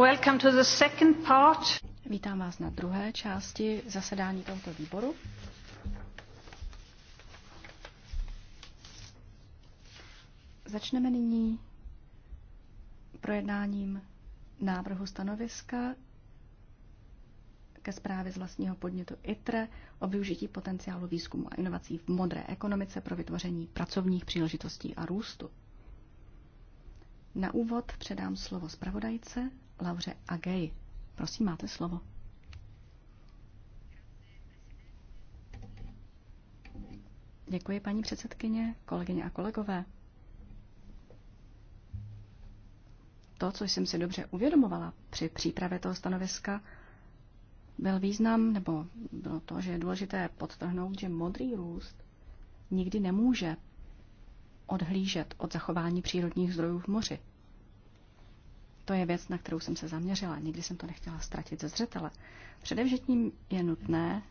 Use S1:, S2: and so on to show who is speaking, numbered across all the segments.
S1: Welcome
S2: to the second part. Vítám vás na druhé části zasedání tohoto výboru. Začneme nyní projednáním návrhu stanoviska ke zprávě z vlastního podnětu ITRE o využití potenciálu výzkumu a inovací v modré ekonomice pro vytvoření pracovních příležitostí a růstu. Na úvod předám slovo zpravodajce Lauře Agej. Prosím, máte slovo. Děkuji, paní předsedkyně, kolegyně a kolegové. To, co jsem si dobře uvědomovala při přípravě toho stanoviska, byl význam, nebo bylo to, že je důležité podtrhnout, že modrý růst nikdy nemůže odhlížet od zachování přírodních zdrojů v moři. To je věc, na kterou jsem se zaměřila. Nikdy jsem to nechtěla ztratit ze zřetele. Především je nutné,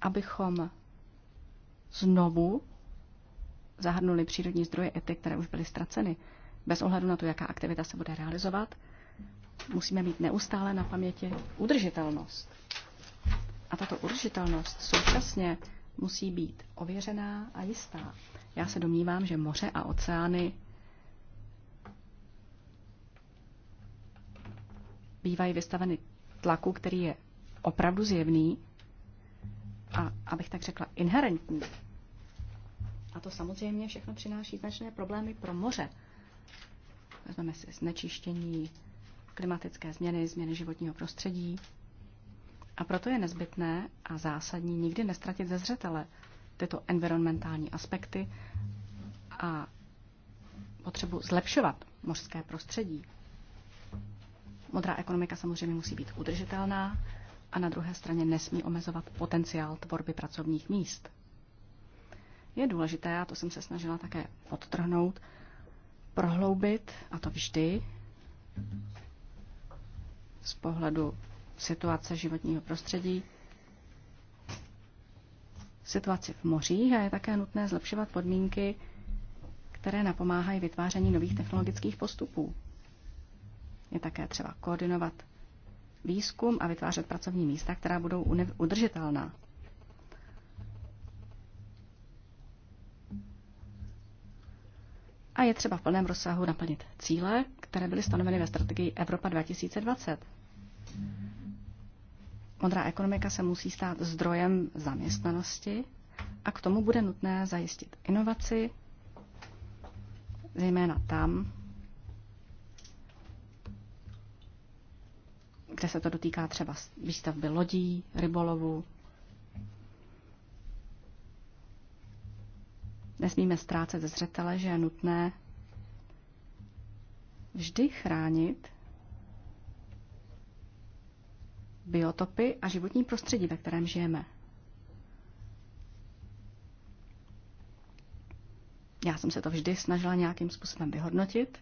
S2: abychom znovu zahrnuli přírodní zdroje i ty, které už byly ztraceny. Bez ohledu na to, jaká aktivita se bude realizovat, musíme mít neustále na paměti udržitelnost. A tato udržitelnost současně musí být ověřená a jistá. Já se domnívám, že moře a oceány bývají vystaveny tlaku, který je opravdu zjevný a, abych tak řekla, inherentní. A to samozřejmě všechno přináší značné problémy pro moře. Vezmeme si znečištění, klimatické změny, změny životního prostředí. A proto je nezbytné a zásadní nikdy nestratit ze zřetele tyto environmentální aspekty a potřebu zlepšovat mořské prostředí Modrá ekonomika samozřejmě musí být udržitelná a na druhé straně nesmí omezovat potenciál tvorby pracovních míst. Je důležité, a to jsem se snažila také podtrhnout, prohloubit, a to vždy, z pohledu situace životního prostředí, situaci v mořích a je také nutné zlepšovat podmínky, které napomáhají vytváření nových technologických postupů. Je vlastně také třeba koordinovat výzkum a vytvářet pracovní místa, která budou udržitelná. A je třeba v plném rozsahu naplnit cíle, které byly stanoveny ve strategii Evropa 2020. Modrá ekonomika se musí stát zdrojem zaměstnanosti a k tomu bude nutné zajistit inovaci, zejména tam, kde se to dotýká třeba výstavby lodí, rybolovu. Nesmíme ztrácet ze zřetele, že je nutné vždy chránit biotopy a životní prostředí, ve kterém žijeme. Já jsem se to vždy snažila nějakým způsobem vyhodnotit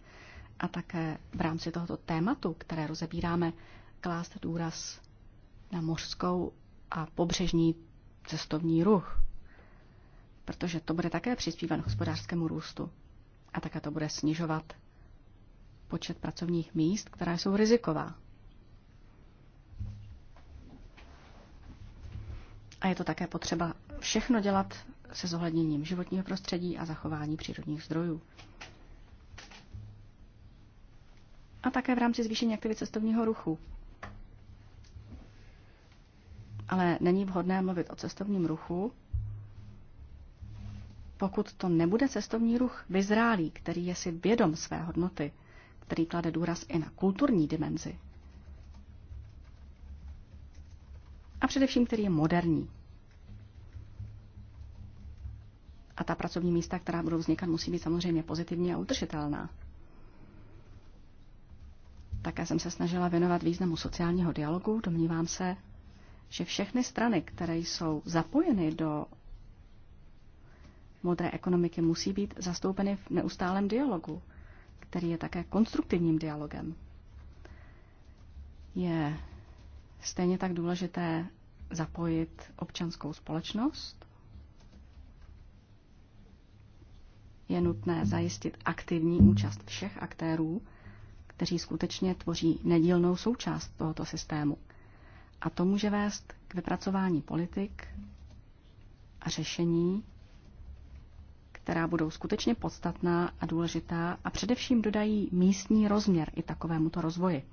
S2: a také v rámci tohoto tématu, které rozebíráme, klást důraz na mořskou a pobřežní cestovní ruch, protože to bude také přispívat k hospodářskému růstu a také to bude snižovat počet pracovních míst, která jsou riziková. A je to také potřeba všechno dělat se zohledněním životního prostředí a zachování přírodních zdrojů. A také v rámci zvýšení aktivit cestovního ruchu ale není vhodné mluvit o cestovním ruchu, pokud to nebude cestovní ruch vyzrálý, který je si vědom své hodnoty, který klade důraz i na kulturní dimenzi. A především, který je moderní. A ta pracovní místa, která budou vznikat, musí být samozřejmě pozitivní a udržitelná. Také jsem se snažila věnovat významu sociálního dialogu. Domnívám se, že všechny strany, které jsou zapojeny do modré ekonomiky, musí být zastoupeny v neustálém dialogu, který je také konstruktivním dialogem. Je stejně tak důležité zapojit občanskou společnost. Je nutné zajistit aktivní účast všech aktérů, kteří skutečně tvoří nedílnou součást tohoto systému. A to může vést k vypracování politik a řešení, která budou skutečně podstatná a důležitá a především dodají místní rozměr i takovémuto rozvoji.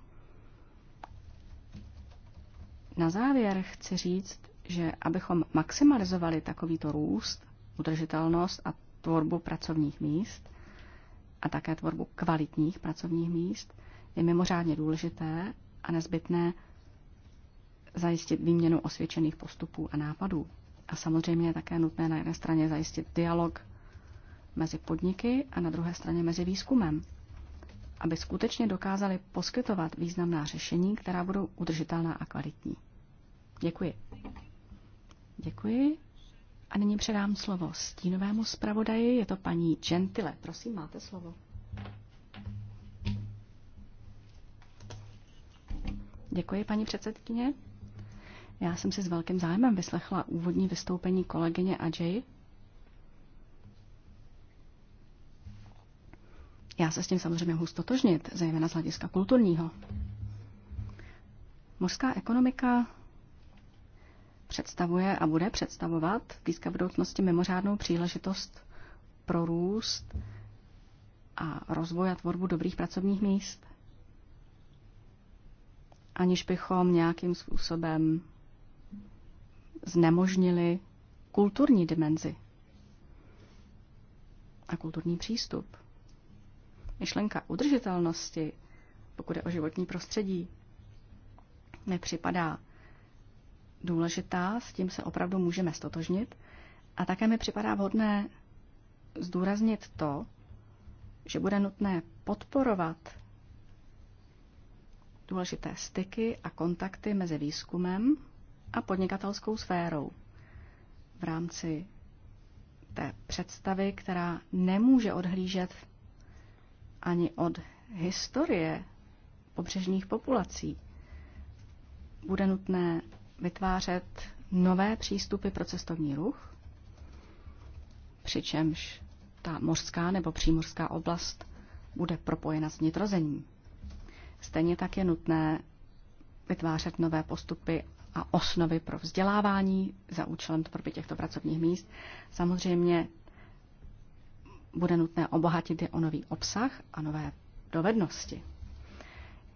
S2: Na závěr chci říct, že abychom maximalizovali takovýto růst, udržitelnost a tvorbu pracovních míst a také tvorbu kvalitních pracovních míst, je mimořádně důležité a nezbytné zajistit výměnu osvědčených postupů a nápadů. A samozřejmě je také nutné na jedné straně zajistit dialog mezi podniky a na druhé straně mezi výzkumem, aby skutečně dokázali poskytovat významná řešení, která budou udržitelná a kvalitní. Děkuji. Děkuji. A nyní předám slovo stínovému zpravodaji, je to paní Gentile. Prosím, máte slovo. Děkuji, paní předsedkyně. Já jsem si s velkým zájmem vyslechla úvodní vystoupení kolegyně Ajay. Já se s tím samozřejmě mohu stotožnit, zejména z hlediska kulturního. Mořská ekonomika představuje a bude představovat v blízké budoucnosti mimořádnou příležitost pro růst a rozvoj a tvorbu dobrých pracovních míst, aniž bychom nějakým způsobem znemožnili kulturní dimenzi a kulturní přístup. Myšlenka udržitelnosti, pokud je o životní prostředí, nepřipadá důležitá, s tím se opravdu můžeme stotožnit. A také mi připadá vhodné zdůraznit to, že bude nutné podporovat důležité styky a kontakty mezi výzkumem a podnikatelskou sférou v rámci té představy, která nemůže odhlížet ani od historie pobřežních populací. Bude nutné vytvářet nové přístupy pro cestovní ruch, přičemž ta mořská nebo přímořská oblast bude propojena s vnitrozemím. Stejně tak je nutné vytvářet nové postupy a osnovy pro vzdělávání za účelem tvorby těchto pracovních míst. Samozřejmě bude nutné obohatit je o nový obsah a nové dovednosti.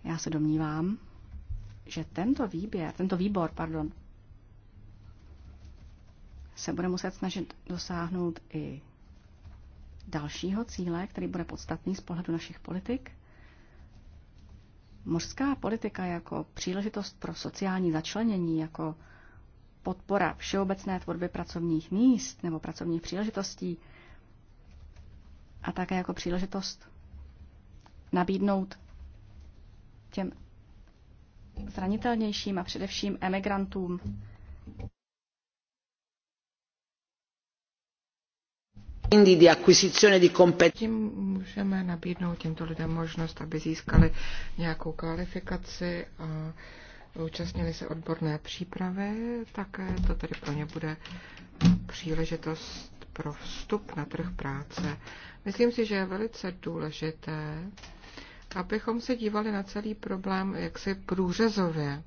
S2: Já se domnívám, že tento výběr, tento výbor, pardon, se bude muset snažit dosáhnout i dalšího cíle, který bude podstatný z pohledu našich politik – Mořská politika jako příležitost pro sociální začlenění, jako podpora všeobecné tvorby pracovních míst nebo pracovních příležitostí a také jako příležitost nabídnout těm zranitelnějším a především emigrantům
S1: Tím můžeme nabídnout těmto lidem možnost, aby získali nějakou kvalifikaci a účastnili se odborné přípravy, tak to tedy pro ně bude příležitost pro vstup na trh práce. Myslím si, že je velice důležité, abychom se dívali na celý problém jaksi průřezově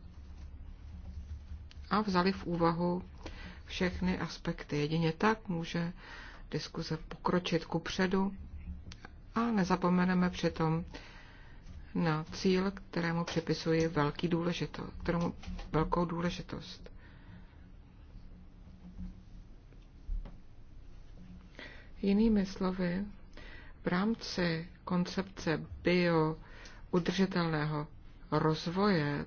S1: a vzali v úvahu všechny aspekty. Jedině tak může diskuze pokročit ku předu a nezapomeneme přitom na cíl, kterému připisuji velký důležitost, kterému velkou důležitost. Jinými slovy, v rámci koncepce bio udržitelného rozvoje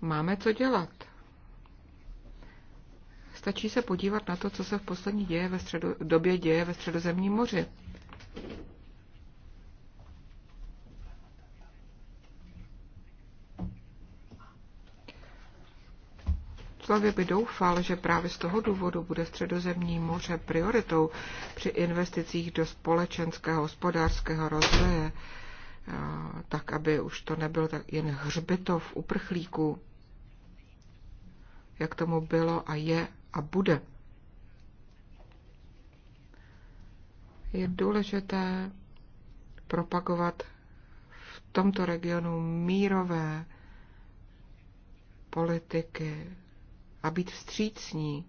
S1: máme co dělat. Stačí se podívat na to, co se v poslední děje ve středo, době děje ve středozemním moři. Člověk by doufal, že právě z toho důvodu bude středozemní moře prioritou při investicích do společenského hospodářského rozvoje, tak aby už to nebyl tak jen hřbitov uprchlíků, jak tomu bylo a je a bude. Je důležité propagovat v tomto regionu mírové politiky a být vstřícní.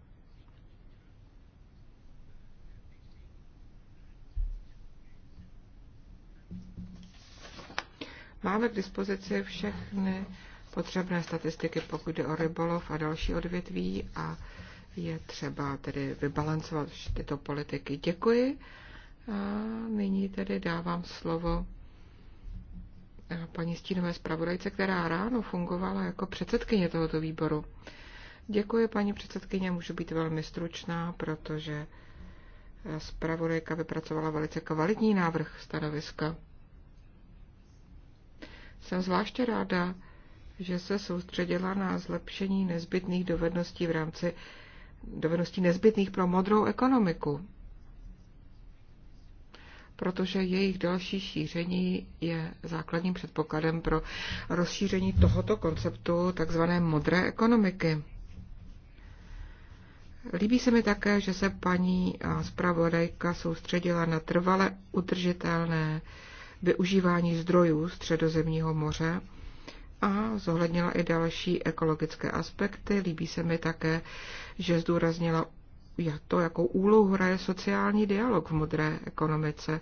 S1: Máme k dispozici všechny potřebné statistiky, pokud jde o rybolov a další odvětví a je třeba tedy vybalancovat tyto politiky. Děkuji. A nyní tedy dávám slovo eh, paní stínové zpravodajce, která ráno fungovala jako předsedkyně tohoto výboru. Děkuji, paní předsedkyně, můžu být velmi stručná, protože eh, zpravodajka vypracovala velice kvalitní návrh stanoviska. Jsem zvláště ráda, že se soustředila na zlepšení nezbytných dovedností v rámci dovedností nezbytných pro modrou ekonomiku, protože jejich další šíření je základním předpokladem pro rozšíření tohoto konceptu tzv. modré ekonomiky. Líbí se mi také, že se paní zpravodajka soustředila na trvale udržitelné využívání zdrojů Středozemního moře a zohlednila i další ekologické aspekty. Líbí se mi také, že zdůraznila to, jakou úlohu hraje sociální dialog v modré ekonomice.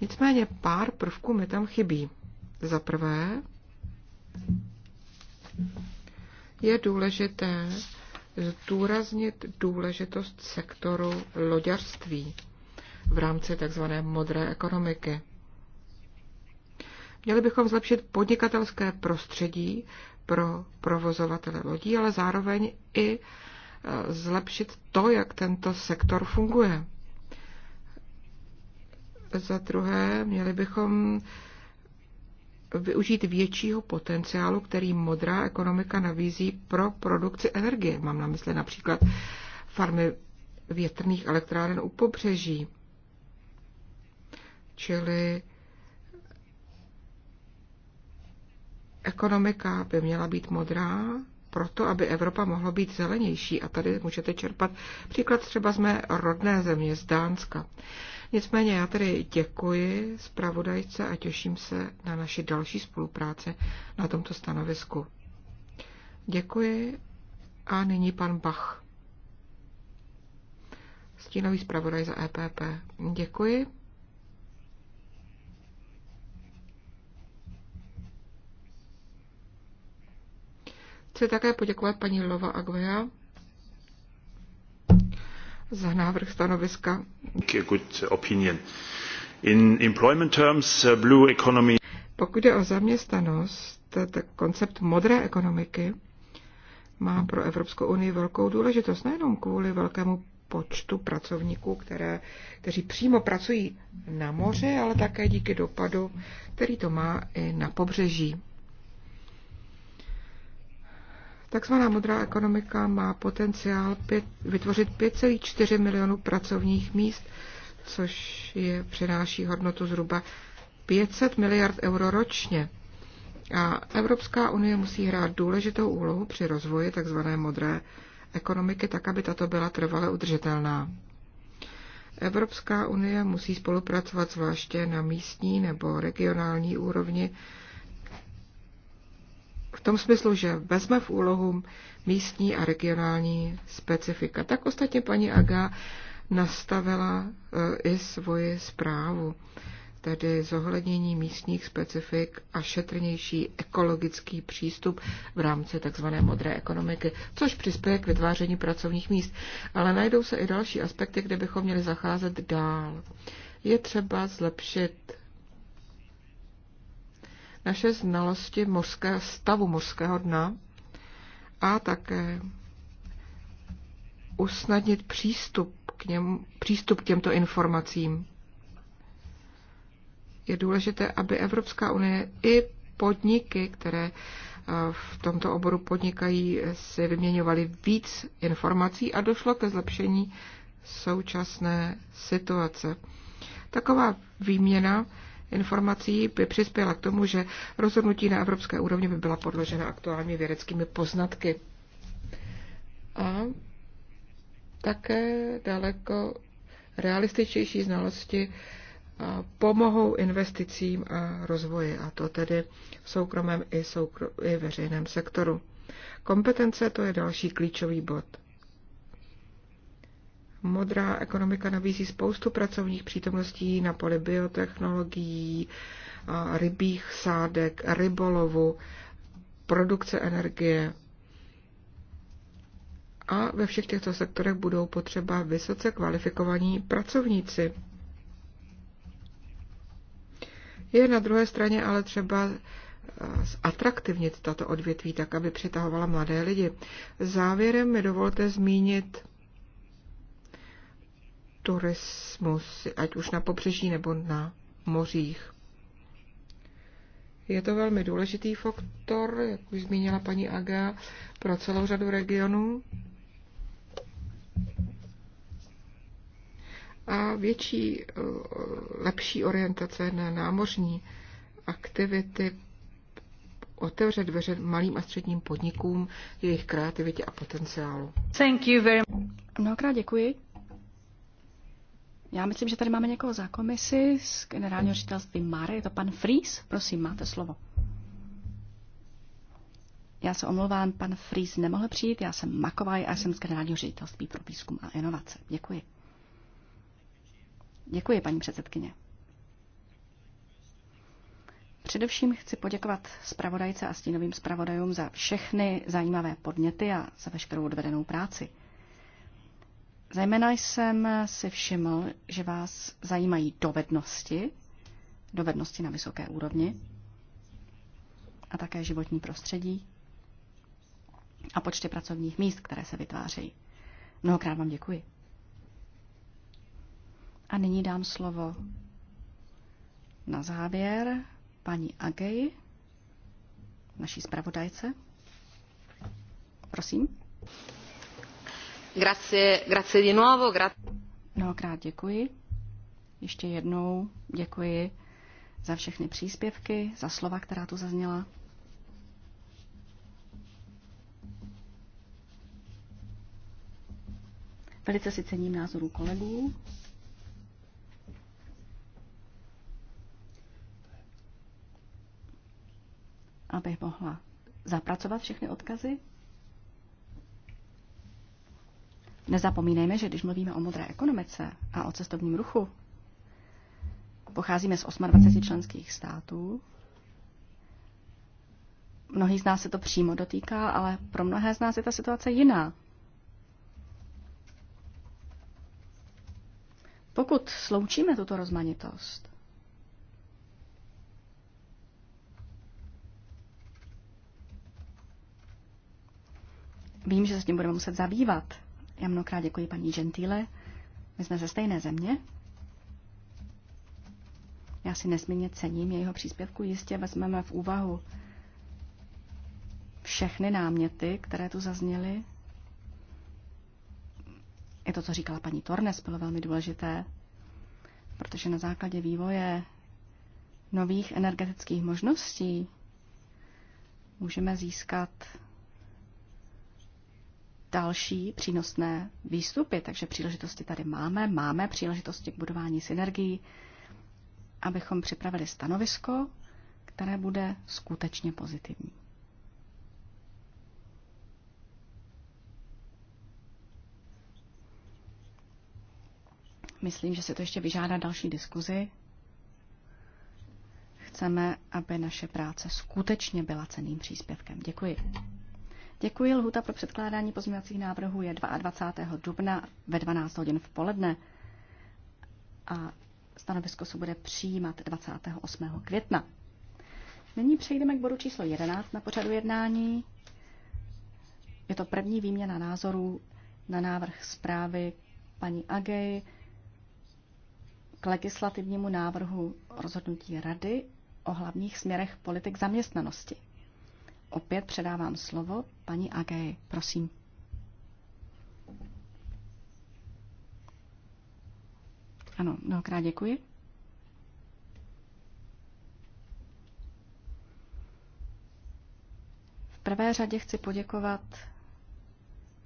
S1: Nicméně pár prvků mi tam chybí. Za prvé je důležité zdůraznit důležitost sektoru loďarství v rámci tzv. modré ekonomiky. Měli bychom zlepšit podnikatelské prostředí pro provozovatele lodí, ale zároveň i e, zlepšit to, jak tento sektor funguje. Za druhé, měli bychom využít většího potenciálu, který modrá ekonomika navízí pro produkci energie. Mám na mysli například farmy větrných elektráren u pobřeží, čili Ekonomika by měla být modrá, proto, aby Evropa mohla být zelenější. A tady můžete čerpat příklad třeba z mé rodné země, z Dánska. Nicméně já tedy děkuji zpravodajce a těším se na naši další spolupráce na tomto stanovisku. Děkuji a nyní pan Bach. Stínový zpravodaj za EPP. Děkuji. Chci také poděkovat paní Lova Agvea za návrh stanoviska.
S3: Good opinion. In employment terms, uh, blue economy...
S1: Pokud jde o zaměstnanost, tak koncept modré ekonomiky má pro Evropskou unii velkou důležitost, nejenom kvůli velkému počtu pracovníků, které, kteří přímo pracují na moři, ale také díky dopadu, který to má i na pobřeží. Takzvaná modrá ekonomika má potenciál pět, vytvořit 5,4 milionů pracovních míst, což je přináší hodnotu zhruba 500 miliard euro ročně. A Evropská unie musí hrát důležitou úlohu při rozvoji tzv. modré ekonomiky, tak aby tato byla trvale udržitelná. Evropská unie musí spolupracovat zvláště na místní nebo regionální úrovni tom smyslu, že vezme v úlohu místní a regionální specifika. Tak ostatně paní Aga nastavila eh, i svoji zprávu, tedy zohlednění místních specifik a šetrnější ekologický přístup v rámci tzv. modré ekonomiky, což přispěje k vytváření pracovních míst. Ale najdou se i další aspekty, kde bychom měli zacházet dál. Je třeba zlepšit naše znalosti mořské, stavu mořského dna a také usnadnit přístup k, něm, přístup k těmto informacím. Je důležité, aby Evropská unie i podniky, které eh, v tomto oboru podnikají, si vyměňovaly víc informací a došlo ke zlepšení současné situace. Taková výměna informací by přispěla k tomu, že rozhodnutí na evropské úrovni by byla podložena aktuálními vědeckými poznatky. A také daleko realističtější znalosti pomohou investicím a rozvoji, a to tedy v soukromém i, soukro- i veřejném sektoru. Kompetence to je další klíčový bod. Modrá ekonomika nabízí spoustu pracovních přítomností na poli biotechnologií, rybích sádek, rybolovu, produkce energie. A ve všech těchto sektorech budou potřeba vysoce kvalifikovaní pracovníci. Je na druhé straně ale třeba eh, zatraktivnit tato odvětví tak, aby přitahovala mladé lidi. Závěrem mi dovolte zmínit turismus, ať už na pobřeží nebo na mořích. Je to velmi důležitý faktor, jak už zmínila paní Aga, pro celou řadu regionů. A větší, eh, lepší orientace na námořní aktivity otevře dveře malým a středním podnikům, jejich kreativitě a potenciálu.
S2: Thank you very much. Mnohokrát děkuji. Já myslím, že tady máme někoho za komisi z generálního ředitelství Mare. Je to pan Fries? Prosím, máte slovo. Já se omlouvám, pan Fries nemohl přijít, já jsem Makovaj a jsem z generálního ředitelství pro výzkum a inovace. Děkuji. Děkuji, paní předsedkyně. Především chci poděkovat zpravodajce a stínovým zpravodajům za všechny zajímavé podněty a za veškerou odvedenou práci. Zajména jsem si všiml, že vás zajímají dovednosti, dovednosti na vysoké úrovni a také životní prostředí a počty pracovních míst, které se vytvářejí. Mnohokrát vám děkuji. A nyní dám slovo na závěr paní Agej, naší zpravodajce. Prosím.
S1: Grazie, grazie di nuovo, gra...
S2: Mnohokrát děkuji. Ještě jednou děkuji za všechny příspěvky, za slova, která tu zazněla. Velice si cením názorů kolegů. Abych mohla zapracovat všechny odkazy. Nezapomínejme, že když mluvíme o modré ekonomice a o cestovním ruchu, pocházíme z 28 členských států. Mnohý z nás se to přímo dotýká, ale pro mnohé z nás je ta situace jiná. Pokud sloučíme tuto rozmanitost, vím, že se tím budeme muset zabývat, já mnohokrát děkuji paní Gentile. My jsme ze stejné země. Já si nesmírně cením jejího příspěvku. Jistě vezmeme v úvahu všechny náměty, které tu zazněly. I to, co říkala paní Tornes, bylo velmi důležité, protože na základě vývoje nových energetických možností můžeme získat další přínosné výstupy. Takže příležitosti tady máme, máme příležitosti k budování synergií, abychom připravili stanovisko, které bude skutečně pozitivní. Myslím, že se to ještě vyžádá další diskuzi. Chceme, aby naše práce skutečně byla ceným příspěvkem. Děkuji. Děkuji. Lhuta pro předkládání pozměňovacích návrhů je 22. dubna ve 12 hodin v poledne a stanovisko se bude přijímat 28. května. Nyní přejdeme k bodu číslo 11 na pořadu jednání. Je to první výměna názorů na návrh zprávy paní Agej k legislativnímu návrhu rozhodnutí Rady o hlavních směrech politik zaměstnanosti opět předávám slovo paní Agej. Prosím. Ano, mnohokrát děkuji. V prvé řadě chci poděkovat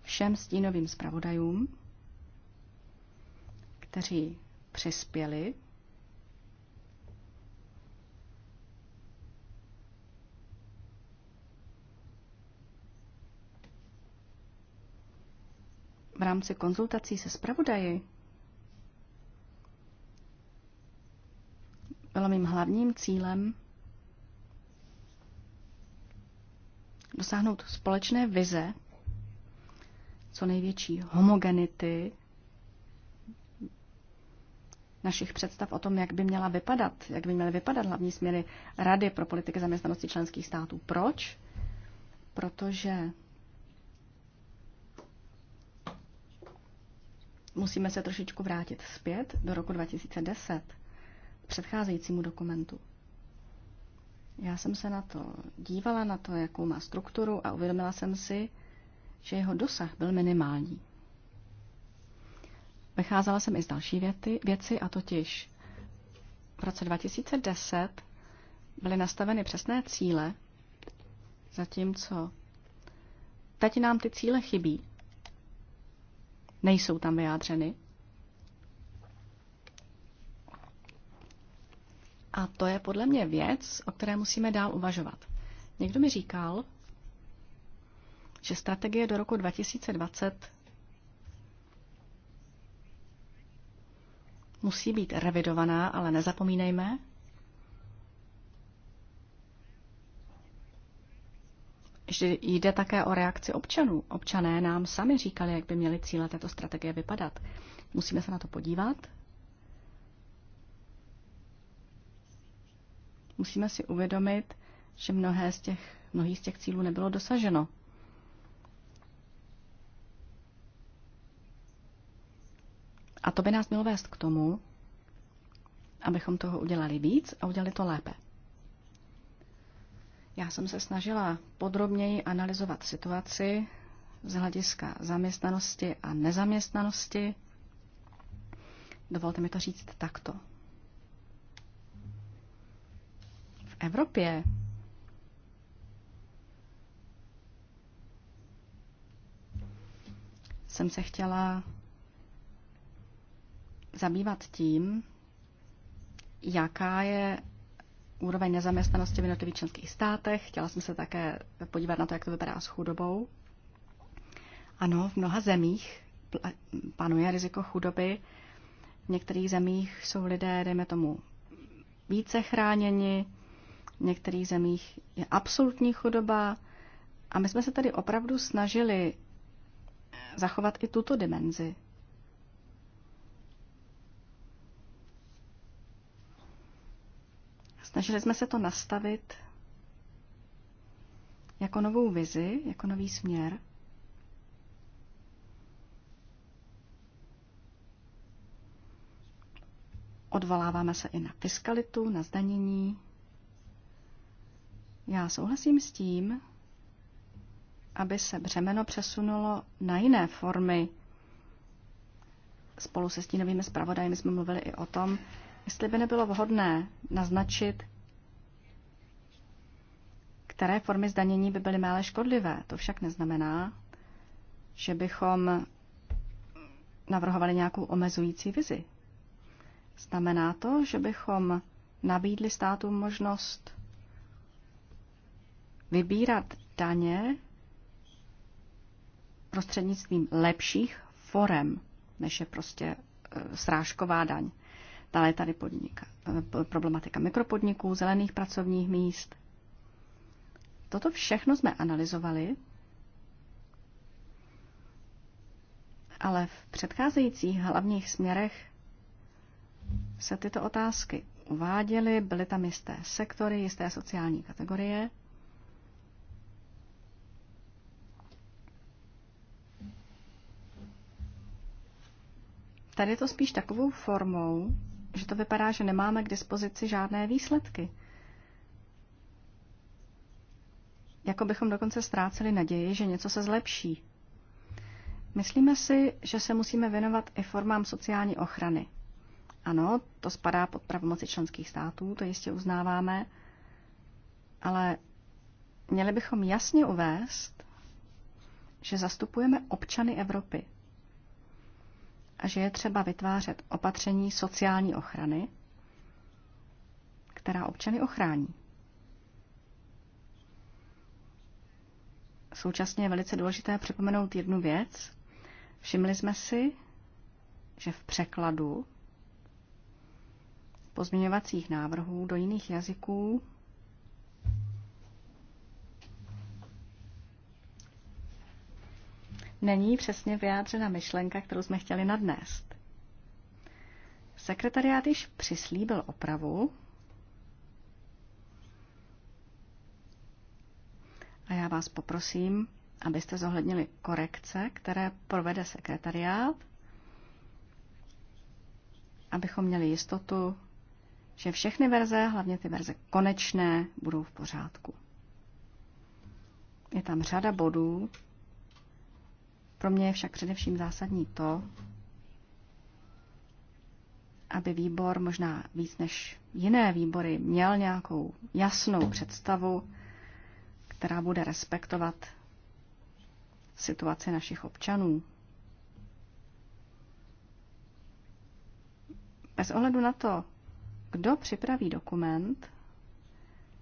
S2: všem stínovým zpravodajům, kteří přispěli v rámci konzultací se zpravodaji bylo mým hlavním cílem dosáhnout společné vize, co největší homogenity našich představ o tom, jak by měla vypadat, jak by měly vypadat hlavní směry Rady pro politiky zaměstnanosti členských států. Proč? Protože Musíme se trošičku vrátit zpět do roku 2010, k předcházejícímu dokumentu. Já jsem se na to dívala, na to, jakou má strukturu a uvědomila jsem si, že jeho dosah byl minimální. Vycházela jsem i z další věty, věci, a totiž v roce 2010 byly nastaveny přesné cíle, zatímco teď nám ty cíle chybí nejsou tam vyjádřeny. A to je podle mě věc, o které musíme dál uvažovat. Někdo mi říkal, že strategie do roku 2020 musí být revidovaná, ale nezapomínejme, že jde také o reakci občanů. Občané nám sami říkali, jak by měly cíle této strategie vypadat. Musíme se na to podívat. Musíme si uvědomit, že mnohé z těch, mnohých z těch cílů nebylo dosaženo. A to by nás mělo vést k tomu, abychom toho udělali víc a udělali to lépe. Já jsem se snažila podrobněji analyzovat situaci z hlediska zaměstnanosti a nezaměstnanosti. Dovolte mi to říct takto. V Evropě jsem se chtěla zabývat tím, jaká je úroveň nezaměstnanosti v jednotlivých členských státech. Chtěla jsem se také podívat na to, jak to vypadá s chudobou. Ano, v mnoha zemích panuje riziko chudoby. V některých zemích jsou lidé, dejme tomu, více chráněni, v některých zemích je absolutní chudoba. A my jsme se tady opravdu snažili zachovat i tuto dimenzi Snažili jsme se to nastavit jako novou vizi, jako nový směr. Odvoláváme se i na fiskalitu, na zdanění. Já souhlasím s tím, aby se břemeno přesunulo na jiné formy. Spolu se stínovými zpravodajmi jsme mluvili i o tom, jestli by nebylo vhodné naznačit, které formy zdanění by byly méle škodlivé. To však neznamená, že bychom navrhovali nějakou omezující vizi. Znamená to, že bychom nabídli státu možnost vybírat daně prostřednictvím lepších forem, než je prostě e, srážková daň. Dále je tady podnika, eh, problematika mikropodniků, zelených pracovních míst. Toto všechno jsme analyzovali, ale v předcházejících hlavních směrech se tyto otázky uváděly, byly tam jisté sektory, jisté sociální kategorie. Tady je to spíš takovou formou, že to vypadá, že nemáme k dispozici žádné výsledky. Jako bychom dokonce ztráceli naději, že něco se zlepší. Myslíme si, že se musíme věnovat i formám sociální ochrany. Ano, to spadá pod pravomoci členských států, to jistě uznáváme, ale měli bychom jasně uvést, že zastupujeme občany Evropy, a že je třeba vytvářet opatření sociální ochrany, která občany ochrání. Současně je velice důležité připomenout jednu věc. Všimli jsme si, že v překladu pozměňovacích návrhů do jiných jazyků není přesně vyjádřena myšlenka, kterou jsme chtěli nadnést. Sekretariát již přislíbil opravu a já vás poprosím, abyste zohlednili korekce, které provede sekretariát, abychom měli jistotu, že všechny verze, hlavně ty verze konečné, budou v pořádku. Je tam řada bodů, pro mě je však především zásadní to, aby výbor možná víc než jiné výbory měl nějakou jasnou představu, která bude respektovat situaci našich občanů. Bez ohledu na to, kdo připraví dokument,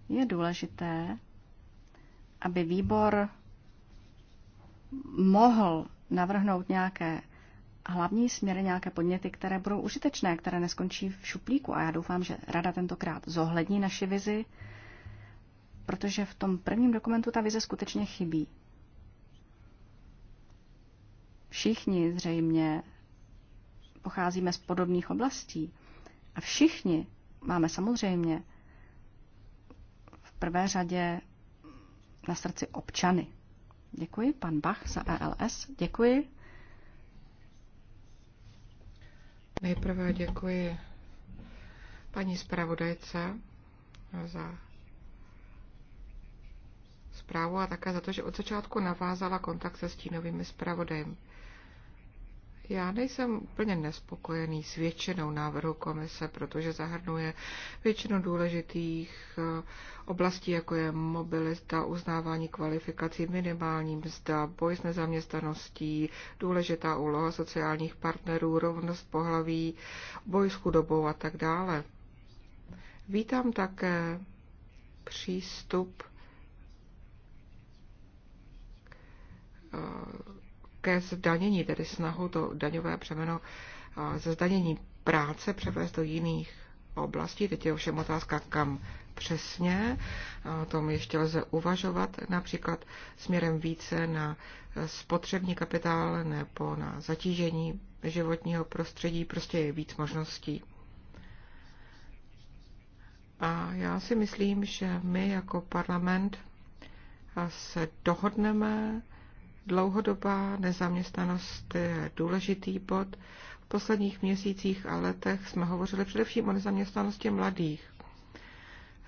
S2: je důležité, aby výbor mohl navrhnout nějaké hlavní směry, nějaké podněty, které budou užitečné, které neskončí v šuplíku. A já doufám, že Rada tentokrát zohlední naši vizi, protože v tom prvním dokumentu ta vize skutečně chybí. Všichni zřejmě pocházíme z podobných oblastí a všichni máme samozřejmě v prvé řadě na srdci občany. Děkuji. Pan Bach za ELS. Děkuji.
S1: Nejprve děkuji paní zpravodajce za zprávu a také za to, že od začátku navázala kontakt se stínovými zpravodajem. Já nejsem úplně nespokojený s většinou návrhu komise, protože zahrnuje většinu důležitých eh, oblastí, jako je mobilita, uznávání kvalifikací, minimální mzda, boj s nezaměstnaností, důležitá úloha sociálních partnerů, rovnost pohlaví, boj s chudobou a tak dále. Vítám také přístup eh, také zdanění, tedy snahu to daňové přeměno ze zdanění práce převést do jiných oblastí. Teď je ovšem otázka, kam přesně. O tom ještě lze uvažovat například směrem více na spotřební kapitál nebo na zatížení životního prostředí. Prostě je víc možností. A já si myslím, že my jako parlament se dohodneme Dlouhodobá nezaměstnanost je důležitý bod. V posledních měsících a letech jsme hovořili především o nezaměstnanosti mladých.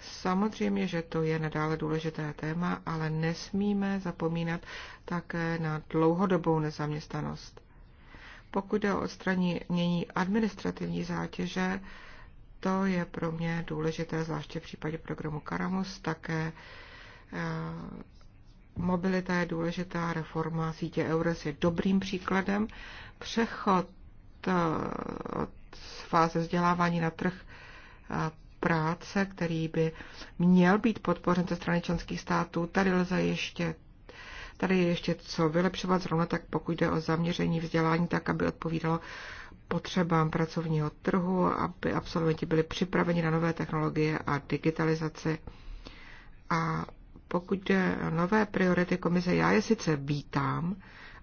S1: Samozřejmě, že to je nadále důležité téma, ale nesmíme zapomínat také na dlouhodobou nezaměstnanost. Pokud jde o odstranění administrativní zátěže, to je pro mě důležité, zvláště v případě programu Karamus, také eh, mobilita je důležitá, reforma sítě EURES je dobrým příkladem. Přechod eh, od fáze vzdělávání na trh práce, který by měl být podpořen ze strany členských států, tady lze ještě Tady je ještě co vylepšovat, zrovna tak pokud jde o zaměření vzdělání, tak aby odpovídalo potřebám pracovního trhu, aby absolventi byli připraveni na nové technologie a digitalizaci a pokud jde o nové priority komise, já je sice vítám,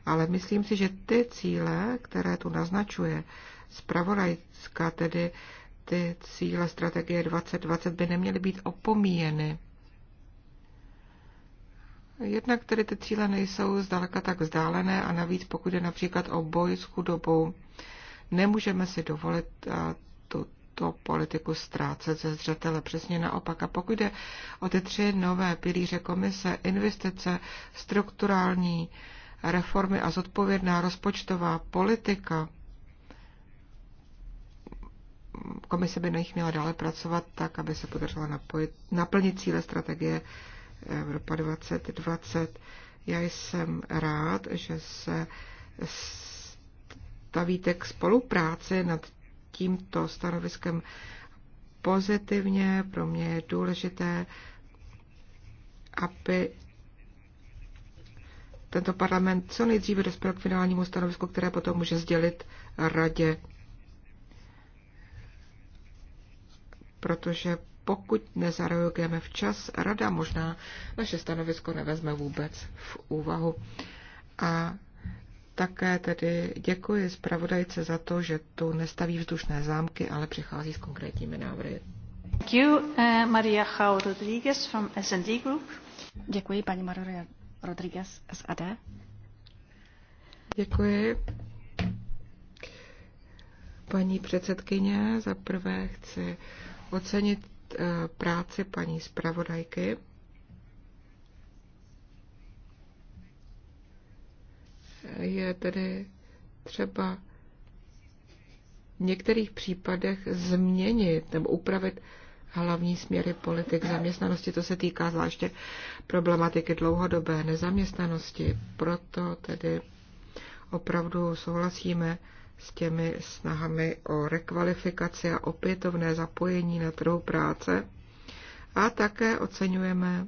S1: ale myslím si, že ty cíle, které tu naznačuje zpravodajská, tedy ty cíle strategie 2020 by neměly být opomíjeny. Jednak tedy ty cíle nejsou zdaleka tak vzdálené a navíc pokud je například o boj s chudobou, nemůžeme si dovolit tu tuto politiku ztrácet ze zřetele. Přesně naopak. A pokud jde o ty tři nové pilíře komise, investice, strukturální reformy a zodpovědná rozpočtová politika, komise by na nich měla dále pracovat tak, aby se podařila napojit, naplnit cíle strategie Evropa 2020. Já jsem rád, že se stavíte k spolupráci nad tímto stanoviskem pozitivně. Pro mě je důležité, aby tento parlament co nejdříve dospěl k finálnímu stanovisku, které potom může sdělit radě. Protože pokud nezareagujeme včas, rada možná naše stanovisko nevezme vůbec v úvahu. A také tedy děkuji zpravodajce za to, že tu nestaví vzdušné zámky, ale přichází s konkrétními návrhy.
S2: Thank you, uh, Maria Jau Rodriguez from S&D Group. Děkuji, paní Maria
S1: Rodriguez, SAD. Děkuji. Paní předsedkyně, za prvé chci ocenit eh, práci paní zpravodajky. je tedy třeba v některých případech změnit nebo upravit hlavní směry politik zaměstnanosti. To se týká zvláště problematiky dlouhodobé nezaměstnanosti. Proto tedy opravdu souhlasíme s těmi snahami o rekvalifikaci a opětovné zapojení na trhu práce. A také oceňujeme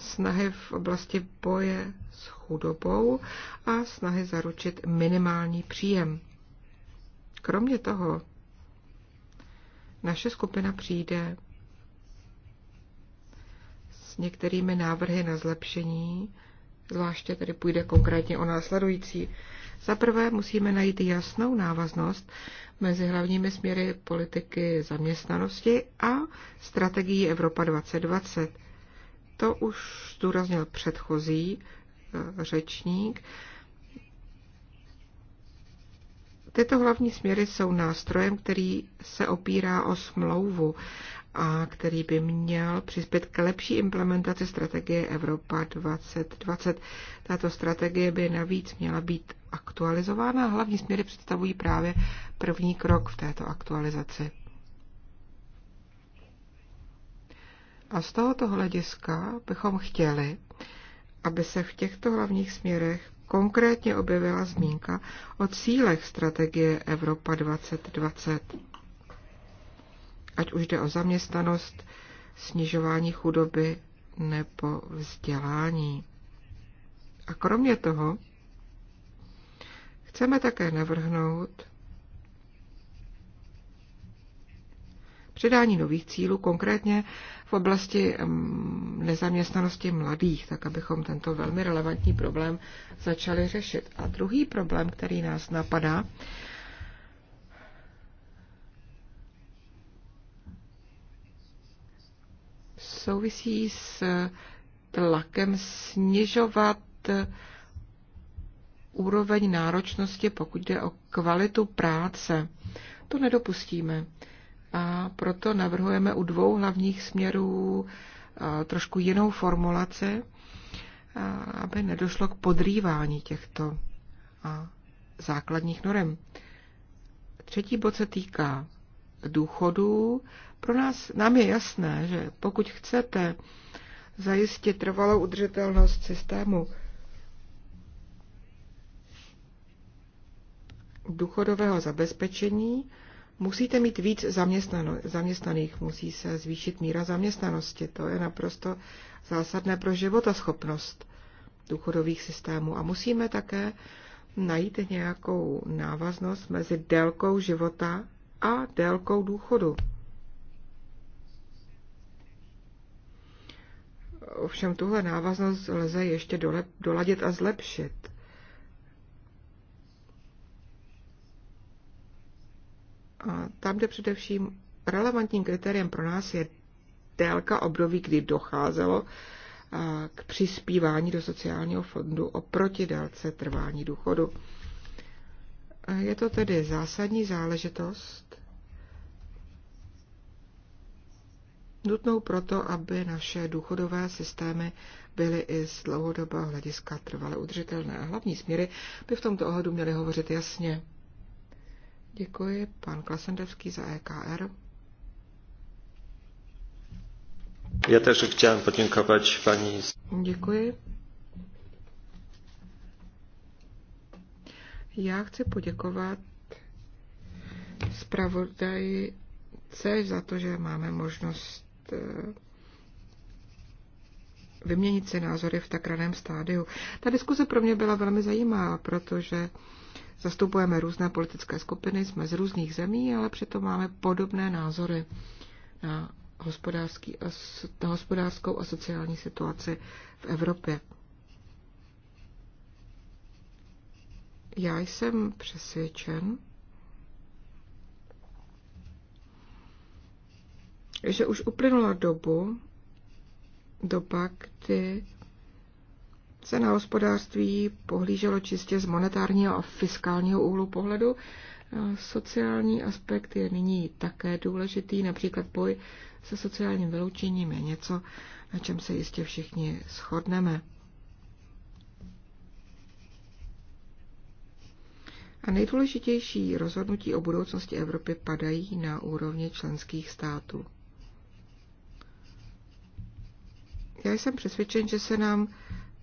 S1: snahy v oblasti boje s chudobou a snahy zaručit minimální příjem. Kromě toho, naše skupina přijde s některými návrhy na zlepšení, zvláště tedy půjde konkrétně o následující. Za prvé musíme najít jasnou návaznost mezi hlavními směry politiky zaměstnanosti a strategií Evropa 2020. To už zdůraznil předchozí eh, řečník. Tyto hlavní směry jsou nástrojem, který se opírá o smlouvu a který by měl přispět k lepší implementaci strategie Evropa 2020. Tato strategie by navíc měla být aktualizována hlavní směry představují právě první krok v této aktualizaci. A z tohoto hlediska bychom chtěli, aby se v těchto hlavních směrech konkrétně objevila zmínka o cílech strategie Evropa 2020. Ať už jde o zaměstnanost, snižování chudoby nebo vzdělání. A kromě toho chceme také navrhnout přidání nových cílů, konkrétně v oblasti nezaměstnanosti mladých, tak abychom tento velmi relevantní problém začali řešit. A druhý problém, který nás napadá, souvisí s tlakem snižovat úroveň náročnosti, pokud jde o kvalitu práce. To nedopustíme a proto navrhujeme u dvou hlavních směrů eh, trošku jinou formulaci, eh, aby nedošlo k podrývání těchto eh, základních norem. Třetí bod se týká důchodů. Pro nás, nám je jasné, že pokud chcete zajistit trvalou udržitelnost systému důchodového zabezpečení, Musíte mít víc zaměstnano, zaměstnaných, musí se zvýšit míra zaměstnanosti. To je naprosto zásadné pro životaschopnost důchodových systémů. A musíme také najít nějakou návaznost mezi délkou života a délkou důchodu. Ovšem tuhle návaznost lze ještě dole, doladit a zlepšit. tam, kde především relevantním kritériem pro nás je délka období, kdy docházelo k přispívání do sociálního fondu oproti délce trvání důchodu. Je to tedy zásadní záležitost, nutnou proto, aby naše důchodové systémy byly i z dlouhodobého hlediska trvale udržitelné. A hlavní směry by v tomto ohledu měly hovořit jasně. Děkuji, pan Klasendevský za EKR.
S3: Já tež chtěl poděkovat paní.
S1: Děkuji. Já chci poděkovat zpravodajce za to, že máme možnost eh, vyměnit si názory v tak raném stádiu. Ta diskuse pro mě byla velmi zajímavá, protože Zastupujeme různé politické skupiny, jsme z různých zemí, ale přitom máme podobné názory na hospodářský na hospodářskou a sociální situaci v Evropě. Já jsem přesvědčen, že už uplynula dobu, doba, kdy se na hospodářství pohlíželo čistě z monetárního a fiskálního úhlu pohledu. E, sociální aspekt je nyní také důležitý, například boj se sociálním vyloučením je něco, na čem se jistě všichni shodneme. A nejdůležitější rozhodnutí o budoucnosti Evropy padají na úrovni členských států. Já jsem přesvědčen, že se nám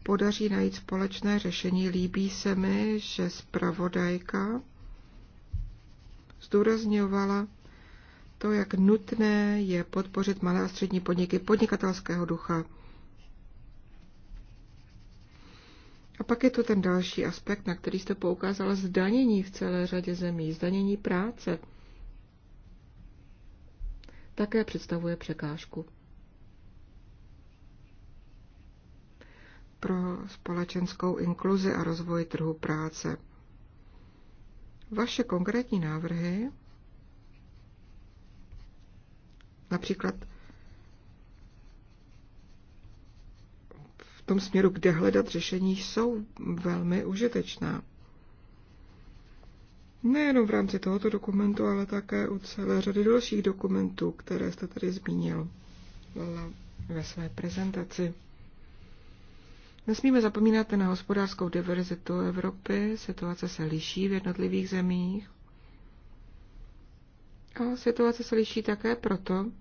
S1: podaří najít společné řešení. Líbí se mi, že zpravodajka zdůrazňovala to, jak nutné je podpořit malé a střední podniky podnikatelského ducha. A pak je to ten další aspekt, na který jste poukázala zdanění v celé řadě zemí, zdanění práce. Také představuje překážku. pro společenskou inkluzi a rozvoj trhu práce. Vaše konkrétní návrhy, například v tom směru, kde hledat řešení, jsou velmi užitečná. Nejenom v rámci tohoto dokumentu, ale také u celé řady dalších dokumentů, které jste tady zmínil ve své prezentaci. Nesmíme zapomínat na hospodářskou diverzitu Evropy, situace se liší v jednotlivých zemích. A situace se liší také proto,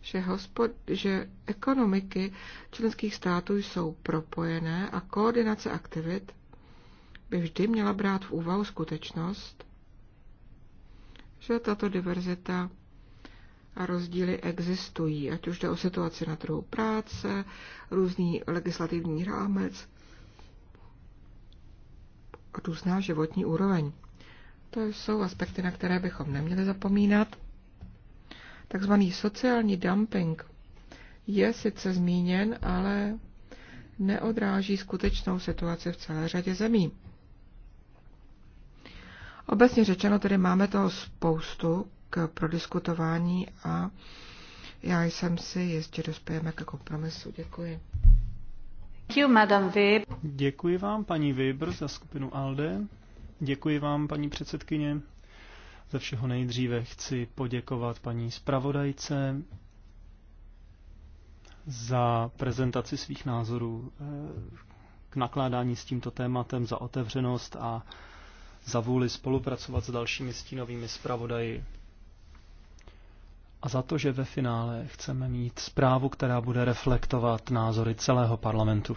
S1: že, hospod, že ekonomiky členských států jsou propojené a koordinace aktivit by vždy měla brát v úvahu skutečnost, že tato diverzita a rozdíly existují, ať už jde o situaci na trhu práce, různý legislativní rámec, různá životní úroveň. To jsou aspekty, na které bychom neměli zapomínat. Takzvaný sociální dumping je sice zmíněn, ale neodráží skutečnou situaci v celé řadě zemí. Obecně řečeno tedy máme toho spoustu, k prodiskutování a já jsem si jistě dospějeme ke kompromisu. Děkuji.
S3: Děkuji vám, paní Weber, za skupinu ALDE. Děkuji vám, paní předsedkyně. Ze všeho nejdříve chci poděkovat paní zpravodajce za prezentaci svých názorů eh, k nakládání s tímto tématem, za otevřenost a za vůli spolupracovat s dalšími stínovými zpravodaji a za to, že ve finále chceme mít zprávu, která bude reflektovat názory celého parlamentu.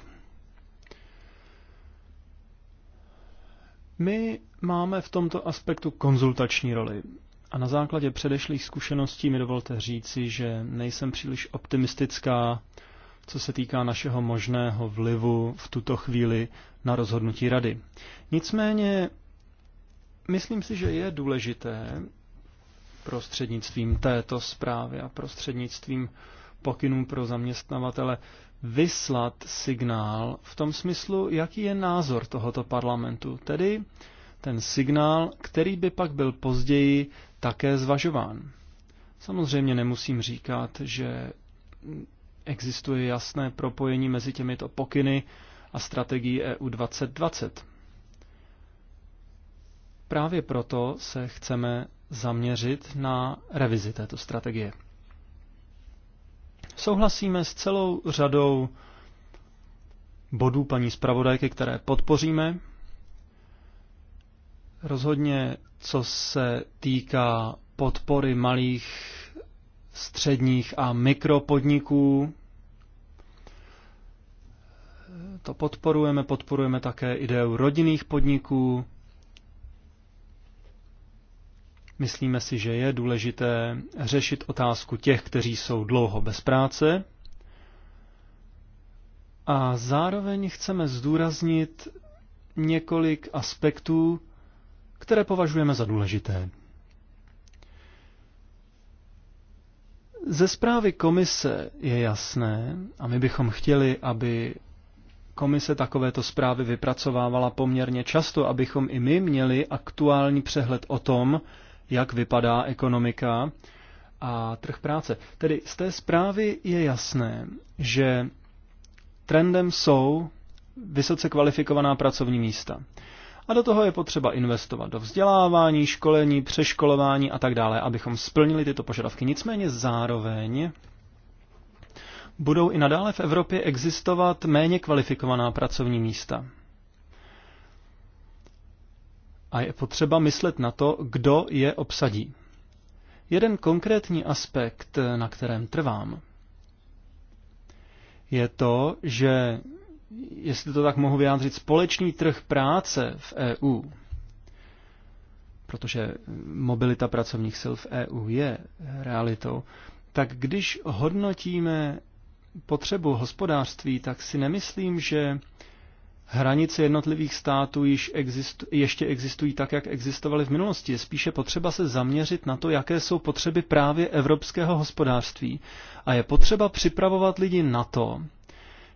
S3: My máme v tomto aspektu konzultační roli. A na základě předešlých zkušeností mi dovolte říci, že nejsem příliš optimistická, co se týká našeho možného vlivu v tuto chvíli na rozhodnutí rady. Nicméně, myslím si, že je důležité, prostřednictvím této zprávy a prostřednictvím pokynů pro zaměstnavatele vyslat signál v tom smyslu, jaký je názor tohoto parlamentu, tedy ten signál, který by pak byl později také zvažován. Samozřejmě nemusím říkat, že existuje jasné propojení mezi těmito pokyny a strategií EU 2020. Právě proto se chceme zaměřit na revizi této strategie. Souhlasíme s celou řadou bodů paní zpravodajky, které podpoříme. Rozhodně, co se týká podpory malých, středních a mikropodniků, to podporujeme. Podporujeme také ideu rodinných podniků, Myslíme si, že je důležité řešit otázku těch, kteří jsou dlouho bez práce. A zároveň chceme zdůraznit několik aspektů, které považujeme za důležité. Ze zprávy komise je jasné, a my bychom chtěli, aby komise takovéto zprávy vypracovávala poměrně často, abychom i my měli aktuální přehled o tom, jak vypadá ekonomika a trh práce. Tedy z té zprávy je jasné, že trendem jsou vysoce kvalifikovaná pracovní místa. A do toho je potřeba investovat do vzdělávání, školení, přeškolování a tak dále, abychom splnili tyto požadavky. Nicméně zároveň budou i nadále v Evropě existovat méně kvalifikovaná pracovní místa a je potřeba myslet na to, kdo je obsadí. Jeden konkrétní aspekt, na kterém trvám, je to, že, jestli to tak mohu vyjádřit, společný trh práce v EU, protože mobilita pracovních sil v EU je realitou, tak když hodnotíme potřebu hospodářství, tak si nemyslím, že Hranice jednotlivých států již existu, ještě existují tak, jak existovaly v minulosti. Je spíše potřeba se zaměřit na to, jaké jsou potřeby právě evropského hospodářství. A je potřeba připravovat lidi na to,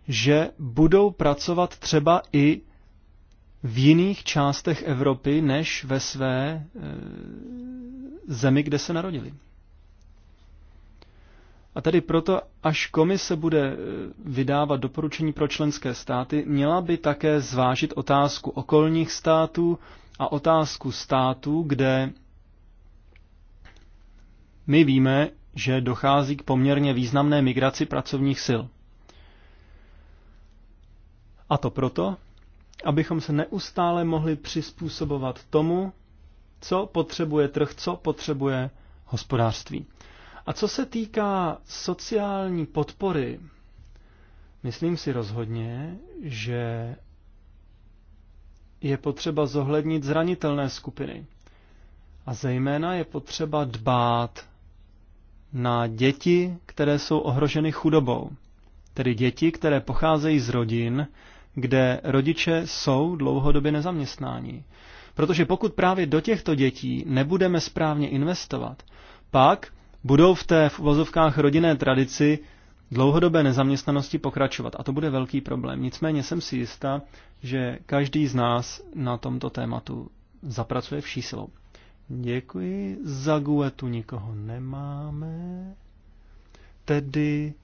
S3: že budou pracovat třeba i v jiných částech Evropy než ve své e, zemi, kde se narodili. A tedy proto, až komise bude eh, vydávat doporučení pro členské státy, měla by také zvážit otázku okolních států a otázku států, kde my víme, že dochází k poměrně významné migraci pracovních sil. A to proto, abychom se neustále mohli přizpůsobovat tomu, co potřebuje trh, co potřebuje hospodářství. A co se týká sociální podpory, myslím si rozhodně, že je potřeba zohlednit zranitelné skupiny. A zejména je potřeba dbát na děti, které jsou ohroženy chudobou. Tedy děti, které pocházejí z rodin, kde rodiče jsou dlouhodobě nezaměstnáni. Protože pokud právě do těchto dětí nebudeme správně investovat, pak budou v té v uvozovkách rodinné tradici dlouhodobé nezaměstnanosti pokračovat. A to bude velký problém. Nicméně jsem si jistá, že každý z nás na tomto tématu zapracuje vší silou. Děkuji. Za guetu nikoho nemáme. Tedy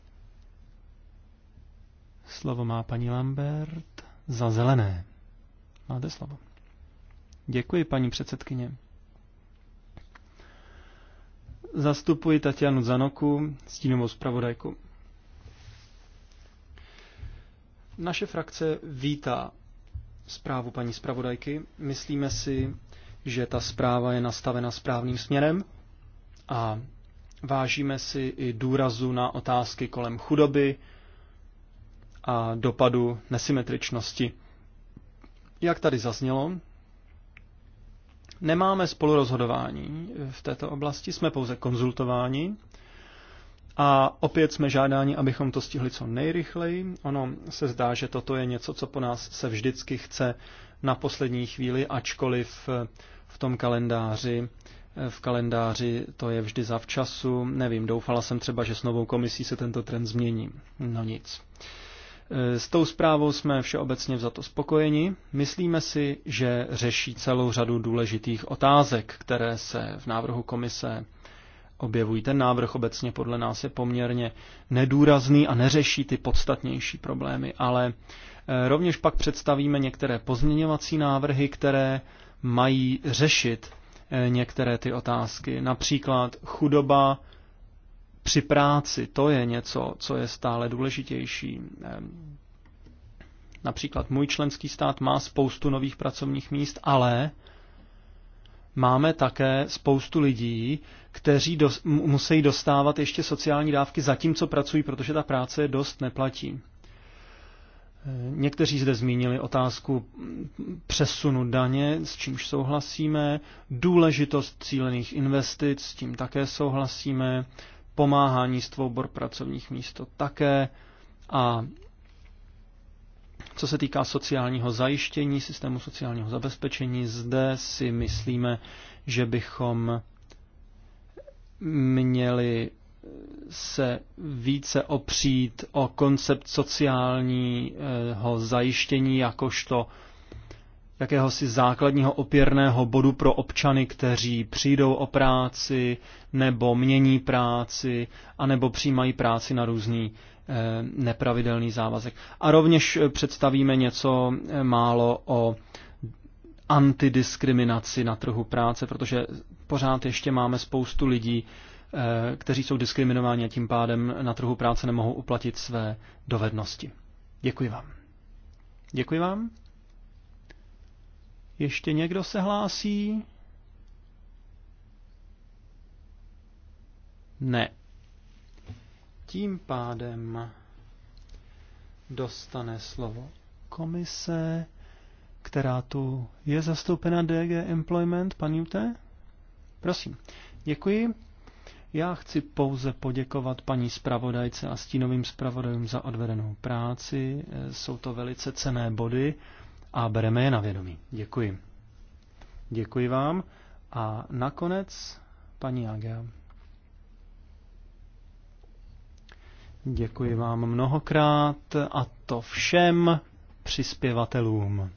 S3: slovo má paní Lambert za zelené. Máte slovo. Děkuji, paní předsedkyně. Zastupuji Tatianu Zanoku, stínovou zpravodajku. Naše frakce vítá zprávu paní zpravodajky. Myslíme si, že ta zpráva je nastavena správným směrem a vážíme si i důrazu na otázky kolem chudoby a dopadu nesymetričnosti. Jak tady zaznělo, Nemáme spolurozhodování v této oblasti, jsme pouze konzultováni a opět jsme žádáni, abychom to stihli co nejrychleji. Ono se zdá, že toto je něco, co po nás se vždycky chce na poslední chvíli, ačkoliv v tom kalendáři v kalendáři to je vždy zavčasu. Nevím, doufala jsem třeba, že s novou komisí se tento trend změní. No nic. Eh, s tou zprávou jsme všeobecně vzato spokojeni. Myslíme si, že řeší celou řadu důležitých otázek, které se v návrhu komise objevují. Ten návrh obecně podle nás je poměrně nedůrazný a neřeší ty podstatnější problémy, ale eh, rovněž pak představíme některé pozměňovací návrhy, které mají řešit eh, některé ty otázky, například chudoba, při práci. To je něco, co je stále důležitější. Například můj členský stát má spoustu nových pracovních míst, ale máme také spoustu lidí, kteří dos- musí dostávat ještě sociální dávky zatímco pracují, protože ta práce je dost neplatí. Někteří zde zmínili otázku přesunu daně, s čímž souhlasíme, důležitost cílených investic, s tím také souhlasíme, pomáhání s tvorbou pracovních míst také a co se týká sociálního zajištění, systému sociálního zabezpečení, zde si myslíme, že bychom měli se více opřít o koncept sociálního zajištění jakožto jakéhosi základního opěrného bodu pro občany, kteří přijdou o práci, nebo mění práci, anebo přijímají práci na různý eh, nepravidelný závazek. A rovněž eh, představíme něco eh, málo o antidiskriminaci na trhu práce, protože pořád ještě máme spoustu lidí, eh, kteří jsou diskriminováni a tím pádem na trhu práce nemohou uplatit své dovednosti. Děkuji vám. Děkuji vám. Ještě někdo se hlásí? Ne. Tím pádem dostane slovo komise, která tu je zastoupena DG Employment, pan Jute? Prosím. Děkuji. Já chci pouze poděkovat paní zpravodajce a stínovým zpravodajům za odvedenou práci. Jsou to velice cené body a bereme je na vědomí. Děkuji. Děkuji vám. A nakonec paní Agea. Děkuji vám mnohokrát a to všem přispěvatelům.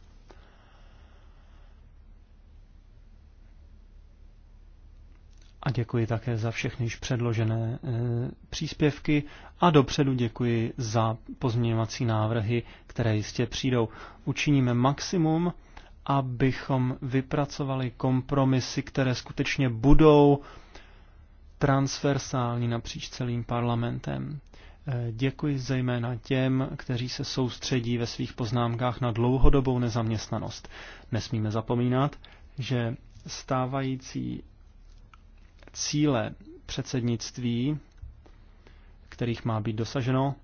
S3: A děkuji také za všechny již předložené e, příspěvky a dopředu děkuji za pozměňovací návrhy, které jistě přijdou. Učiníme maximum, abychom vypracovali kompromisy, které skutečně budou transversální napříč celým parlamentem. E, děkuji zejména těm, kteří se soustředí ve svých poznámkách na dlouhodobou nezaměstnanost. Nesmíme zapomínat, že stávající cíle předsednictví, kterých má být dosaženo,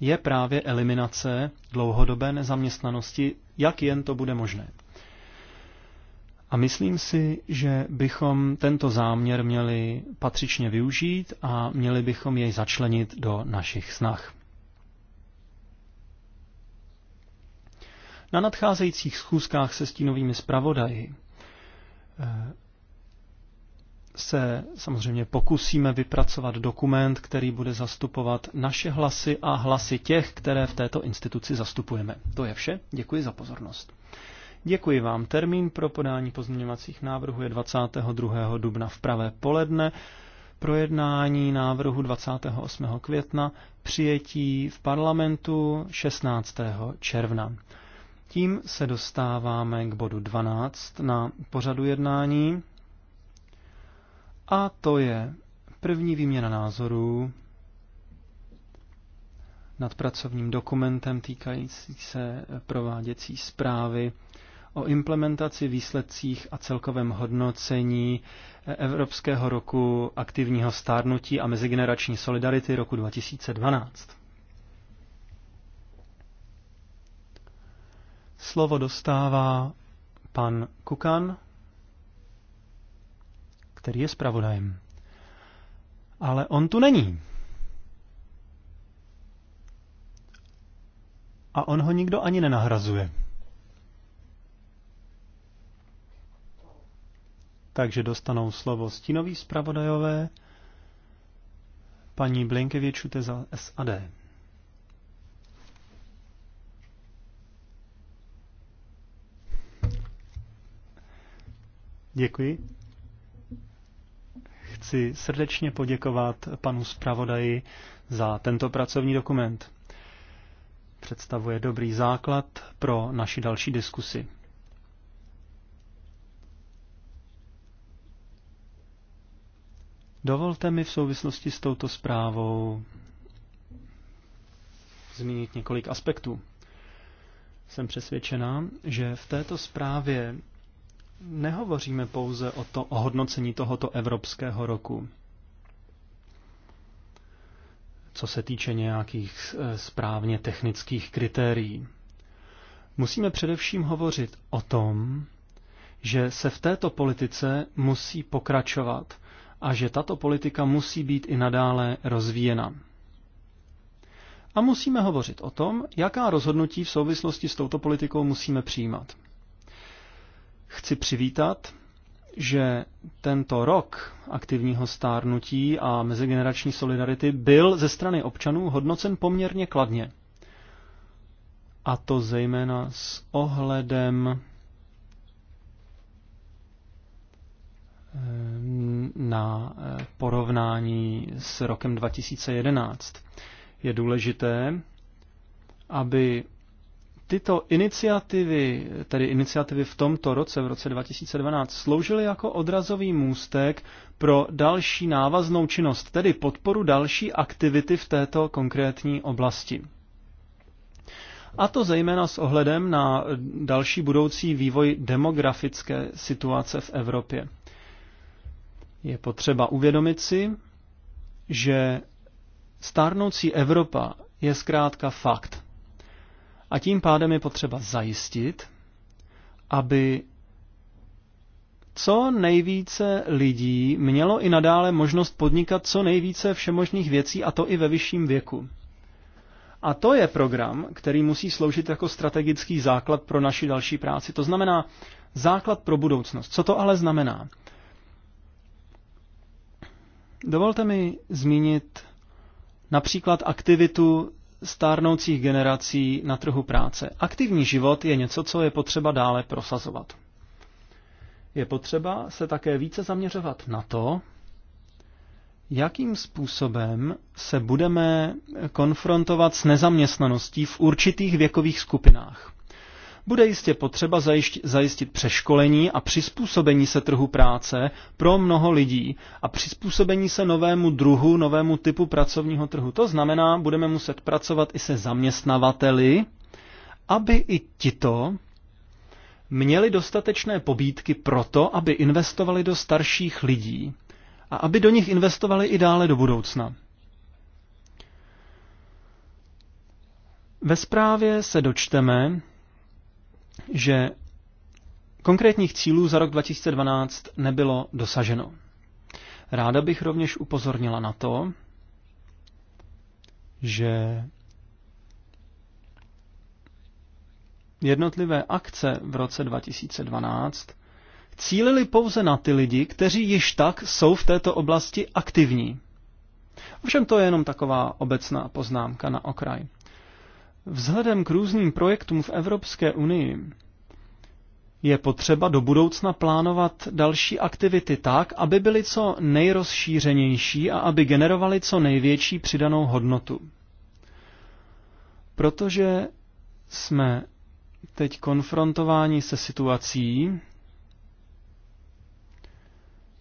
S3: je právě eliminace dlouhodobé nezaměstnanosti, jak jen to bude možné. A myslím si, že bychom tento záměr měli patřičně využít a měli bychom jej začlenit do našich snah. Na nadcházejících schůzkách se stínovými zpravodaji eh, se samozřejmě pokusíme vypracovat dokument, který bude zastupovat naše hlasy a hlasy těch, které v této instituci zastupujeme. To je vše. Děkuji za pozornost. Děkuji vám. Termín pro podání pozměňovacích návrhů je 22. dubna v pravé poledne, projednání návrhu 28. května, přijetí v parlamentu 16. června. Tím se dostáváme k bodu 12 na pořadu jednání a to je první výměna názorů nad pracovním dokumentem týkající se prováděcí zprávy o implementaci výsledcích a celkovém hodnocení Evropského roku aktivního stárnutí a mezigenerační solidarity roku 2012. Slovo dostává pan Kukan, který je zpravodajem. Ale on tu není. A on ho nikdo ani nenahrazuje. Takže dostanou slovo stínoví zpravodajové paní Blinkevěčute za SAD. Děkuji chci srdečně poděkovat panu zpravodaji za tento pracovní dokument. Představuje dobrý základ pro naši další diskusi. Dovolte mi v souvislosti s touto zprávou zmínit několik aspektů. Jsem přesvědčená, že v této zprávě nehovoříme pouze o, to, o hodnocení tohoto evropského roku. Co se týče nějakých eh, správně technických kritérií. Musíme především hovořit o tom, že se v této politice musí pokračovat a že tato politika musí být i nadále rozvíjena. A musíme hovořit o tom, jaká rozhodnutí v souvislosti s touto politikou musíme přijímat chci přivítat, že tento rok aktivního stárnutí a mezigenerační solidarity byl ze strany občanů hodnocen poměrně kladně. A to zejména s ohledem eh, na eh, porovnání s rokem 2011. Je důležité, aby tyto iniciativy, tedy iniciativy v tomto roce, v roce 2012, sloužily jako odrazový můstek pro další návaznou činnost, tedy podporu další aktivity v této konkrétní oblasti. A to zejména s ohledem na další budoucí vývoj demografické situace v Evropě. Je potřeba uvědomit si, že stárnoucí Evropa je zkrátka fakt. A tím pádem je potřeba zajistit, aby co nejvíce lidí mělo i nadále možnost podnikat co nejvíce všemožných věcí, a to i ve vyšším věku. A to je program, který musí sloužit jako strategický základ pro naši další práci. To znamená základ pro budoucnost. Co to ale znamená? Dovolte mi zmínit například aktivitu stárnoucích generací na trhu práce. Aktivní život je něco, co je potřeba dále prosazovat. Je potřeba se také více zaměřovat na to, jakým způsobem se budeme konfrontovat s nezaměstnaností v určitých věkových skupinách bude jistě potřeba zajistit přeškolení a přizpůsobení se trhu práce pro mnoho lidí a přizpůsobení se novému druhu, novému typu pracovního trhu. To znamená, budeme muset pracovat i se zaměstnavateli, aby i tito měli dostatečné pobídky pro to, aby investovali do starších lidí a aby do nich investovali i dále do budoucna. Ve zprávě se dočteme, že konkrétních cílů za rok 2012 nebylo dosaženo. Ráda bych rovněž upozornila na to, že jednotlivé akce v roce 2012 cílili pouze na ty lidi, kteří již tak jsou v této oblasti aktivní. Ovšem to je jenom taková obecná poznámka na okraj. Vzhledem k různým projektům v Evropské unii je potřeba do budoucna plánovat další aktivity tak, aby byly co nejrozšířenější a aby generovaly co největší přidanou hodnotu. Protože jsme teď konfrontováni se situací,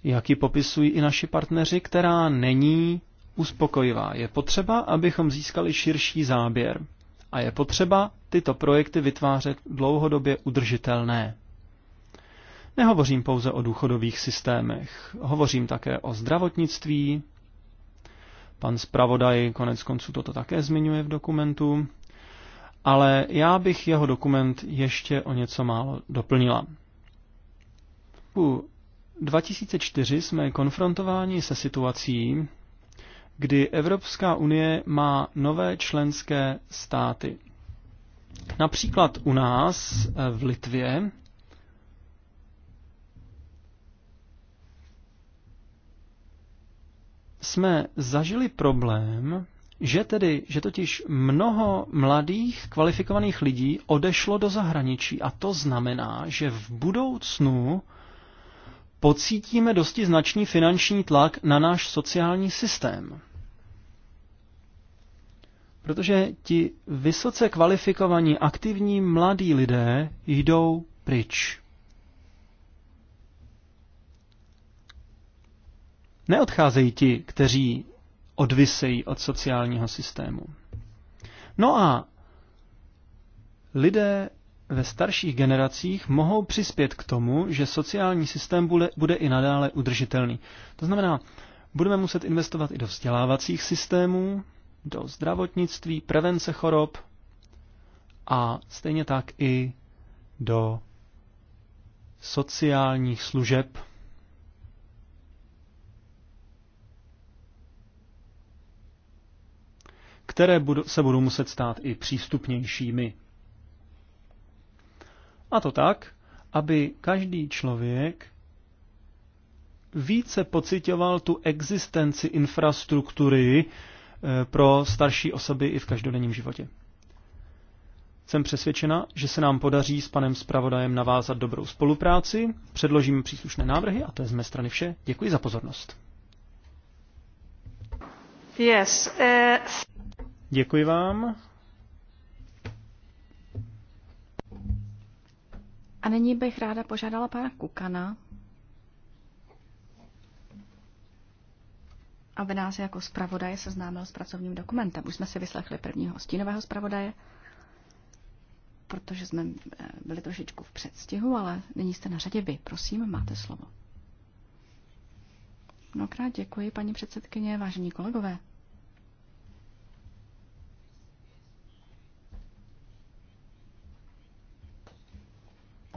S3: jak ji popisují i naši partneři, která není uspokojivá. Je potřeba, abychom získali širší záběr a je potřeba tyto projekty vytvářet dlouhodobě udržitelné. Nehovořím pouze o důchodových systémech, hovořím také o zdravotnictví. Pan zpravodaj konec konců toto také zmiňuje v dokumentu, ale já bych jeho dokument ještě o něco málo doplnila. U 2004 jsme konfrontováni se situací, kdy Evropská unie má nové členské státy. Například u nás eh, v Litvě jsme zažili problém, že tedy, že totiž mnoho mladých kvalifikovaných lidí odešlo do zahraničí a to znamená, že v budoucnu pocítíme dosti značný finanční tlak na náš sociální systém. Protože ti vysoce kvalifikovaní, aktivní mladí lidé jdou pryč. Neodcházejí ti, kteří odvisejí od sociálního systému. No a lidé ve starších generacích mohou přispět k tomu, že sociální systém bude, bude i nadále udržitelný. To znamená, budeme muset investovat i do vzdělávacích systémů, do zdravotnictví, prevence chorob a stejně tak i do sociálních služeb. které se budou muset stát i přístupnějšími. A to tak, aby každý člověk více pocitoval tu existenci infrastruktury, Eh, pro starší osoby i v každodenním životě. Jsem přesvědčena, že se nám podaří s panem zpravodajem navázat dobrou spolupráci, Předložím příslušné návrhy a to je z mé strany vše. Děkuji za pozornost.
S2: Yes, uh...
S3: Děkuji vám.
S2: A nyní bych ráda požádala pana Kukana, aby nás jako zpravodaje seznámil s pracovním dokumentem. Už jsme si vyslechli prvního stínového zpravodaje, protože jsme eh, byli trošičku v předstihu, ale nyní jste na řadě vy. Prosím, máte slovo. Mnohokrát děkuji, paní předsedkyně, vážení kolegové.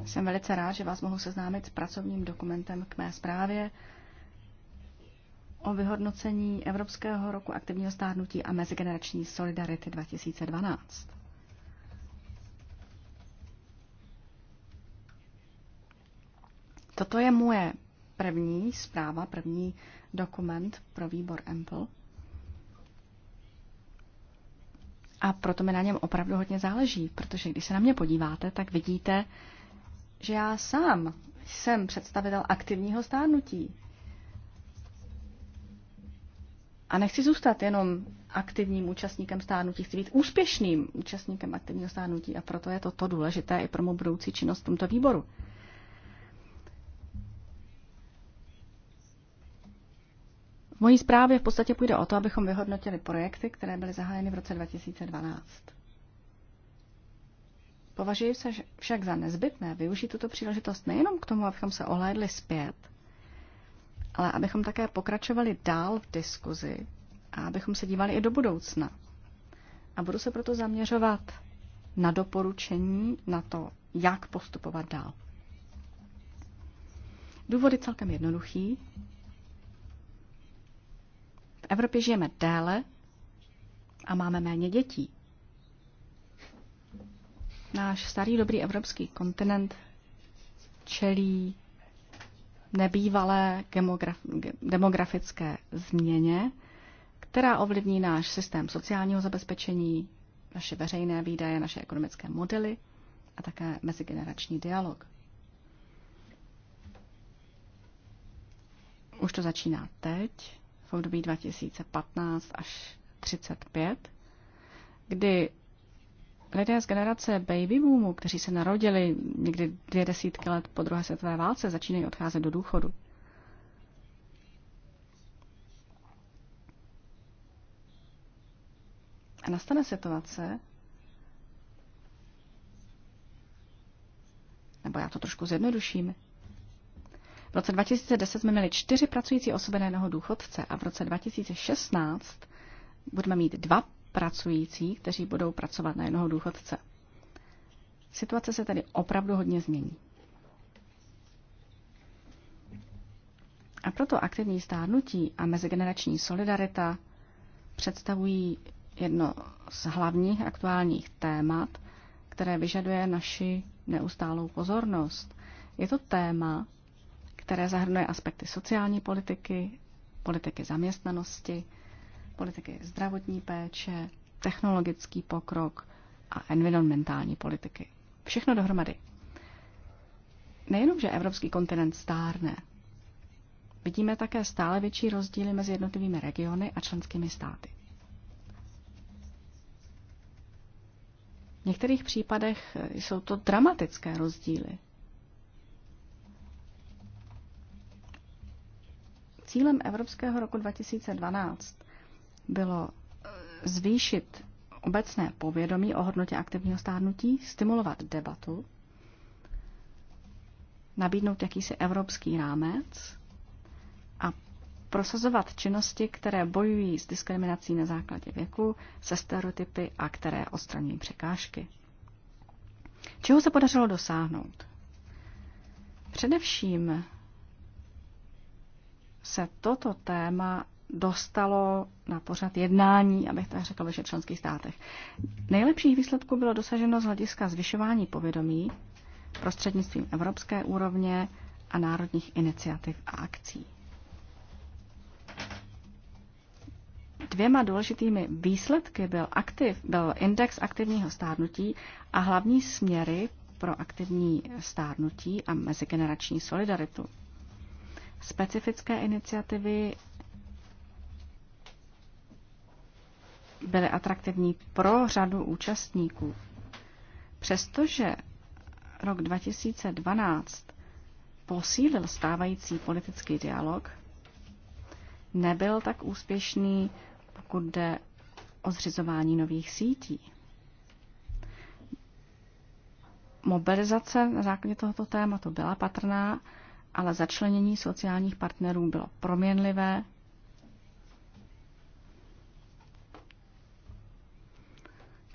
S2: Jsem velice rád, že vás mohu seznámit s pracovním dokumentem k mé zprávě, o vyhodnocení Evropského roku aktivního stárnutí a mezigenerační solidarity 2012. Toto je moje první zpráva, první dokument pro výbor EMPL. A proto mi na něm opravdu hodně záleží, protože když se na mě podíváte, tak vidíte, že já sám jsem představitel aktivního stárnutí. A nechci zůstat jenom aktivním účastníkem stárnutí, chci být úspěšným účastníkem aktivního stárnutí a proto je to důležité i pro mou budoucí činnost v tomto výboru. V mojí zprávě v podstatě půjde o to, abychom vyhodnotili projekty, které byly zahájeny v roce 2012. Považuji se však za nezbytné využít tuto příležitost nejenom k tomu, abychom se ohlédli zpět, ale abychom také pokračovali dál v diskuzi a abychom se dívali i do budoucna. A budu se proto zaměřovat na doporučení, na to, jak postupovat dál. Důvod je celkem jednoduchý. V Evropě žijeme déle a máme méně dětí. Náš starý dobrý evropský kontinent čelí nebývalé demografické změně, která ovlivní náš systém sociálního zabezpečení, naše veřejné výdaje, naše ekonomické modely a také mezigenerační dialog. Už to začíná teď, v období 2015 až 35, kdy lidé z generace baby boomu, kteří se narodili někdy dvě desítky let po druhé světové válce, začínají odcházet do důchodu. A nastane situace, nebo já to trošku zjednoduším, v roce 2010 jsme měli čtyři pracující osoby na jednoho důchodce a v roce 2016 budeme mít dva pracující, kteří budou pracovat na jednoho důchodce. Situace se tedy opravdu hodně změní. A proto aktivní stárnutí a mezigenerační solidarita představují jedno z hlavních aktuálních témat, které vyžaduje naši neustálou pozornost. Je to téma, které zahrnuje aspekty sociální politiky, politiky zaměstnanosti, politiky zdravotní péče, technologický pokrok a environmentální politiky. Všechno dohromady. Nejenom, že evropský kontinent stárne, vidíme také stále větší rozdíly mezi jednotlivými regiony a členskými státy. V některých případech eh, jsou to dramatické rozdíly. Cílem Evropského roku 2012 bylo eh, zvýšit obecné povědomí o hodnotě aktivního stárnutí, stimulovat debatu, nabídnout jakýsi evropský rámec a prosazovat činnosti, které bojují s diskriminací na základě věku, se stereotypy a které odstraní překážky. Čeho se podařilo dosáhnout? Především se toto téma dostalo na pořad jednání, abych tak řekla ve všech členských státech. Nejlepších výsledků bylo dosaženo z hlediska zvyšování povědomí prostřednictvím evropské úrovně a národních iniciativ a akcí. Dvěma důležitými výsledky byl, aktiv, byl index aktivního stárnutí a hlavní směry pro aktivní stárnutí a mezigenerační solidaritu. Specifické iniciativy byly atraktivní pro řadu účastníků. Přestože rok 2012 posílil stávající politický dialog, nebyl tak úspěšný, pokud jde o zřizování nových sítí. Mobilizace na základě tohoto tématu byla patrná, ale začlenění sociálních partnerů bylo proměnlivé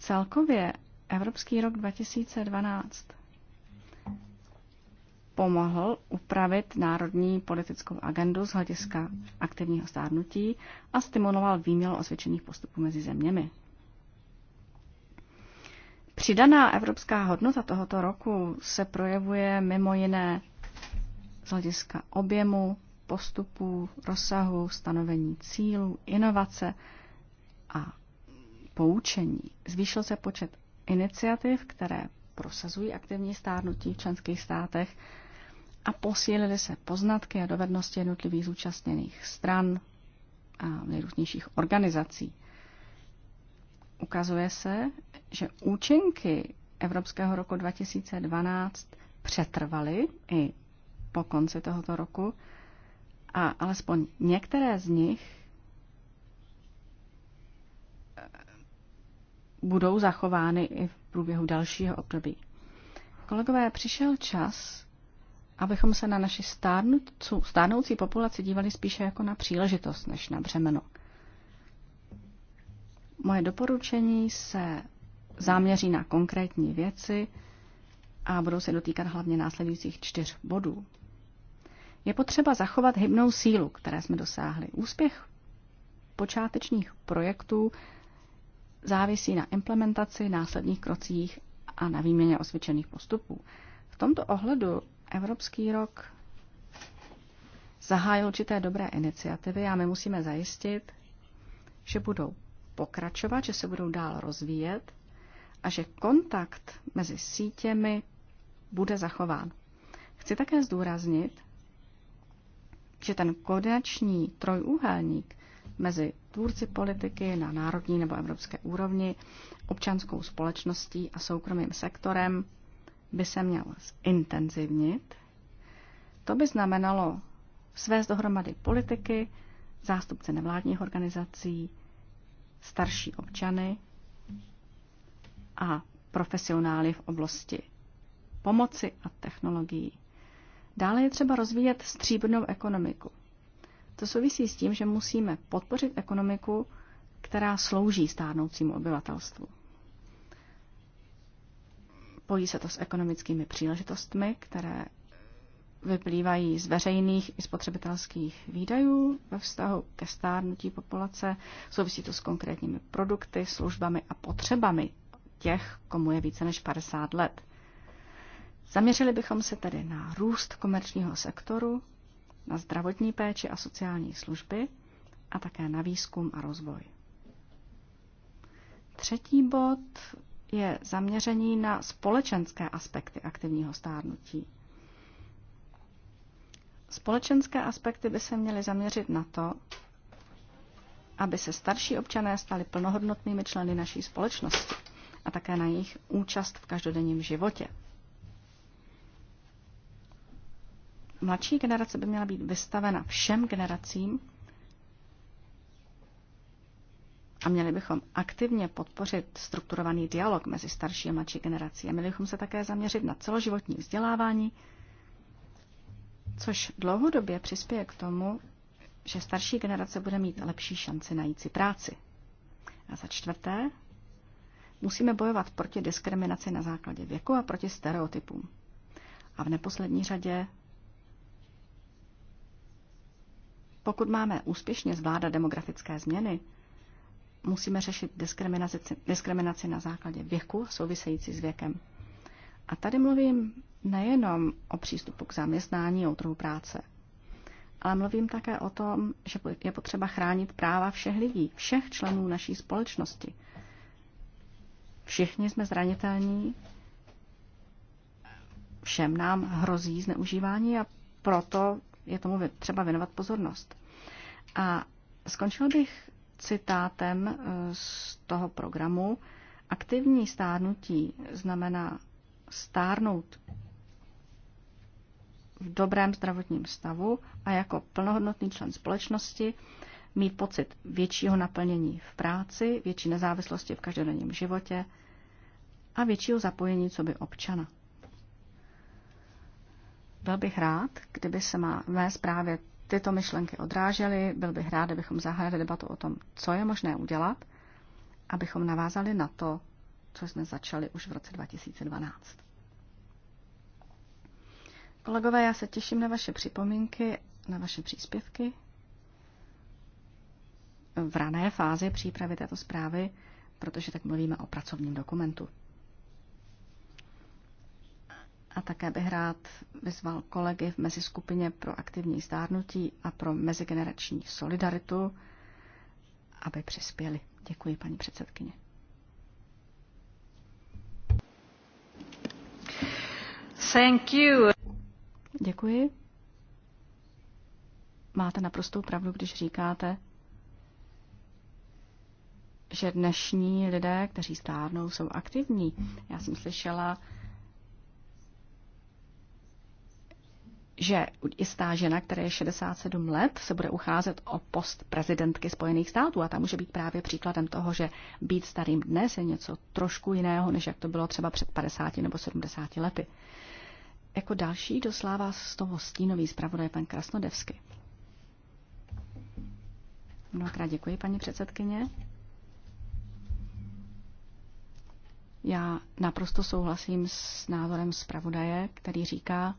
S2: Celkově Evropský rok 2012 pomohl upravit národní politickou agendu z hlediska aktivního stárnutí a stimuloval výměnu osvědčených postupů mezi zeměmi. Přidaná evropská hodnota tohoto roku se projevuje mimo jiné z hlediska objemu, postupů, rozsahu, stanovení cílů, inovace a poučení. Zvýšil se počet iniciativ, které prosazují aktivní stárnutí v členských státech a posílily se poznatky a dovednosti jednotlivých zúčastněných stran a nejrůznějších organizací. Ukazuje se, že účinky Evropského roku 2012 přetrvaly i po konci tohoto roku a alespoň některé z nich budou zachovány i v průběhu dalšího období. Kolegové, přišel čas, abychom se na naši stárnoucí populaci dívali spíše jako na příležitost než na břemeno. Moje doporučení se záměří na konkrétní věci a budou se dotýkat hlavně následujících čtyř bodů. Je potřeba zachovat hybnou sílu, které jsme dosáhli. Úspěch počátečních projektů závisí na implementaci, následných krocích a na výměně osvědčených postupů. V tomto ohledu Evropský rok zahájil určité dobré iniciativy a my musíme zajistit, že budou pokračovat, že se budou dál rozvíjet a že kontakt mezi sítěmi bude zachován. Chci také zdůraznit, že ten koordinační trojúhelník mezi tvůrci politiky na národní nebo evropské úrovni, občanskou společností a soukromým sektorem by se měl zintenzivnit. To by znamenalo své dohromady politiky, zástupce nevládních organizací, starší občany a profesionály v oblasti pomoci a technologií. Dále je třeba rozvíjet stříbrnou ekonomiku. To souvisí s tím, že musíme podpořit ekonomiku, která slouží stárnoucímu obyvatelstvu. Pojí se to s ekonomickými příležitostmi, které vyplývají z veřejných i spotřebitelských výdajů ve vztahu ke stárnutí populace. Souvisí to s konkrétními produkty, službami a potřebami těch, komu je více než 50 let. Zaměřili bychom se tedy na růst komerčního sektoru, na zdravotní péči a sociální služby a také na výzkum a rozvoj. Třetí bod je zaměření na společenské aspekty aktivního stárnutí. Společenské aspekty by se měly zaměřit na to, aby se starší občané stali plnohodnotnými členy naší společnosti a také na jejich účast v každodenním životě. mladší generace by měla být vystavena všem generacím a měli bychom aktivně podpořit strukturovaný dialog mezi starší a mladší generací. A měli bychom se také zaměřit na celoživotní vzdělávání, což dlouhodobě přispěje k tomu, že starší generace bude mít lepší šanci najít si práci. A za čtvrté, musíme bojovat proti diskriminaci na základě věku a proti stereotypům. A v neposlední řadě Pokud máme úspěšně zvládat demografické změny, musíme řešit diskriminaci, diskriminaci na základě věku související s věkem. A tady mluvím nejenom o přístupu k zaměstnání a trhu práce, ale mluvím také o tom, že je potřeba chránit práva všech lidí, všech členů naší společnosti. Všichni jsme zranitelní, všem nám hrozí zneužívání a proto je tomu třeba věnovat pozornost. A skončil bych citátem eh, z toho programu. Aktivní stárnutí znamená stárnout v dobrém zdravotním stavu a jako plnohodnotný člen společnosti mít pocit většího naplnění v práci, větší nezávislosti v každodenním životě a většího zapojení co by občana. Byl bych rád, kdyby se má mé zprávě tyto myšlenky odrážely, byl bych rád, abychom zahájili debatu o tom, co je možné udělat, abychom navázali na to, co jsme začali už v roce 2012. Kolegové, já se těším na vaše připomínky, na vaše příspěvky. V rané fázi přípravy této zprávy, protože tak mluvíme o pracovním dokumentu. A také bych rád vyzval kolegy v meziskupině pro aktivní zdárnutí a pro mezigenerační solidaritu, aby přispěli. Děkuji, paní předsedkyně. Thank you. Děkuji. Máte naprostou pravdu, když říkáte, že dnešní lidé, kteří stárnou, jsou aktivní. Já jsem slyšela, že jistá žena, která je 67 let, se bude ucházet o post prezidentky Spojených států a ta může být právě příkladem toho, že být starým dnes je něco trošku jiného, než jak to bylo třeba před 50 nebo 70 lety. Jako další doslává z toho stínový zpravodaj pan Krasnodevsky. Mnohokrát děkuji, paní předsedkyně. Já naprosto souhlasím s názorem zpravodaje, který říká,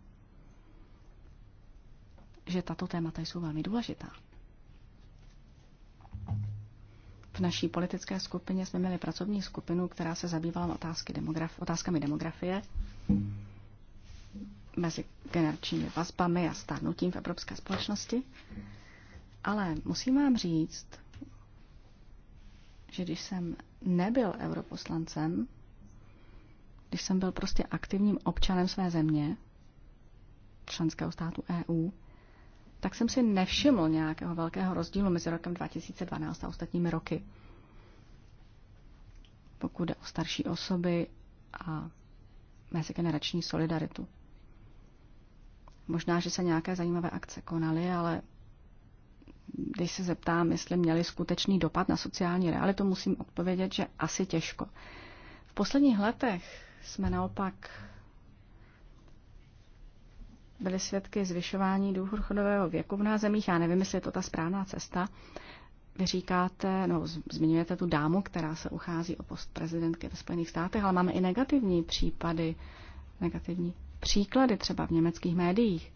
S2: že tato témata jsou velmi důležitá. V naší politické skupině jsme měli pracovní skupinu, která se zabývala otázky demograf- otázkami demografie mezi generačními vazbami a stárnutím v evropské společnosti. Ale musím vám říct, že když jsem nebyl europoslancem, když jsem byl prostě aktivním občanem své země, členského státu EU, tak jsem si nevšiml nějakého velkého rozdílu mezi rokem 2012 a ostatními roky. Pokud jde o starší osoby a mezigenerační solidaritu. Možná, že se nějaké zajímavé akce konaly, ale když se zeptám, jestli měli skutečný dopad na sociální realitu, musím odpovědět, že asi těžko. V posledních letech jsme naopak byli svědky zvyšování důchodového věku v zemích. Já nevím, jestli je to ta správná cesta. Vy říkáte, no, zmiňujete tu dámu, která se uchází o post prezidentky ve Spojených státech, ale máme i negativní případy, negativní příklady třeba v německých médiích.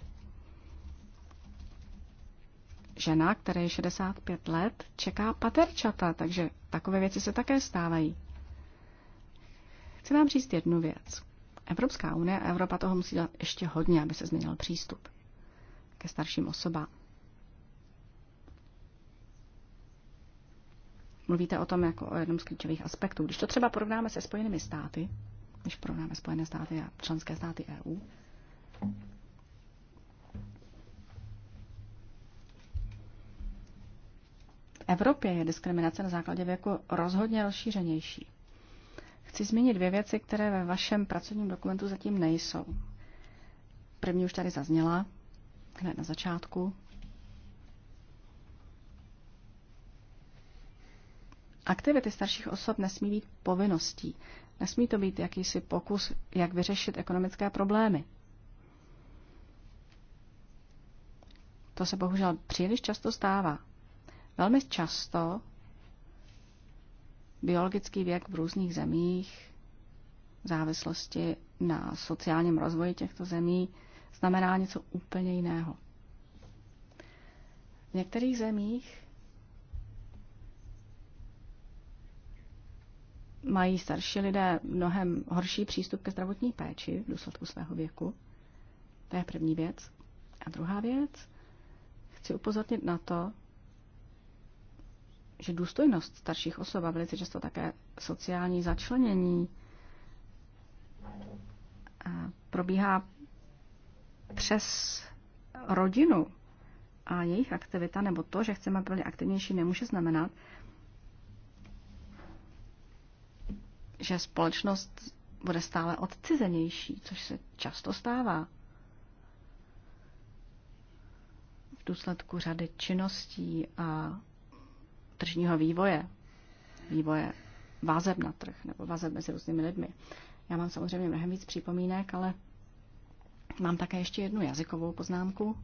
S2: Žena, která je 65 let, čeká paterčata, takže takové věci se také stávají. Chci vám říct jednu věc. Evropská unie a Evropa toho musí dělat ještě hodně, aby se změnil přístup ke starším osobám. Mluvíte o tom jako o jednom z klíčových aspektů. Když to třeba porovnáme se Spojenými státy, když porovnáme Spojené státy a členské státy EU, v Evropě je diskriminace na základě věku rozhodně rozšířenější. Chci zmínit dvě věci, které ve vašem pracovním dokumentu zatím nejsou. První už tady zazněla, hned na začátku. Aktivity starších osob nesmí být povinností. Nesmí to být jakýsi pokus, jak vyřešit ekonomické problémy. To se bohužel příliš často stává. Velmi často biologický věk v různých zemích v závislosti na sociálním rozvoji těchto zemí znamená něco úplně jiného. V některých zemích mají starší lidé mnohem horší přístup ke zdravotní péči v důsledku svého věku. To je první věc. A druhá věc, chci upozornit na to, že důstojnost starších osob a velice často také sociální začlenění eh, probíhá přes rodinu a jejich aktivita, nebo to, že chceme být aktivnější, nemůže znamenat, že společnost bude stále odcizenější, což se často stává. V důsledku řady činností a tržního vývoje, vývoje vazeb na trh nebo vazeb mezi různými lidmi. Já mám samozřejmě mnohem víc připomínek, ale mám také ještě jednu jazykovou poznámku.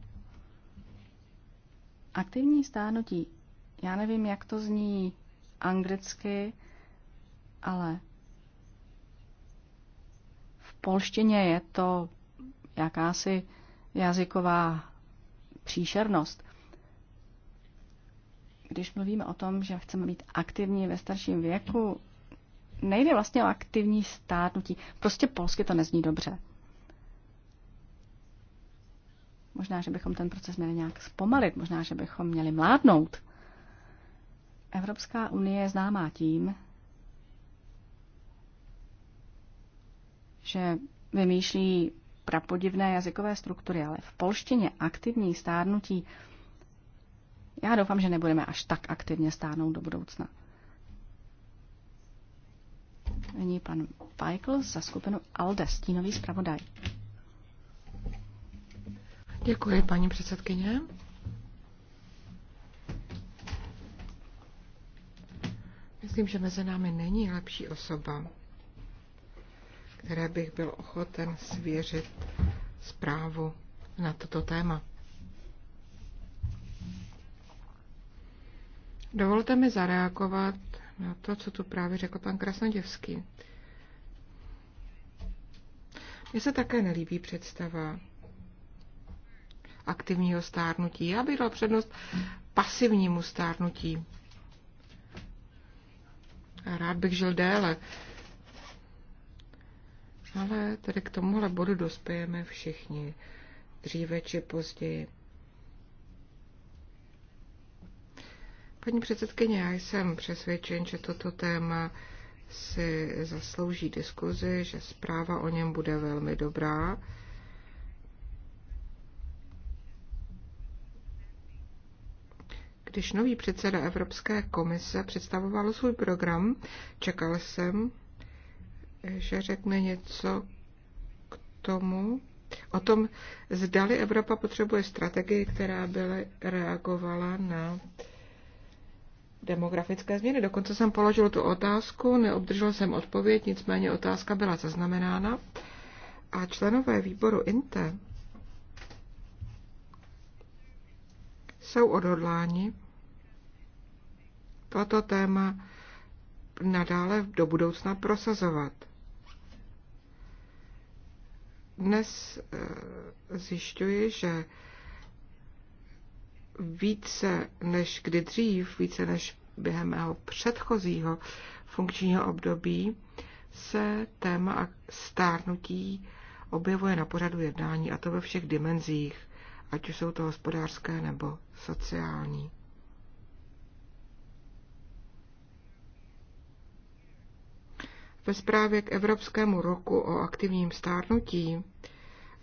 S2: Aktivní stárnutí. Já nevím, jak to zní anglicky, ale v polštině je to jakási jazyková příšernost. Když mluvíme o tom, že chceme být aktivní ve starším věku, nejde vlastně o aktivní stárnutí. Prostě polsky to nezní dobře. Možná, že bychom ten proces měli nějak zpomalit, možná, že bychom měli mládnout. Evropská unie je známá tím, že vymýšlí prapodivné jazykové struktury, ale v polštině aktivní stárnutí já doufám, že nebudeme až tak aktivně stáhnout do budoucna. Není pan Michael za skupinu ALDE, stínový zpravodaj.
S1: Děkuji, paní předsedkyně. Myslím, že mezi námi není lepší osoba, které bych byl ochoten svěřit zprávu na toto téma. Dovolte mi zareagovat na to, co tu právě řekl pan Krasnoděvský. Mně se také nelíbí představa aktivního stárnutí. Já bych dal přednost pasivnímu stárnutí. Rád bych žil déle. Ale tedy k tomuhle bodu dospějeme všichni, dříve či později. Paní předsedkyně, já jsem přesvědčen, že toto téma si zaslouží diskuzi, že zpráva o něm bude velmi dobrá. Když nový předseda Evropské komise představoval svůj program, čekal jsem, že řekne něco k tomu, o tom, zdali Evropa potřebuje strategii, která by reagovala na demografické změny. Dokonce jsem položil tu otázku, neobdržel jsem odpověď, nicméně otázka byla zaznamenána. A členové výboru INTE jsou odhodláni toto téma nadále do budoucna prosazovat. Dnes eh, zjišťuji, že více než kdy dřív, více než během mého předchozího funkčního období, se téma stárnutí objevuje na pořadu jednání, a to ve všech dimenzích, ať už jsou to hospodářské nebo sociální. Ve zprávě k Evropskému roku o aktivním stárnutí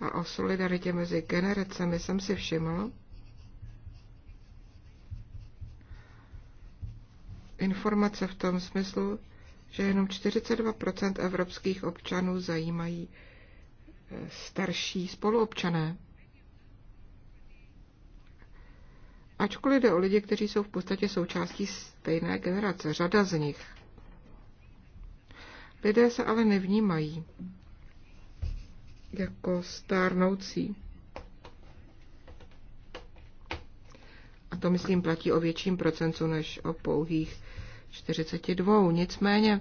S1: a o solidaritě mezi generacemi jsem si všiml, informace v tom smyslu, že jenom 42% evropských občanů zajímají eh, starší spoluobčané. Ačkoliv jde o lidi, kteří jsou v podstatě součástí stejné generace, řada z nich. Lidé se ale nevnímají jako stárnoucí. to myslím platí o větším procentu než o pouhých 42. Nicméně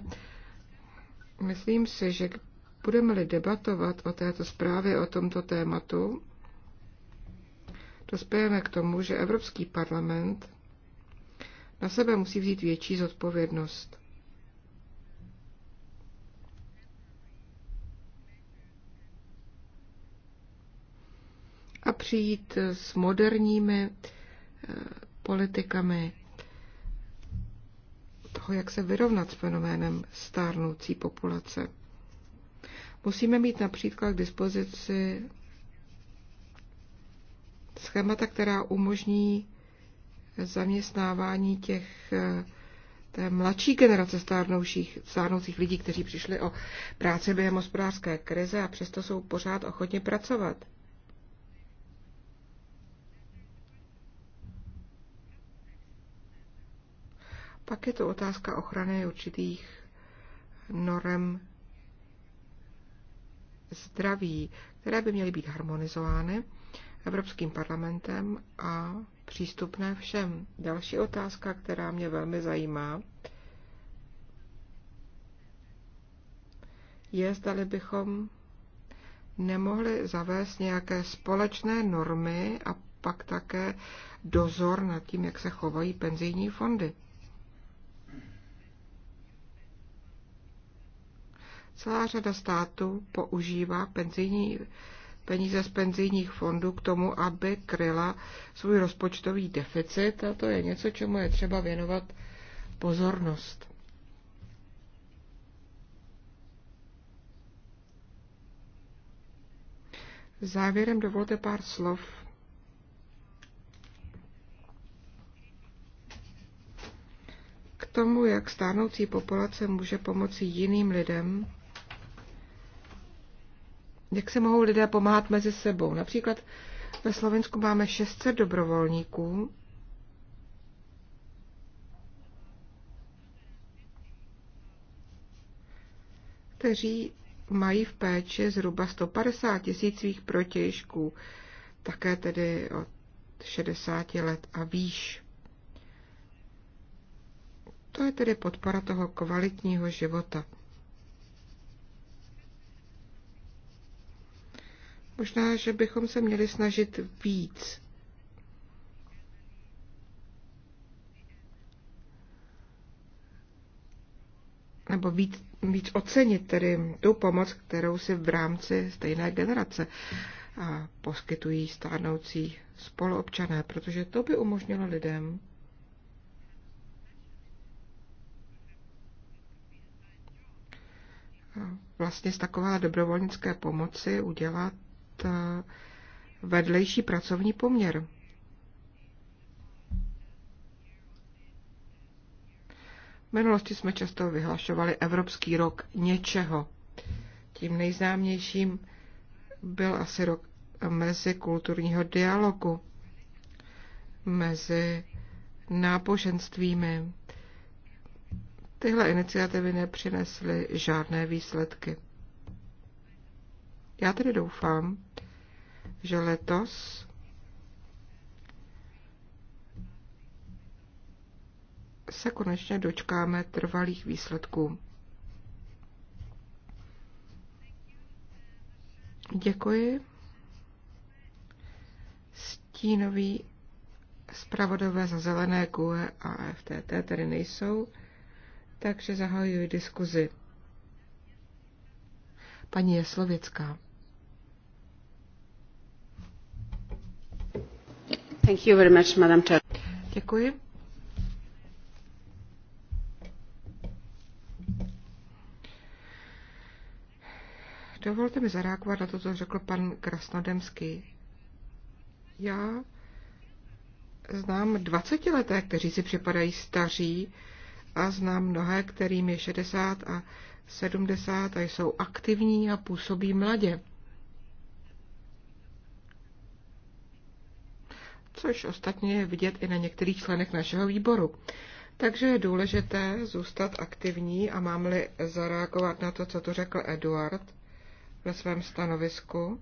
S1: myslím si, že budeme-li debatovat o této zprávě, o tomto tématu, dospějeme k tomu, že Evropský parlament na sebe musí vzít větší zodpovědnost. A přijít s moderními politikami toho, jak se vyrovnat s fenoménem stárnoucí populace. Musíme mít například k dispozici schémata, která umožní zaměstnávání těch eh, té mladší generace stárnoucích, stárnoucích lidí, kteří přišli o práci během hospodářské krize a přesto jsou pořád ochotně pracovat. Pak je to otázka ochrany určitých norem zdraví, které by měly být harmonizovány Evropským parlamentem a přístupné všem. Další otázka, která mě velmi zajímá, je, zdali bychom nemohli zavést nějaké společné normy a pak také dozor nad tím, jak se chovají penzijní fondy. Celá řada států používá penzijní, peníze z penzijních fondů k tomu, aby kryla svůj rozpočtový deficit a to je něco, čemu je třeba věnovat pozornost. Závěrem dovolte pár slov k tomu, jak stárnoucí populace může pomoci jiným lidem jak se mohou lidé pomáhat mezi sebou. Například ve Slovensku máme 600 dobrovolníků, kteří mají v péči zhruba 150 tisíc svých protějšků, také tedy od 60 let a výš. To je tedy podpora toho kvalitního života. Možná, že bychom se měli snažit víc. Nebo víc, víc ocenit tedy tu pomoc, kterou si v rámci stejné generace a poskytují stárnoucí spoluobčané, protože to by umožnilo lidem vlastně z takové dobrovolnické pomoci udělat Eh, vedlejší pracovní poměr. V minulosti jsme často vyhlašovali Evropský rok něčeho. Tím nejznámějším byl asi rok mezi kulturního dialogu, mezi náboženstvími. Tyhle iniciativy nepřinesly žádné výsledky. Já tedy doufám, že letos se konečně dočkáme trvalých výsledků. Děkuji. Stínový zpravodové za zelené GUE a FTT tady nejsou, takže zahajuji diskuzi. Paní Jeslověcká. Dovolte mi zareagovat na to, co řekl pan Krasnodemský. Já znám 20-leté, kteří si připadají staří a znám mnohé, kterým je 60 a 70 a jsou aktivní a působí mladě. což ostatně je vidět i na některých členech našeho výboru. Takže je důležité zůstat aktivní a mám-li zareagovat na to, co tu řekl Eduard ve svém stanovisku.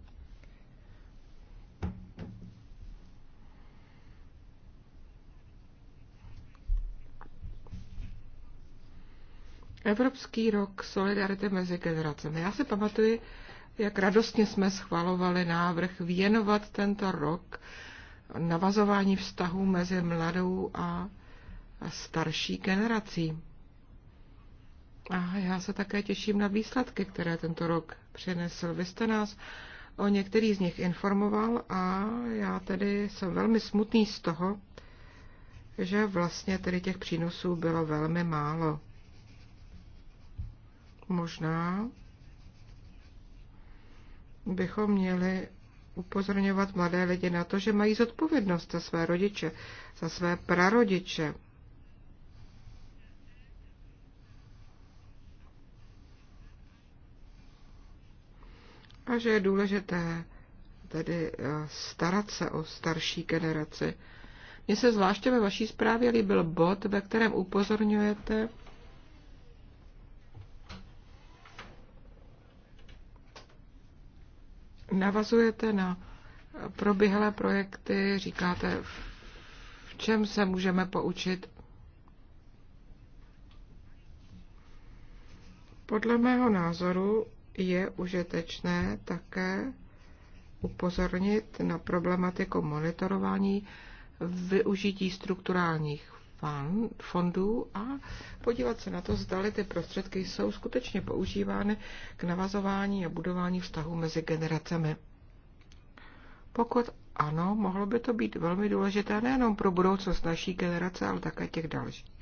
S1: Evropský rok solidarity mezi generacemi. Já si pamatuji, jak radostně jsme schvalovali návrh věnovat tento rok navazování vztahů mezi mladou a starší generací. A já se také těším na výsledky, které tento rok přinesl. Vy jste nás o některých z nich informoval a já tedy jsem velmi smutný z toho, že vlastně tedy těch přínosů bylo velmi málo. Možná bychom měli upozorňovat mladé lidi na to, že mají zodpovědnost za své rodiče, za své prarodiče. A že je důležité tedy eh, starat se o starší generaci. Mně se zvláště ve vaší zprávě líbil bod, ve kterém upozorňujete navazujete na proběhlé projekty, říkáte, v čem se můžeme poučit. Podle mého názoru je užitečné také upozornit na problematiku monitorování využití strukturálních fondů a podívat se na to, zdali ty prostředky jsou skutečně používány k navazování a budování vztahu mezi generacemi. Pokud ano, mohlo by to být velmi důležité nejenom pro budoucnost naší generace, ale také těch dalších.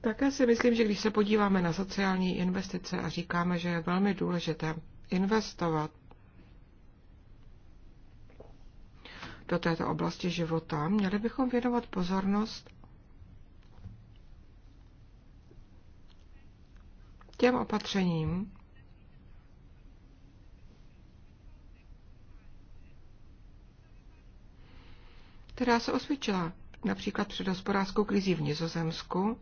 S1: Také si myslím, že když se podíváme na sociální investice a říkáme, že je velmi důležité investovat do této oblasti života, měli bychom věnovat pozornost těm opatřením, která se osvědčila. Například před hospodářskou krizí v Nizozemsku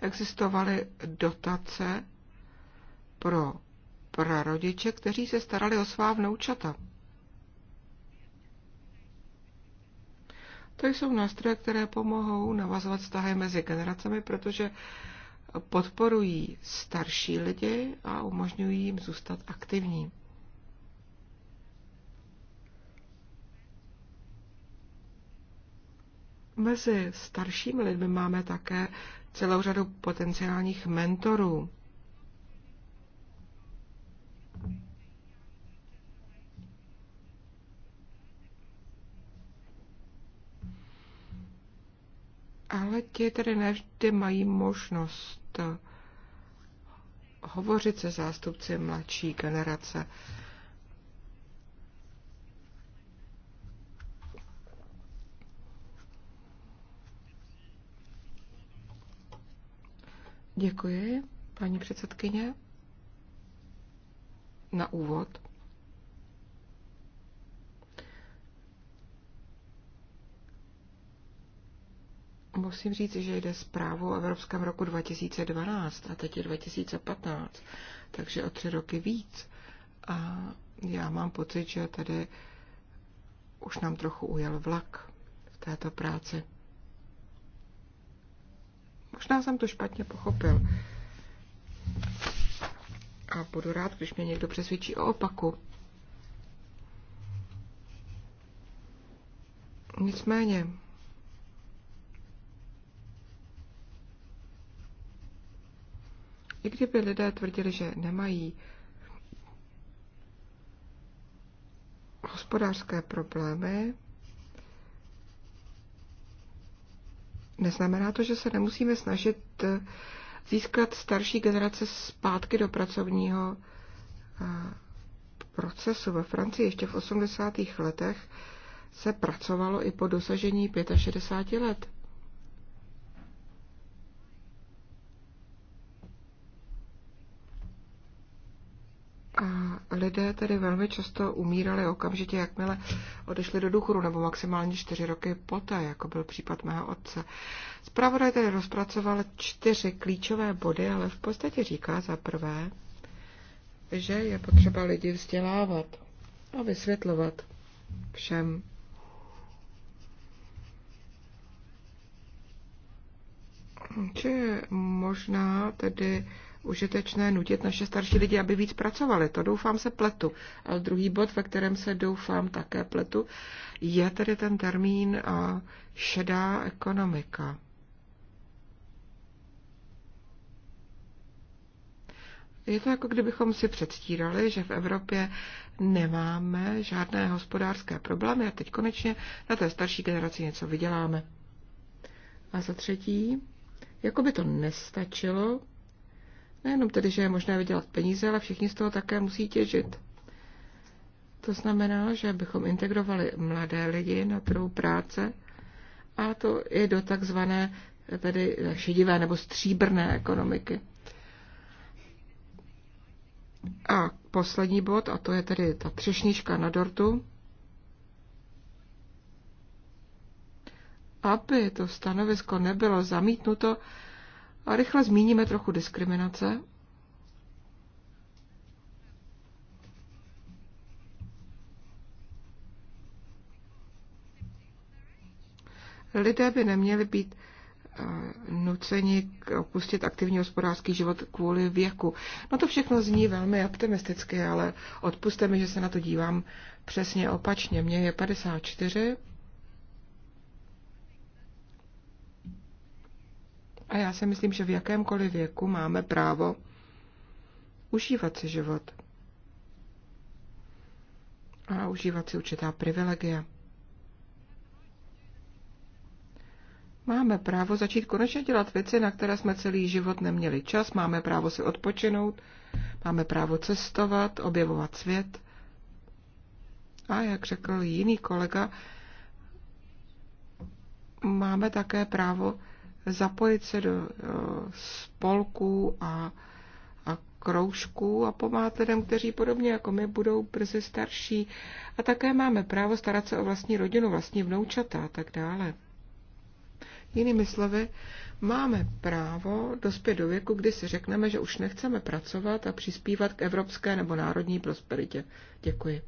S1: existovaly dotace pro prarodiče, kteří se starali o svá vnoučata. To jsou nástroje, které pomohou navazovat vztahy mezi generacemi, protože podporují starší lidi a umožňují jim zůstat aktivní. Mezi staršími lidmi máme také celou řadu potenciálních mentorů. ale ti tedy nevždy mají možnost hovořit se zástupci mladší generace. Děkuji, paní předsedkyně. Na úvod musím říct, že jde zprávu o Evropském roku 2012 a teď je 2015, takže o tři roky víc. A já mám pocit, že tady už nám trochu ujel vlak v této práci. Možná jsem to špatně pochopil. A budu rád, když mě někdo přesvědčí o opaku. Nicméně, I kdyby lidé tvrdili, že nemají hospodářské problémy, neznamená to, že se nemusíme snažit získat starší generace zpátky do pracovního eh, procesu. Ve Francii ještě v 80. letech se pracovalo i po dosažení 65 let. A lidé tedy velmi často umírali okamžitě, jakmile odešli do důchodu, nebo maximálně čtyři roky poté, jako byl případ mého otce. Zpravodaj tedy rozpracoval čtyři klíčové body, ale v podstatě říká za prvé, že je potřeba lidi vzdělávat a vysvětlovat všem. Je možná tedy užitečné nutit naše starší lidi, aby víc pracovali. To doufám se pletu. A druhý bod, ve kterém se doufám také pletu, je tedy ten termín šedá ekonomika. Je to jako kdybychom si předstírali, že v Evropě nemáme žádné hospodářské problémy a teď konečně na té starší generaci něco vyděláme. A za třetí, jako by to nestačilo, Nejenom tedy, že je možné vydělat peníze, ale všichni z toho také musí těžit. To znamená, že bychom integrovali mladé lidi na trhu práce a to i do takzvané tedy šedivé nebo stříbrné ekonomiky. A poslední bod, a to je tedy ta třešnička na dortu. Aby to stanovisko nebylo zamítnuto, a rychle zmíníme trochu diskriminace. Lidé by neměli být eh, nuceni opustit aktivní hospodářský život kvůli věku. No to všechno zní velmi optimisticky, ale odpuste mi, že se na to dívám přesně opačně. Mně je 54 A já si myslím, že v jakémkoliv věku máme právo užívat si život a užívat si určitá privilegia. Máme právo začít konečně dělat věci, na které jsme celý život neměli čas, máme právo si odpočinout, máme právo cestovat, objevovat svět. A jak řekl jiný kolega, máme také právo zapojit se do e, spolků a, a kroužků a pomáhat lidem, kteří podobně jako my budou brzy starší. A také máme právo starat se o vlastní rodinu, vlastní vnoučata a tak dále. Jinými slovy, máme právo dospět do věku, kdy si řekneme, že už nechceme pracovat a přispívat k evropské nebo národní prosperitě. Děkuji.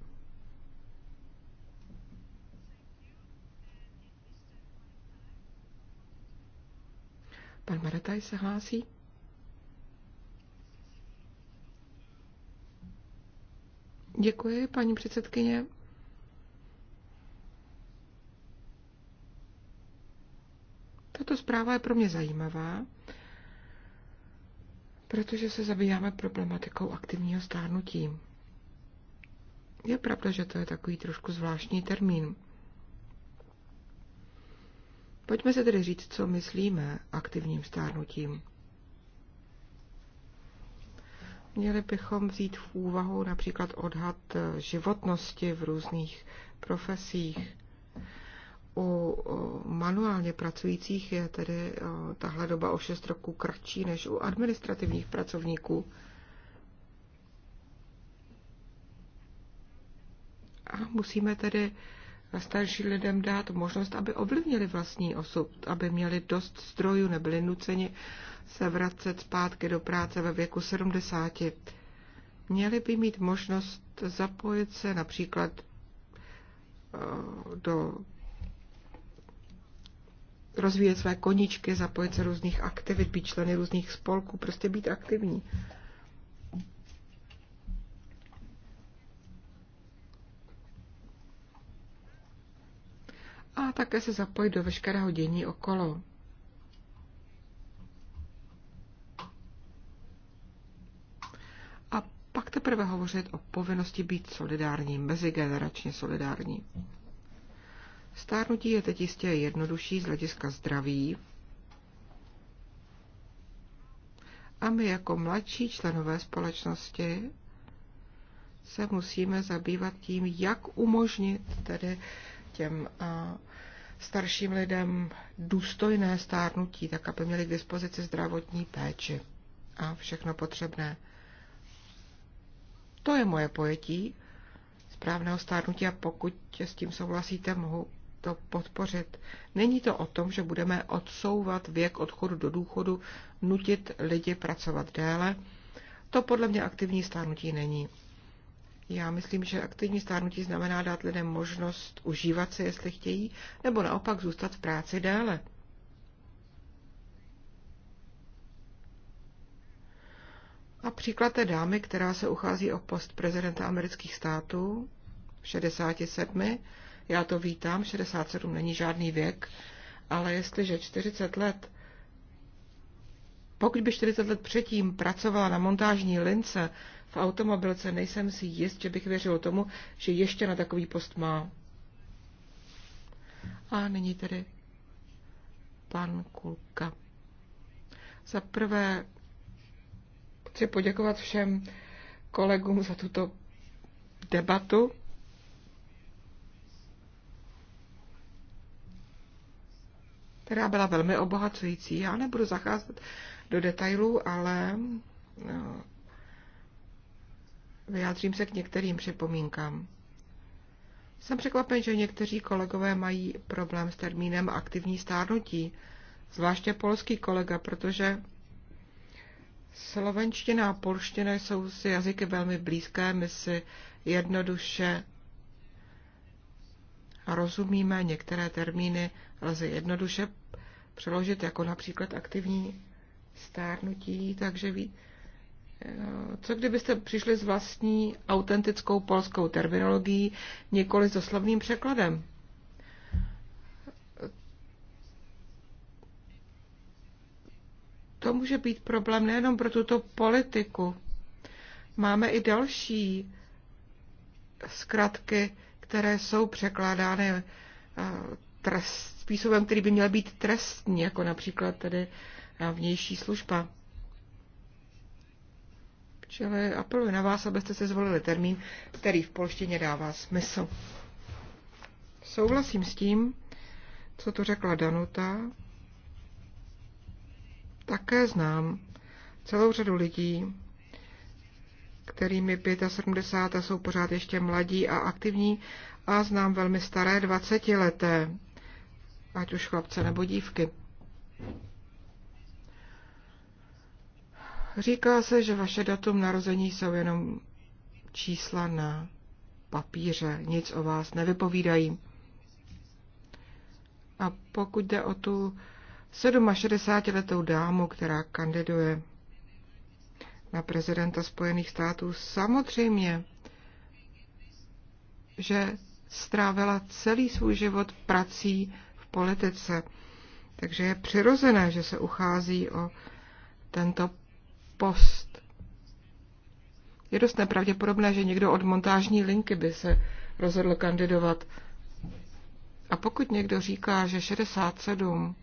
S1: Pan Marataj se hlásí. Děkuji, paní předsedkyně. Tato zpráva je pro mě zajímavá, protože se zabýváme problematikou aktivního stárnutí. Je pravda, že to je takový trošku zvláštní termín. Pojďme se tedy říct, co myslíme aktivním stárnutím. Měli bychom vzít v úvahu například odhad životnosti v různých profesích. U manuálně pracujících je tedy tahle doba o 6 roků kratší než u administrativních pracovníků. A musíme tedy starší lidem dát možnost, aby ovlivnili vlastní osud, aby měli dost strojů, nebyli nuceni se vracet zpátky do práce ve věku 70. Měli by mít možnost zapojit se například eh, do rozvíjet své koničky, zapojit se různých aktivit, být členy různých spolků, prostě být aktivní. a také se zapojit do veškerého dění okolo. A pak teprve hovořit o povinnosti být solidární, mezigeneračně solidární. Stárnutí je teď jistě jednodušší z hlediska zdraví. A my jako mladší členové společnosti se musíme zabývat tím, jak umožnit tedy těm starším lidem důstojné stárnutí, tak aby měli k dispozici zdravotní péči a všechno potřebné. To je moje pojetí správného stárnutí a pokud s tím souhlasíte, mohu to podpořit. Není to o tom, že budeme odsouvat věk odchodu do důchodu, nutit lidi pracovat déle. To podle mě aktivní stárnutí není. Já myslím, že aktivní stárnutí znamená dát lidem možnost užívat se, jestli chtějí, nebo naopak zůstat v práci déle. A příklad té dámy, která se uchází o post prezidenta amerických států v 67. Já to vítám, 67 není žádný věk, ale jestliže 40 let, pokud by 40 let předtím pracovala na montážní lince, automobilce, nejsem si jist, že bych věřil tomu, že ještě na takový post má. A nyní tedy pan Kulka. Za prvé chci poděkovat všem kolegům za tuto debatu. která byla velmi obohacující. Já nebudu zacházet do detailů, ale no, Vyjádřím se k některým připomínkám. Jsem překvapen, že někteří kolegové mají problém s termínem aktivní stárnutí, zvláště polský kolega, protože slovenština a polština jsou si jazyky velmi blízké, my si jednoduše rozumíme, některé termíny lze jednoduše přeložit jako například aktivní stárnutí, takže ví, co kdybyste přišli s vlastní autentickou polskou terminologií, nikoli s doslovným překladem? To může být problém nejenom pro tuto politiku. Máme i další zkratky, které jsou překládány eh, trest, způsobem, který by měl být trestní, jako například tedy eh, vnější služba. Čili apeluji na vás, abyste si zvolili termín, který v polštině dává smysl. Souhlasím s tím, co tu řekla Danuta. Také znám celou řadu lidí, kterými 75 a jsou pořád ještě mladí a aktivní a znám velmi staré 20 leté, ať už chlapce nebo dívky. Říká se, že vaše datum narození jsou jenom čísla na papíře, nic o vás nevypovídají. A pokud jde o tu 67-letou dámu, která kandiduje na prezidenta Spojených států, samozřejmě, že strávila celý svůj život prací v politice. Takže je přirozené, že se uchází o tento post. Je dost nepravděpodobné, že někdo od montážní linky by se rozhodl kandidovat. A pokud někdo říká, že 67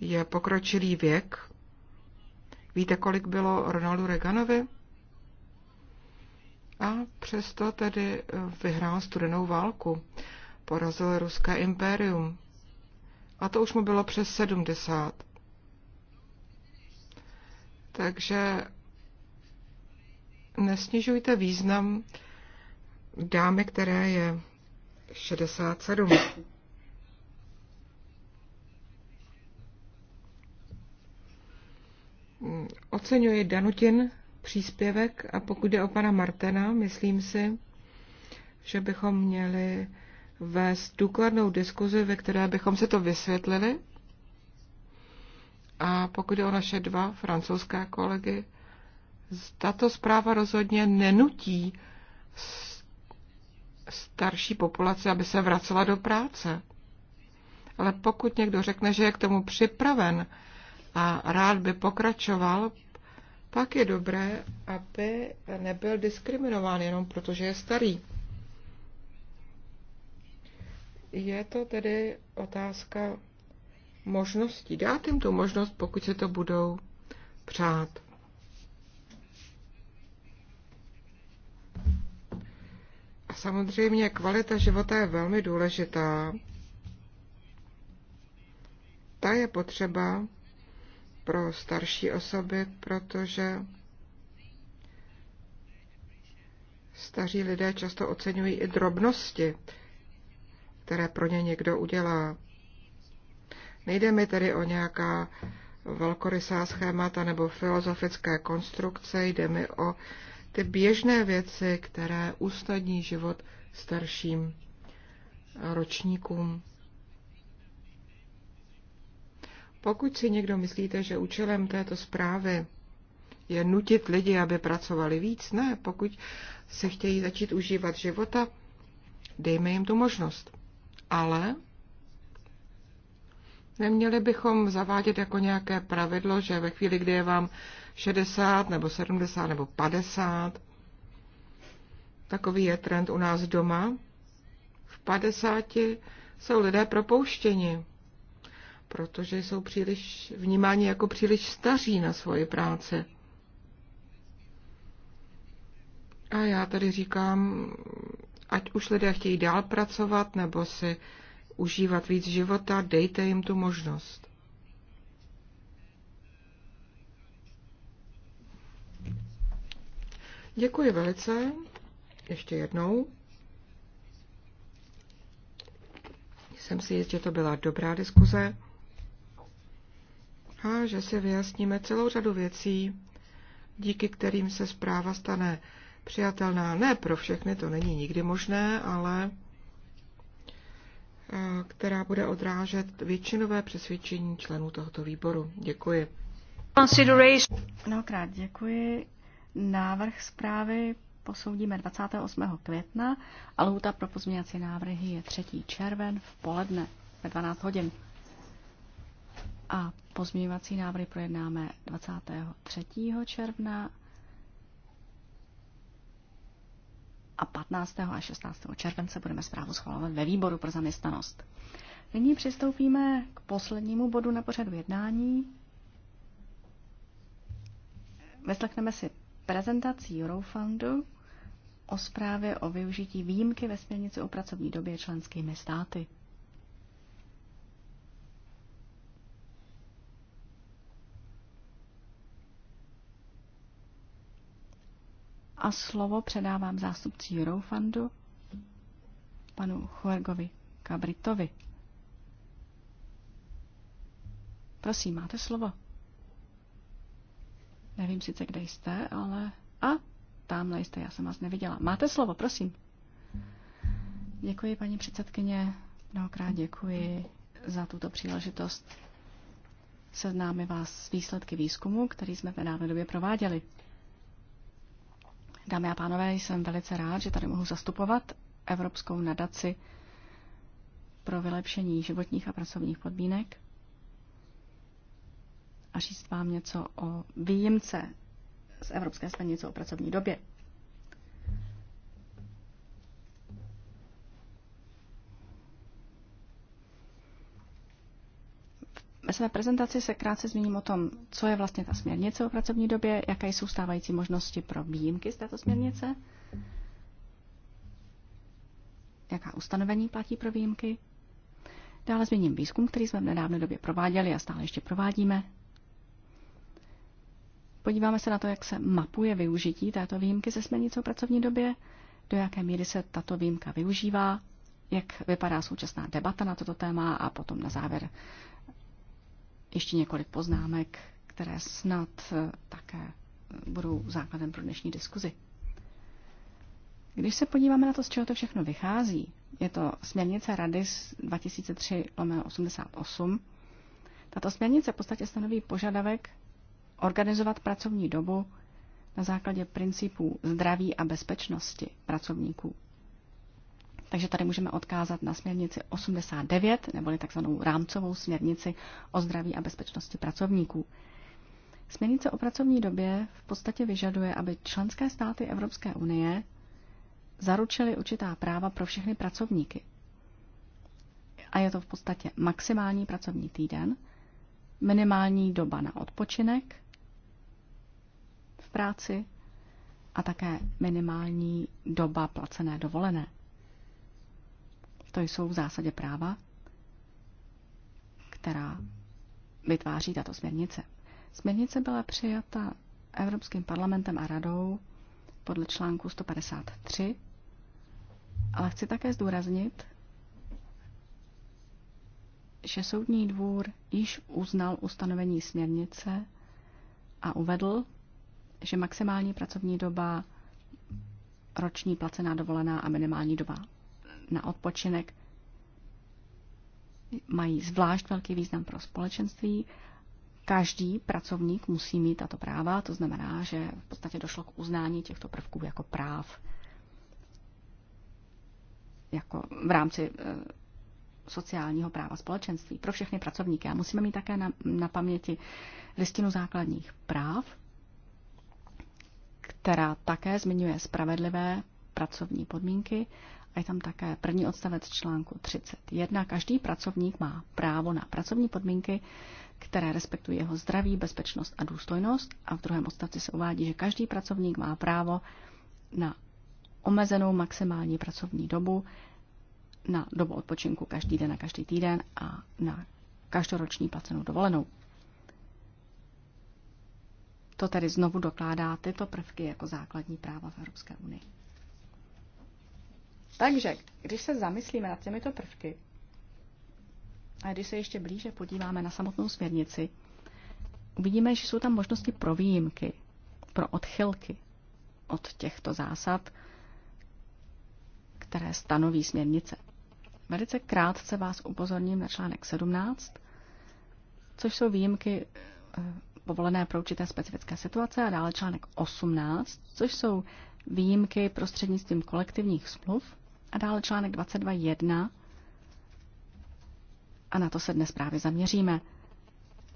S1: je pokročilý věk, víte, kolik bylo Ronaldu Reaganovi? A přesto tedy vyhrál studenou válku. Porazil ruské impérium. A to už mu bylo přes 70. Takže nesnižujte význam dámy, které je 67. Oceňuji Danutin příspěvek a pokud jde o pana Martena, myslím si, že bychom měli vést důkladnou diskuzi, ve které bychom se to vysvětlili a pokud je o naše dva francouzské kolegy, tato zpráva rozhodně nenutí starší populace, aby se vracela do práce. Ale pokud někdo řekne, že je k tomu připraven a rád by pokračoval, pak je dobré, aby nebyl diskriminován jenom proto, že je starý. Je to tedy otázka možností. Dát jim tu možnost, pokud se to budou přát. A samozřejmě kvalita života je velmi důležitá. Ta je potřeba pro starší osoby, protože staří lidé často oceňují i drobnosti, které pro ně někdo udělá. Nejde mi tedy o nějaká velkorysá schémata nebo filozofické konstrukce, jde mi o ty běžné věci, které usnadní život starším ročníkům. Pokud si někdo myslíte, že účelem této zprávy je nutit lidi, aby pracovali víc, ne, pokud se chtějí začít užívat života, dejme jim tu možnost. Ale Neměli bychom zavádět jako nějaké pravidlo, že ve chvíli, kdy je vám 60 nebo 70 nebo 50, takový je trend u nás doma, v 50 jsou lidé propouštěni, protože jsou příliš vnímáni jako příliš staří na svoji práci. A já tady říkám, ať už lidé chtějí dál pracovat, nebo si užívat víc života, dejte jim tu možnost. Děkuji velice, ještě jednou. Jsem si jist, že to byla dobrá diskuze a že si vyjasníme celou řadu věcí, díky kterým se zpráva stane přijatelná. Ne pro všechny, to není nikdy možné, ale která bude odrážet většinové přesvědčení členů tohoto výboru. Děkuji.
S2: Mnohokrát děkuji. Návrh zprávy posoudíme 28. května a lhůta pro pozměňovací návrhy je 3. červen v poledne ve 12 hodin. A pozměňovací návrhy projednáme 23. června a 15. a 16. července budeme zprávu schvalovat ve výboru pro zaměstnanost. Nyní přistoupíme k poslednímu bodu na pořadu jednání. Vyslechneme si prezentaci Eurofundu o zprávě o využití výjimky ve směrnici o pracovní době členskými státy. A slovo předávám zástupci Eurofundu, panu Chuergovi Kabritovi. Prosím, máte slovo. Nevím sice, kde jste, ale... A, tamhle jste, já jsem vás neviděla. Máte slovo, prosím. Děkuji, paní předsedkyně. Mnohokrát děkuji za tuto příležitost seznámit vás s výsledky výzkumu, který jsme v nedávné době prováděli. Dámy a pánové, jsem velice rád, že tady mohu zastupovat Evropskou nadaci pro vylepšení životních a pracovních podmínek a říct vám něco o výjimce z Evropské směrnice o pracovní době. Ve své prezentaci se krátce zmíním o tom, co je vlastně ta směrnice o pracovní době, jaké jsou stávající možnosti pro výjimky z této směrnice, jaká ustanovení platí pro výjimky. Dále zmíním výzkum, který jsme v nedávné době prováděli a stále ještě provádíme. Podíváme se na to, jak se mapuje využití této výjimky ze směrnice o pracovní době, do jaké míry se tato výjimka využívá, jak vypadá současná debata na toto téma a potom na závěr ještě několik poznámek, které snad eh, také eh, budou základem pro dnešní diskuzi. Když se podíváme na to, z čeho to všechno vychází, je to směrnice Rady 2003-88. Tato směrnice v podstatě stanoví požadavek organizovat pracovní dobu na základě principů zdraví a bezpečnosti pracovníků. Takže tady můžeme odkázat na směrnici 89, neboli takzvanou rámcovou směrnici o zdraví a bezpečnosti pracovníků. Směrnice o pracovní době v podstatě vyžaduje, aby členské státy Evropské unie zaručily určitá práva pro všechny pracovníky. A je to v podstatě maximální pracovní týden, minimální doba na odpočinek v práci a také minimální doba placené dovolené. To jsou v zásadě práva, která vytváří tato směrnice. Směrnice byla přijata Evropským parlamentem a radou podle článku 153, ale chci také zdůraznit, že Soudní dvůr již uznal ustanovení směrnice a uvedl, že maximální pracovní doba, roční placená dovolená a minimální doba na odpočinek mají zvlášť velký význam pro společenství. Každý pracovník musí mít tato práva, to znamená, že v podstatě došlo k uznání těchto prvků jako práv jako v rámci e, sociálního práva společenství pro všechny pracovníky. A musíme mít také na, na paměti listinu základních práv, která také zmiňuje spravedlivé pracovní podmínky a je tam také první odstavec článku 31. Každý pracovník má právo na pracovní podmínky, které respektují jeho zdraví, bezpečnost a důstojnost. A v druhém odstavci se uvádí, že každý pracovník má právo na omezenou maximální pracovní dobu, na dobu odpočinku každý den a každý týden a na každoroční placenou dovolenou. To tedy znovu dokládá tyto prvky jako základní práva v Evropské unii. Takže, když se zamyslíme nad těmito prvky a když se ještě blíže podíváme na samotnou směrnici, uvidíme, že jsou tam možnosti pro výjimky, pro odchylky od těchto zásad, které stanoví směrnice. Velice krátce vás upozorním na článek 17, což jsou výjimky eh, povolené pro určité specifické situace a dále článek 18, což jsou výjimky prostřednictvím kolektivních smluv a dále článek 22.1 a na to se dnes právě zaměříme.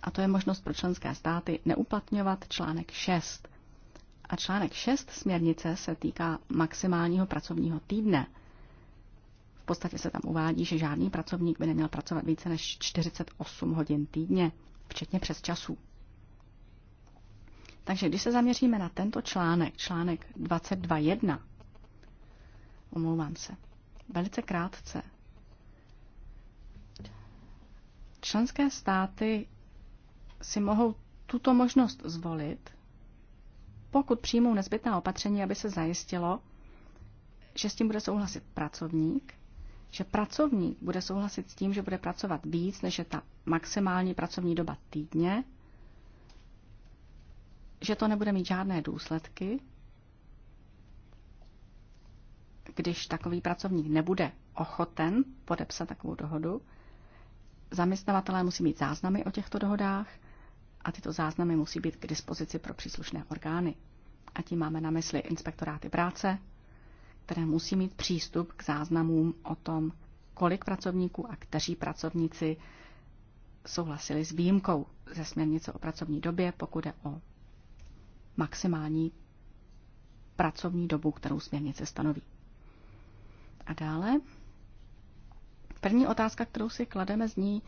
S2: A to je možnost pro členské státy neuplatňovat článek 6. A článek 6 směrnice se týká maximálního pracovního týdne. V podstatě se tam uvádí, že žádný pracovník by neměl pracovat více než 48 hodin týdně, včetně přes časů. Takže když se zaměříme na tento článek, článek 22.1, omlouvám se, Velice krátce. Členské státy si mohou tuto možnost zvolit, pokud přijmou nezbytná opatření, aby se zajistilo, že s tím bude souhlasit pracovník, že pracovník bude souhlasit s tím, že bude pracovat víc, než je ta maximální pracovní doba týdně, že to nebude mít žádné důsledky, když takový pracovník nebude ochoten podepsat takovou dohodu, zaměstnavatelé musí mít záznamy o těchto dohodách a tyto záznamy musí být k dispozici pro příslušné orgány. A tím máme na mysli inspektoráty práce, které musí mít přístup k záznamům o tom, kolik pracovníků a kteří pracovníci souhlasili s výjimkou ze směrnice o pracovní době, pokud je o maximální pracovní dobu, kterou směrnice stanoví. A dále. První otázka, kterou si klademe, zní,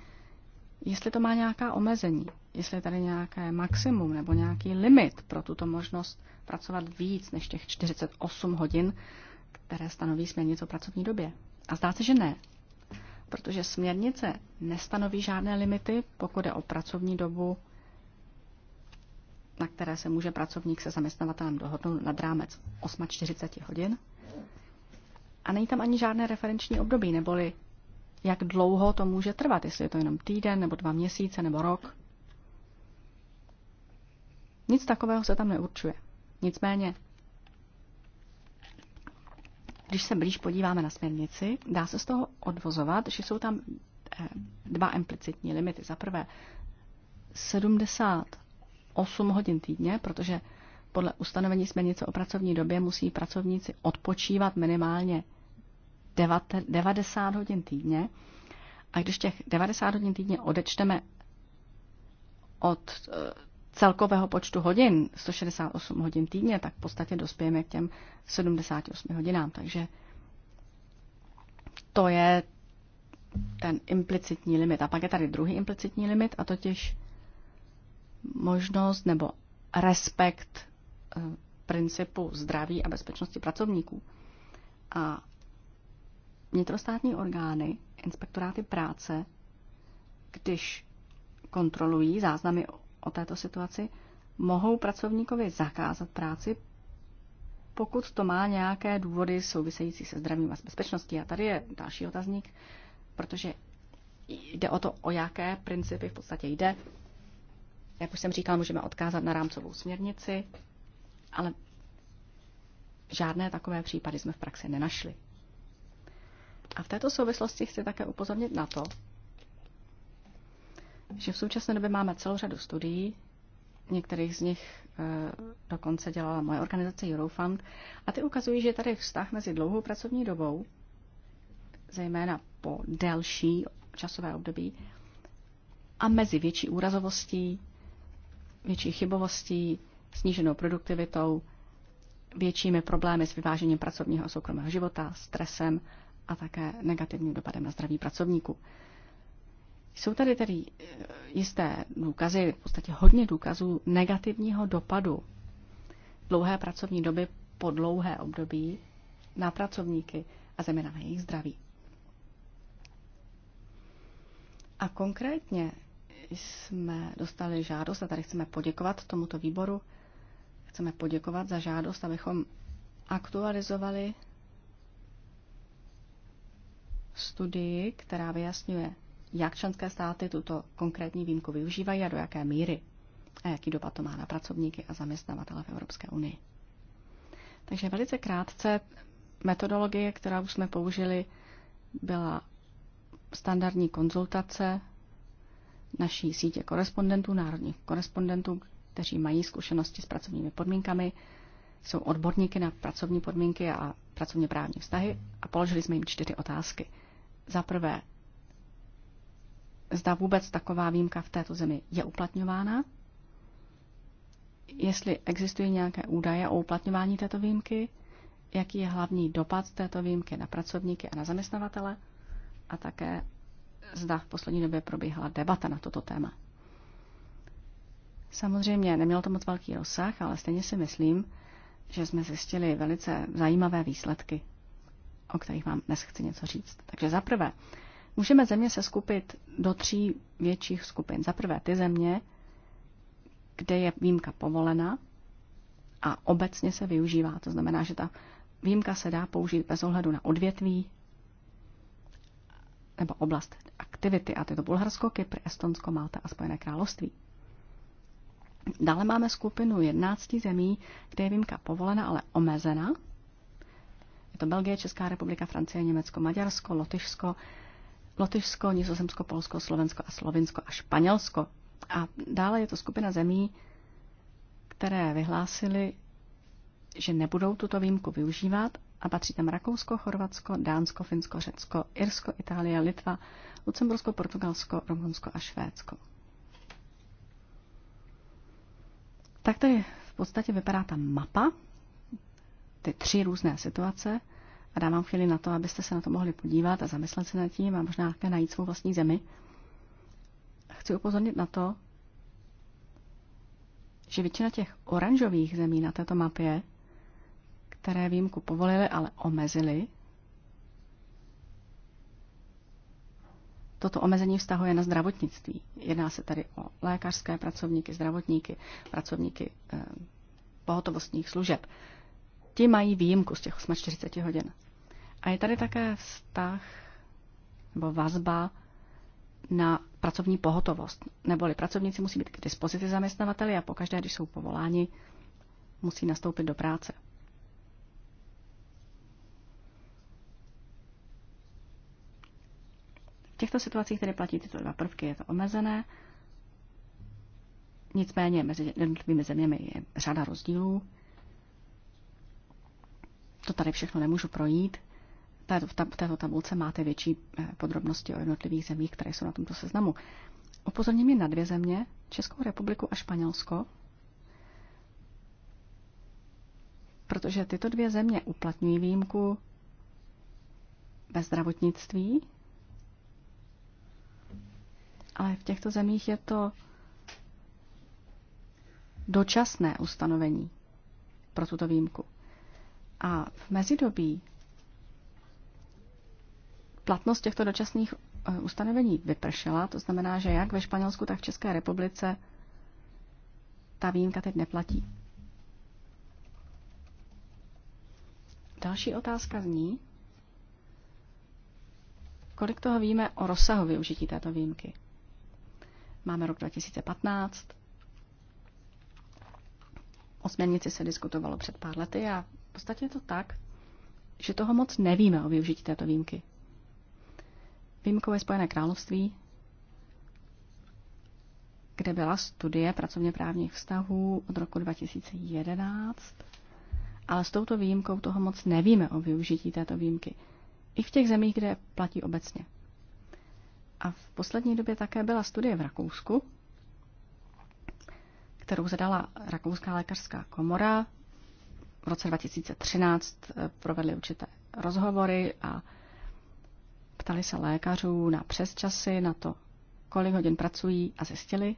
S2: jestli to má nějaká omezení, jestli je tady nějaké maximum nebo nějaký limit pro tuto možnost pracovat víc než těch 48 hodin, které stanoví směrnice o pracovní době. A zdá se, že ne, protože směrnice nestanoví žádné limity, pokud je o pracovní dobu, na které se může pracovník se zaměstnavatelem dohodnout nad rámec 48 hodin. A není tam ani žádné referenční období, neboli jak dlouho to může trvat, jestli je to jenom týden, nebo dva měsíce, nebo rok. Nic takového se tam neurčuje. Nicméně, když se blíž podíváme na směrnici, dá se z toho odvozovat, že jsou tam eh, dva implicitní limity. Za prvé 78 hodin týdně, protože podle ustanovení směrnice o pracovní době musí pracovníci odpočívat minimálně 90 hodin týdně. A když těch 90 hodin týdně odečteme od eh, celkového počtu hodin, 168 hodin týdně, tak v podstatě dospějeme k těm 78 hodinám. Takže to je ten implicitní limit. A pak je tady druhý implicitní limit, a totiž možnost nebo respekt principu zdraví a bezpečnosti pracovníků. A vnitrostátní orgány, inspektoráty práce, když kontrolují záznamy o této situaci, mohou pracovníkovi zakázat práci, pokud to má nějaké důvody související se zdravím a s bezpečností. A tady je další otazník, protože jde o to, o jaké principy v podstatě jde. Jak už jsem říkal, můžeme odkázat na rámcovou směrnici, ale žádné takové případy jsme v praxi nenašli. A v této souvislosti chci také upozornit na to, že v současné době máme celou řadu studií, některých z nich e, dokonce dělala moje organizace Eurofund, a ty ukazují, že tady je vztah mezi dlouhou pracovní dobou, zejména po delší časové období, a mezi větší úrazovostí, větší chybovostí, sníženou produktivitou, většími problémy s vyvážením pracovního a soukromého života, stresem a také negativním dopadem na zdraví pracovníků. Jsou tady tedy eh, jisté důkazy, v podstatě hodně důkazů negativního dopadu dlouhé pracovní doby po dlouhé období na pracovníky a zejména na jejich zdraví. A konkrétně jsme dostali žádost, a tady chceme poděkovat tomuto výboru, Chceme poděkovat za žádost, abychom aktualizovali studii, která vyjasňuje, jak členské státy tuto konkrétní výjimku využívají a do jaké míry a jaký dopad to má na pracovníky a zaměstnavatele v Evropské unii. Takže velice krátce metodologie, která už jsme použili, byla standardní konzultace naší sítě korespondentů, národních korespondentů, kteří mají zkušenosti s pracovními podmínkami, jsou odborníky na pracovní podmínky a pracovně právní vztahy a položili jsme jim čtyři otázky. Za prvé, zda vůbec taková výjimka v této zemi je uplatňována, jestli existují nějaké údaje o uplatňování této výjimky, jaký je hlavní dopad této výjimky na pracovníky a na zaměstnavatele a také zda v poslední době probíhala debata na toto téma. Samozřejmě nemělo to moc velký rozsah, ale stejně si myslím, že jsme zjistili velice zajímavé výsledky, o kterých vám dnes chci něco říct. Takže za prvé, můžeme země se skupit do tří větších skupin. Za prvé ty země, kde je výjimka povolena a obecně se využívá. To znamená, že ta výjimka se dá použít bez ohledu na odvětví nebo oblast aktivity, a to je to Bulharsko, Kypr, Estonsko, Malta a Spojené království. Dále máme skupinu 11 zemí, kde je výjimka povolena, ale omezena. Je to Belgie, Česká republika, Francie, Německo, Maďarsko, Lotyšsko, Lotyšsko, Nizozemsko, Polsko, Slovensko a Slovinsko a Španělsko. A dále je to skupina zemí, které vyhlásily, že nebudou tuto výjimku využívat a patří tam Rakousko, Chorvatsko, Dánsko, Finsko, Řecko, Irsko, Itálie, Litva, Lucembursko, Portugalsko, Rumunsko a Švédsko. Tak tady v podstatě vypadá ta mapa, ty tři různé situace a dávám chvíli na to, abyste se na to mohli podívat a zamyslet se nad tím a možná také najít svou vlastní zemi. Chci upozornit na to, že většina těch oranžových zemí na této mapě, které výjimku povolili, ale omezili, Toto omezení vztahuje na zdravotnictví. Jedná se tady o lékařské pracovníky, zdravotníky, pracovníky eh, pohotovostních služeb. Ti mají výjimku z těch 48 hodin. A je tady také vztah nebo vazba na pracovní pohotovost. Neboli pracovníci musí být k dispozici zaměstnavateli a pokaždé, když jsou povoláni, musí nastoupit do práce. těchto situacích tedy platí tyto dva prvky, je to omezené. Nicméně mezi jednotlivými zeměmi je řada rozdílů. To tady všechno nemůžu projít. V této tabulce máte větší eh, podrobnosti o jednotlivých zemích, které jsou na tomto seznamu. Upozorním je na dvě země, Českou republiku a Španělsko, protože tyto dvě země uplatňují výjimku ve zdravotnictví, ale v těchto zemích je to dočasné ustanovení pro tuto výjimku. A v mezidobí platnost těchto dočasných eh, ustanovení vypršela, to znamená, že jak ve Španělsku, tak v České republice ta výjimka teď neplatí. Další otázka zní, kolik toho víme o rozsahu využití této výjimky. Máme rok 2015. O směrnici se diskutovalo před pár lety a v podstatě je to tak, že toho moc nevíme o využití této výjimky. Výjimkou je Spojené království, kde byla studie pracovně právních vztahů od roku 2011, ale s touto výjimkou toho moc nevíme o využití této výjimky. I v těch zemích, kde platí obecně. A v poslední době také byla studie v Rakousku, kterou zadala Rakouská lékařská komora. V roce 2013 eh, provedli určité rozhovory a ptali se lékařů na přesčasy, na to, kolik hodin pracují a zjistili,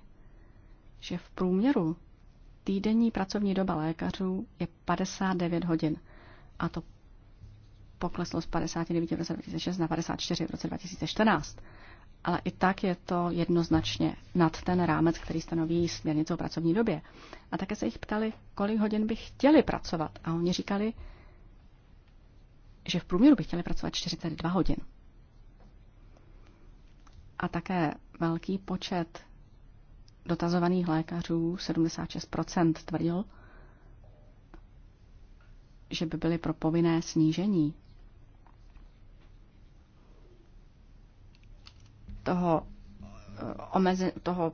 S2: že v průměru týdenní pracovní doba lékařů je 59 hodin. A to pokleslo z 59 v roce 2006 na 54 v roce 2014 ale i tak je to jednoznačně nad ten rámec, který stanoví směrnice o pracovní době. A také se jich ptali, kolik hodin by chtěli pracovat. A oni říkali, že v průměru by chtěli pracovat 42 hodin. A také velký počet dotazovaných lékařů, 76%, tvrdil, že by byly pro povinné snížení toho, eh, omeze, toho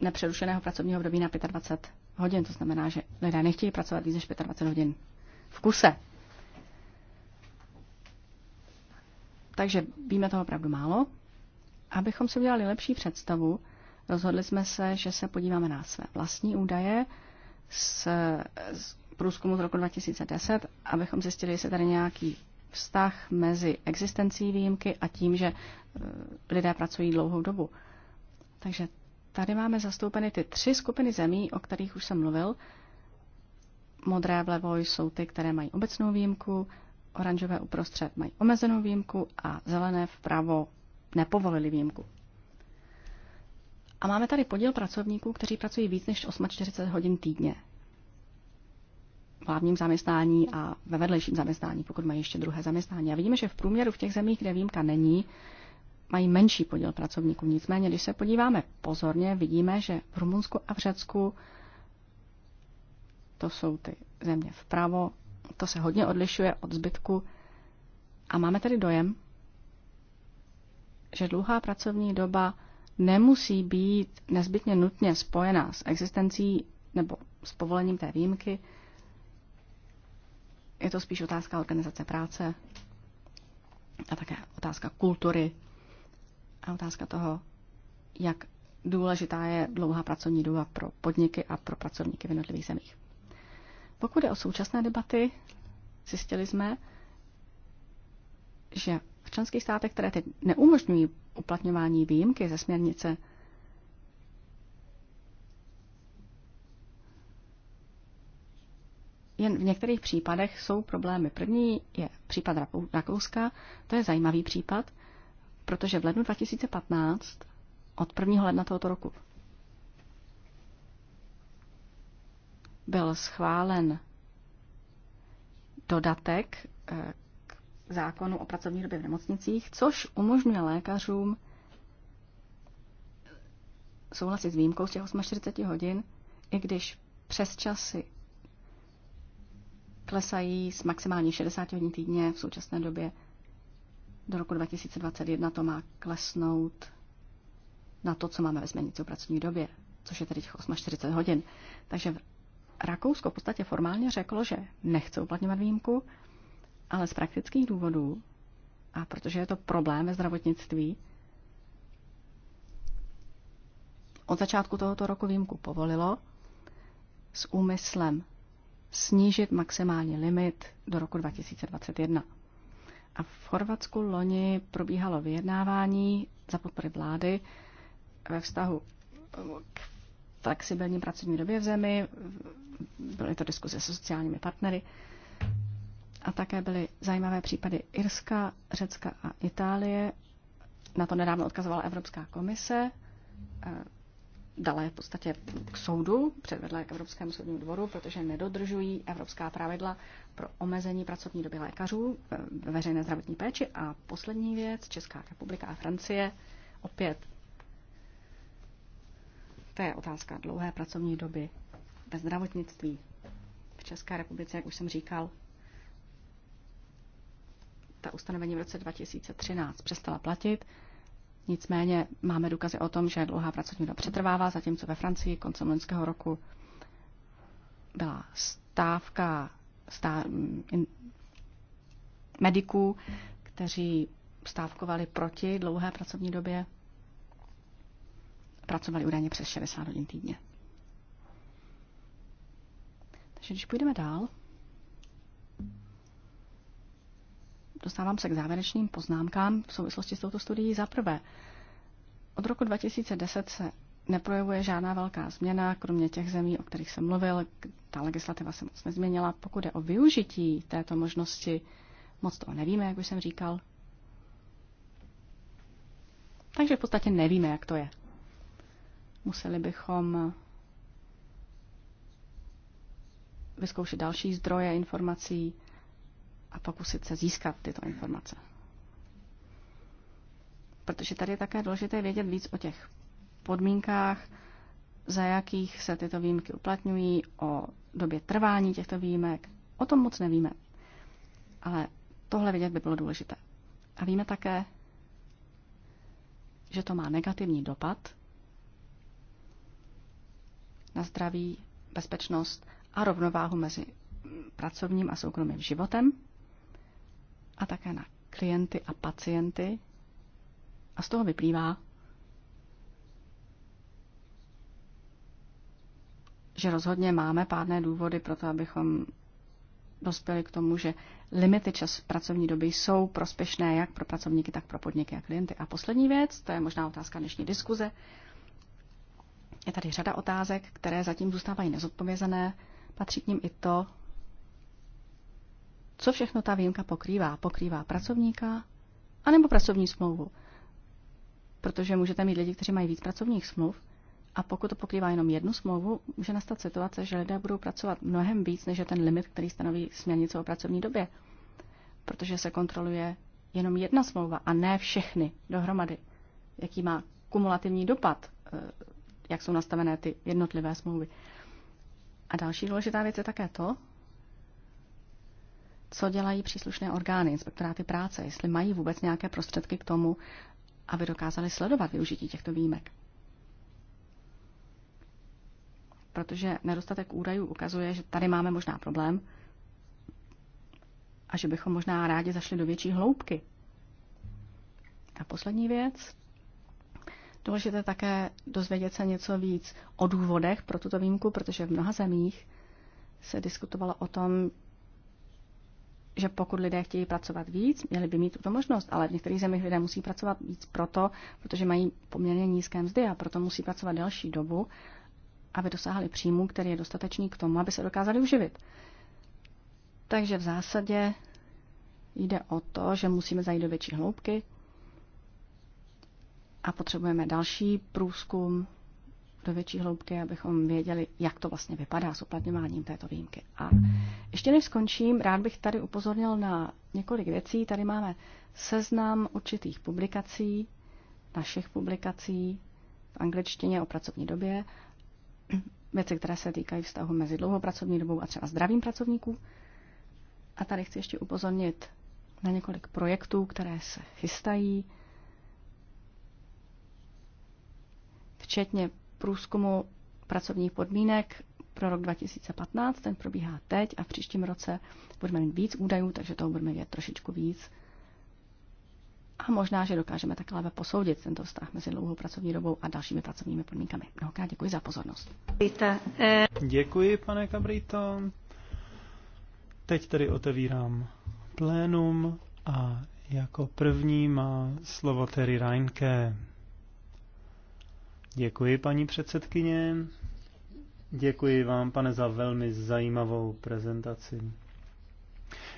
S2: nepřerušeného pracovního období na 25 hodin. To znamená, že lidé nechtějí pracovat víc než 25 hodin v kuse. Takže víme toho opravdu málo. Abychom si udělali lepší představu, rozhodli jsme se, že se podíváme na své vlastní údaje z, z průzkumu z roku 2010, abychom zjistili, jestli tady nějaký vztah mezi existencí výjimky a tím, že eh, lidé pracují dlouhou dobu. Takže tady máme zastoupeny ty tři skupiny zemí, o kterých už jsem mluvil. Modré vlevo jsou ty, které mají obecnou výjimku, oranžové uprostřed mají omezenou výjimku a zelené vpravo nepovolili výjimku. A máme tady podíl pracovníků, kteří pracují víc než 48 hodin týdně hlavním zaměstnání a ve vedlejším zaměstnání, pokud mají ještě druhé zaměstnání. A vidíme, že v průměru v těch zemích, kde výjimka není, mají menší podíl pracovníků. Nicméně, když se podíváme pozorně, vidíme, že v Rumunsku a v Řecku to jsou ty země vpravo, to se hodně odlišuje od zbytku. A máme tedy dojem, že dlouhá pracovní doba nemusí být nezbytně nutně spojená s existencí nebo s povolením té výjimky, je to spíš otázka organizace práce a také otázka kultury a otázka toho, jak důležitá je dlouhá pracovní doba pro podniky a pro pracovníky v jednotlivých zemích. Pokud je o současné debaty, zjistili jsme, že v členských státech, které teď neumožňují uplatňování výjimky ze směrnice Jen v některých případech jsou problémy. První je případ Rakouska. To je zajímavý případ, protože v lednu 2015, od 1. ledna tohoto roku, byl schválen dodatek eh, k zákonu o pracovní době v nemocnicích, což umožňuje lékařům souhlasit s výjimkou z těch 48 hodin, i když přes časy klesají z maximální 60 hodin týdně v současné době. Do roku 2021 to má klesnout na to, co máme ve směrnici o pracovní době, což je tedy těch 48 hodin. Takže Rakousko v podstatě formálně řeklo, že nechce uplatňovat výjimku, ale z praktických důvodů a protože je to problém ve zdravotnictví, od začátku tohoto roku výjimku povolilo s úmyslem snížit maximální limit do roku 2021. A v Chorvatsku loni probíhalo vyjednávání za podpory vlády ve vztahu k flexibilní pracovní době v zemi, byly to diskuze se sociálními partnery a také byly zajímavé případy Irska, Řecka a Itálie. Na to nedávno odkazovala Evropská komise dala je v podstatě k soudu, předvedla je k Evropskému soudnímu dvoru, protože nedodržují evropská pravidla pro omezení pracovní doby lékařů ve veřejné zdravotní péči. A poslední věc, Česká republika a Francie, opět, to je otázka dlouhé pracovní doby ve zdravotnictví. V České republice, jak už jsem říkal, ta ustanovení v roce 2013 přestala platit Nicméně máme důkazy o tom, že dlouhá pracovní doba přetrvává, zatímco ve Francii koncem loňského roku byla stávka stá, in, mediků, kteří stávkovali proti dlouhé pracovní době. Pracovali údajně přes 60 hodin týdně. Takže když půjdeme dál, dostávám se k závěrečným poznámkám v souvislosti s touto studií. Za prvé, od roku 2010 se neprojevuje žádná velká změna, kromě těch zemí, o kterých jsem mluvil. Ta legislativa se moc nezměnila. Pokud je o využití této možnosti, moc toho nevíme, jak už jsem říkal. Takže v podstatě nevíme, jak to je. Museli bychom vyzkoušet další zdroje informací, a pokusit se získat tyto informace. Protože tady je také důležité vědět víc o těch podmínkách, za jakých se tyto výjimky uplatňují, o době trvání těchto výjimek. O tom moc nevíme. Ale tohle vědět by bylo důležité. A víme také, že to má negativní dopad na zdraví, bezpečnost a rovnováhu mezi pracovním a soukromým životem a také na klienty a pacienty. A z toho vyplývá, že rozhodně máme pádné důvody pro to, abychom dospěli k tomu, že limity čas pracovní doby jsou prospěšné jak pro pracovníky, tak pro podniky a klienty. A poslední věc, to je možná otázka dnešní diskuze. Je tady řada otázek, které zatím zůstávají nezodpovězené. Patří k nim i to, co všechno ta výjimka pokrývá. Pokrývá pracovníka anebo pracovní smlouvu. Protože můžete mít lidi, kteří mají víc pracovních smluv a pokud to pokrývá jenom jednu smlouvu, může nastat situace, že lidé budou pracovat mnohem víc, než je ten limit, který stanoví směrnice o pracovní době. Protože se kontroluje jenom jedna smlouva a ne všechny dohromady. Jaký má kumulativní dopad, eh, jak jsou nastavené ty jednotlivé smlouvy. A další důležitá věc je také to, co dělají příslušné orgány, inspektoráty práce, jestli mají vůbec nějaké prostředky k tomu, aby dokázali sledovat využití těchto výjimek. Protože nedostatek údajů ukazuje, že tady máme možná problém a že bychom možná rádi zašli do větší hloubky. A poslední věc. Důležité také dozvědět se něco víc o důvodech pro tuto výjimku, protože v mnoha zemích se diskutovalo o tom, že pokud lidé chtějí pracovat víc, měli by mít tuto možnost, ale v některých zemích lidé musí pracovat víc proto, protože mají poměrně nízké mzdy a proto musí pracovat delší dobu, aby dosáhli příjmu, který je dostatečný k tomu, aby se dokázali uživit. Takže v zásadě jde o to, že musíme zajít do větší hloubky a potřebujeme další průzkum, do větší hloubky, abychom věděli, jak to vlastně vypadá s uplatňováním této výjimky. A ještě než skončím, rád bych tady upozornil na několik věcí. Tady máme seznam určitých publikací, našich publikací v angličtině o pracovní době, věci, které se týkají vztahu mezi dlouhou pracovní dobou a třeba zdravím pracovníků. A tady chci ještě upozornit na několik projektů, které se chystají, včetně průzkumu pracovních podmínek pro rok 2015, ten probíhá teď a v příštím roce budeme mít víc údajů, takže toho budeme vědět trošičku víc. A možná, že dokážeme také lépe posoudit tento vztah mezi dlouhou pracovní dobou a dalšími pracovními podmínkami. Mnohokrát děkuji za pozornost.
S3: Eh, děkuji, pane Cabrito. Teď tedy otevírám plénum a jako první má slovo Terry Reinke. Děkuji, paní předsedkyně. Děkuji vám, pane, za velmi zajímavou prezentaci.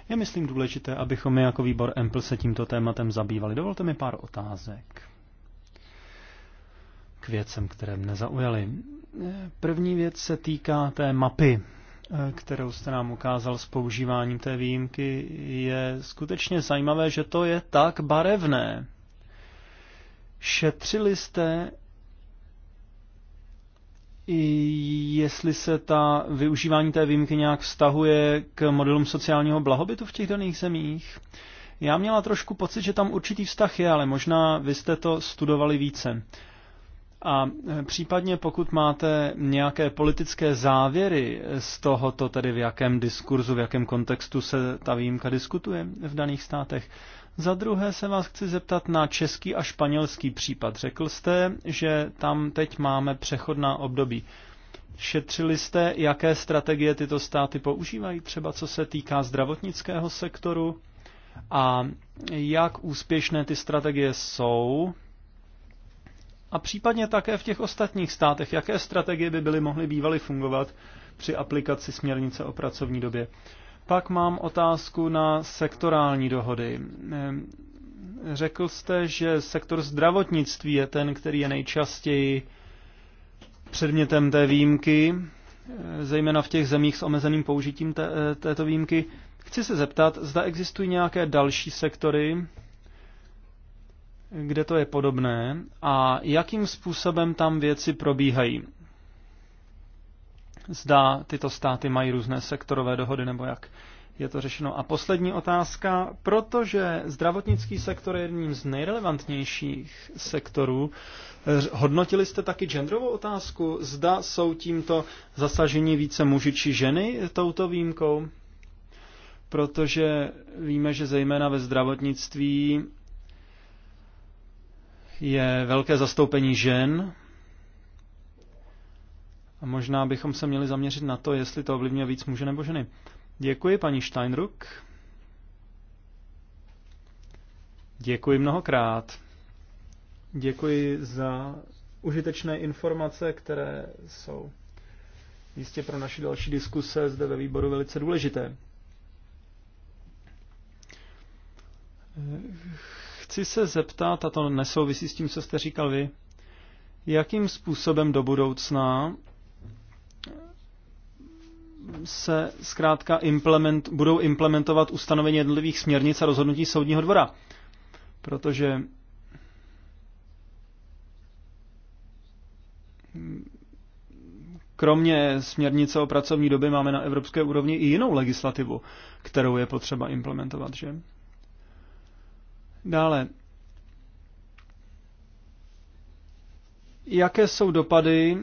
S3: Je, myslím, důležité, abychom my jako výbor EMPL se tímto tématem zabývali. Dovolte mi pár otázek k věcem, které mne zaujaly. První věc se týká té mapy, kterou jste nám ukázal s používáním té výjimky. Je skutečně zajímavé, že to je tak barevné. Šetřili jste jestli se ta využívání té výjimky nějak vztahuje k modelům sociálního blahobytu v těch daných zemích. Já měla trošku pocit, že tam určitý vztah je, ale možná vy jste to studovali více. A e, případně pokud máte nějaké politické závěry z tohoto, tedy v jakém diskurzu, v jakém kontextu se ta výjimka diskutuje v daných státech, za druhé se vás chci zeptat na český a španělský případ. Řekl jste, že tam teď máme přechodná období. Šetřili jste, jaké strategie tyto státy používají, třeba co se týká zdravotnického sektoru a jak úspěšné ty strategie jsou, a případně také v těch ostatních státech, jaké strategie by byly mohly bývaly fungovat při aplikaci směrnice o pracovní době. Pak mám otázku na sektorální dohody. Ehm, řekl jste, že sektor zdravotnictví je ten, který je nejčastěji předmětem té výjimky, ehm, zejména v těch zemích s omezeným použitím eh, této výjimky. Chci se zeptat, zda existují nějaké další sektory, kde to je podobné a jakým způsobem tam věci probíhají zda tyto státy mají různé sektorové dohody nebo jak je to řešeno. A poslední otázka, protože zdravotnický sektor je jedním z nejrelevantnějších sektorů, eh, hodnotili jste taky genderovou otázku, zda jsou tímto zasaženi více muži či ženy touto výjimkou? Protože víme, že zejména ve zdravotnictví je velké zastoupení žen, a možná bychom se měli zaměřit na to, jestli to ovlivňuje víc muže nebo ženy. Děkuji, paní Steinruck. Děkuji mnohokrát. Děkuji za užitečné informace, které jsou jistě pro naši další diskuse zde ve výboru velice důležité. Chci se zeptat, a to nesouvisí s tím, co jste říkal vy, jakým způsobem do budoucna se zkrátka implement, budou implementovat ustanovení jednotlivých směrnic a rozhodnutí soudního dvora. Protože kromě směrnice o pracovní době máme na evropské úrovni i jinou legislativu, kterou je potřeba implementovat, že? Dále. Jaké jsou dopady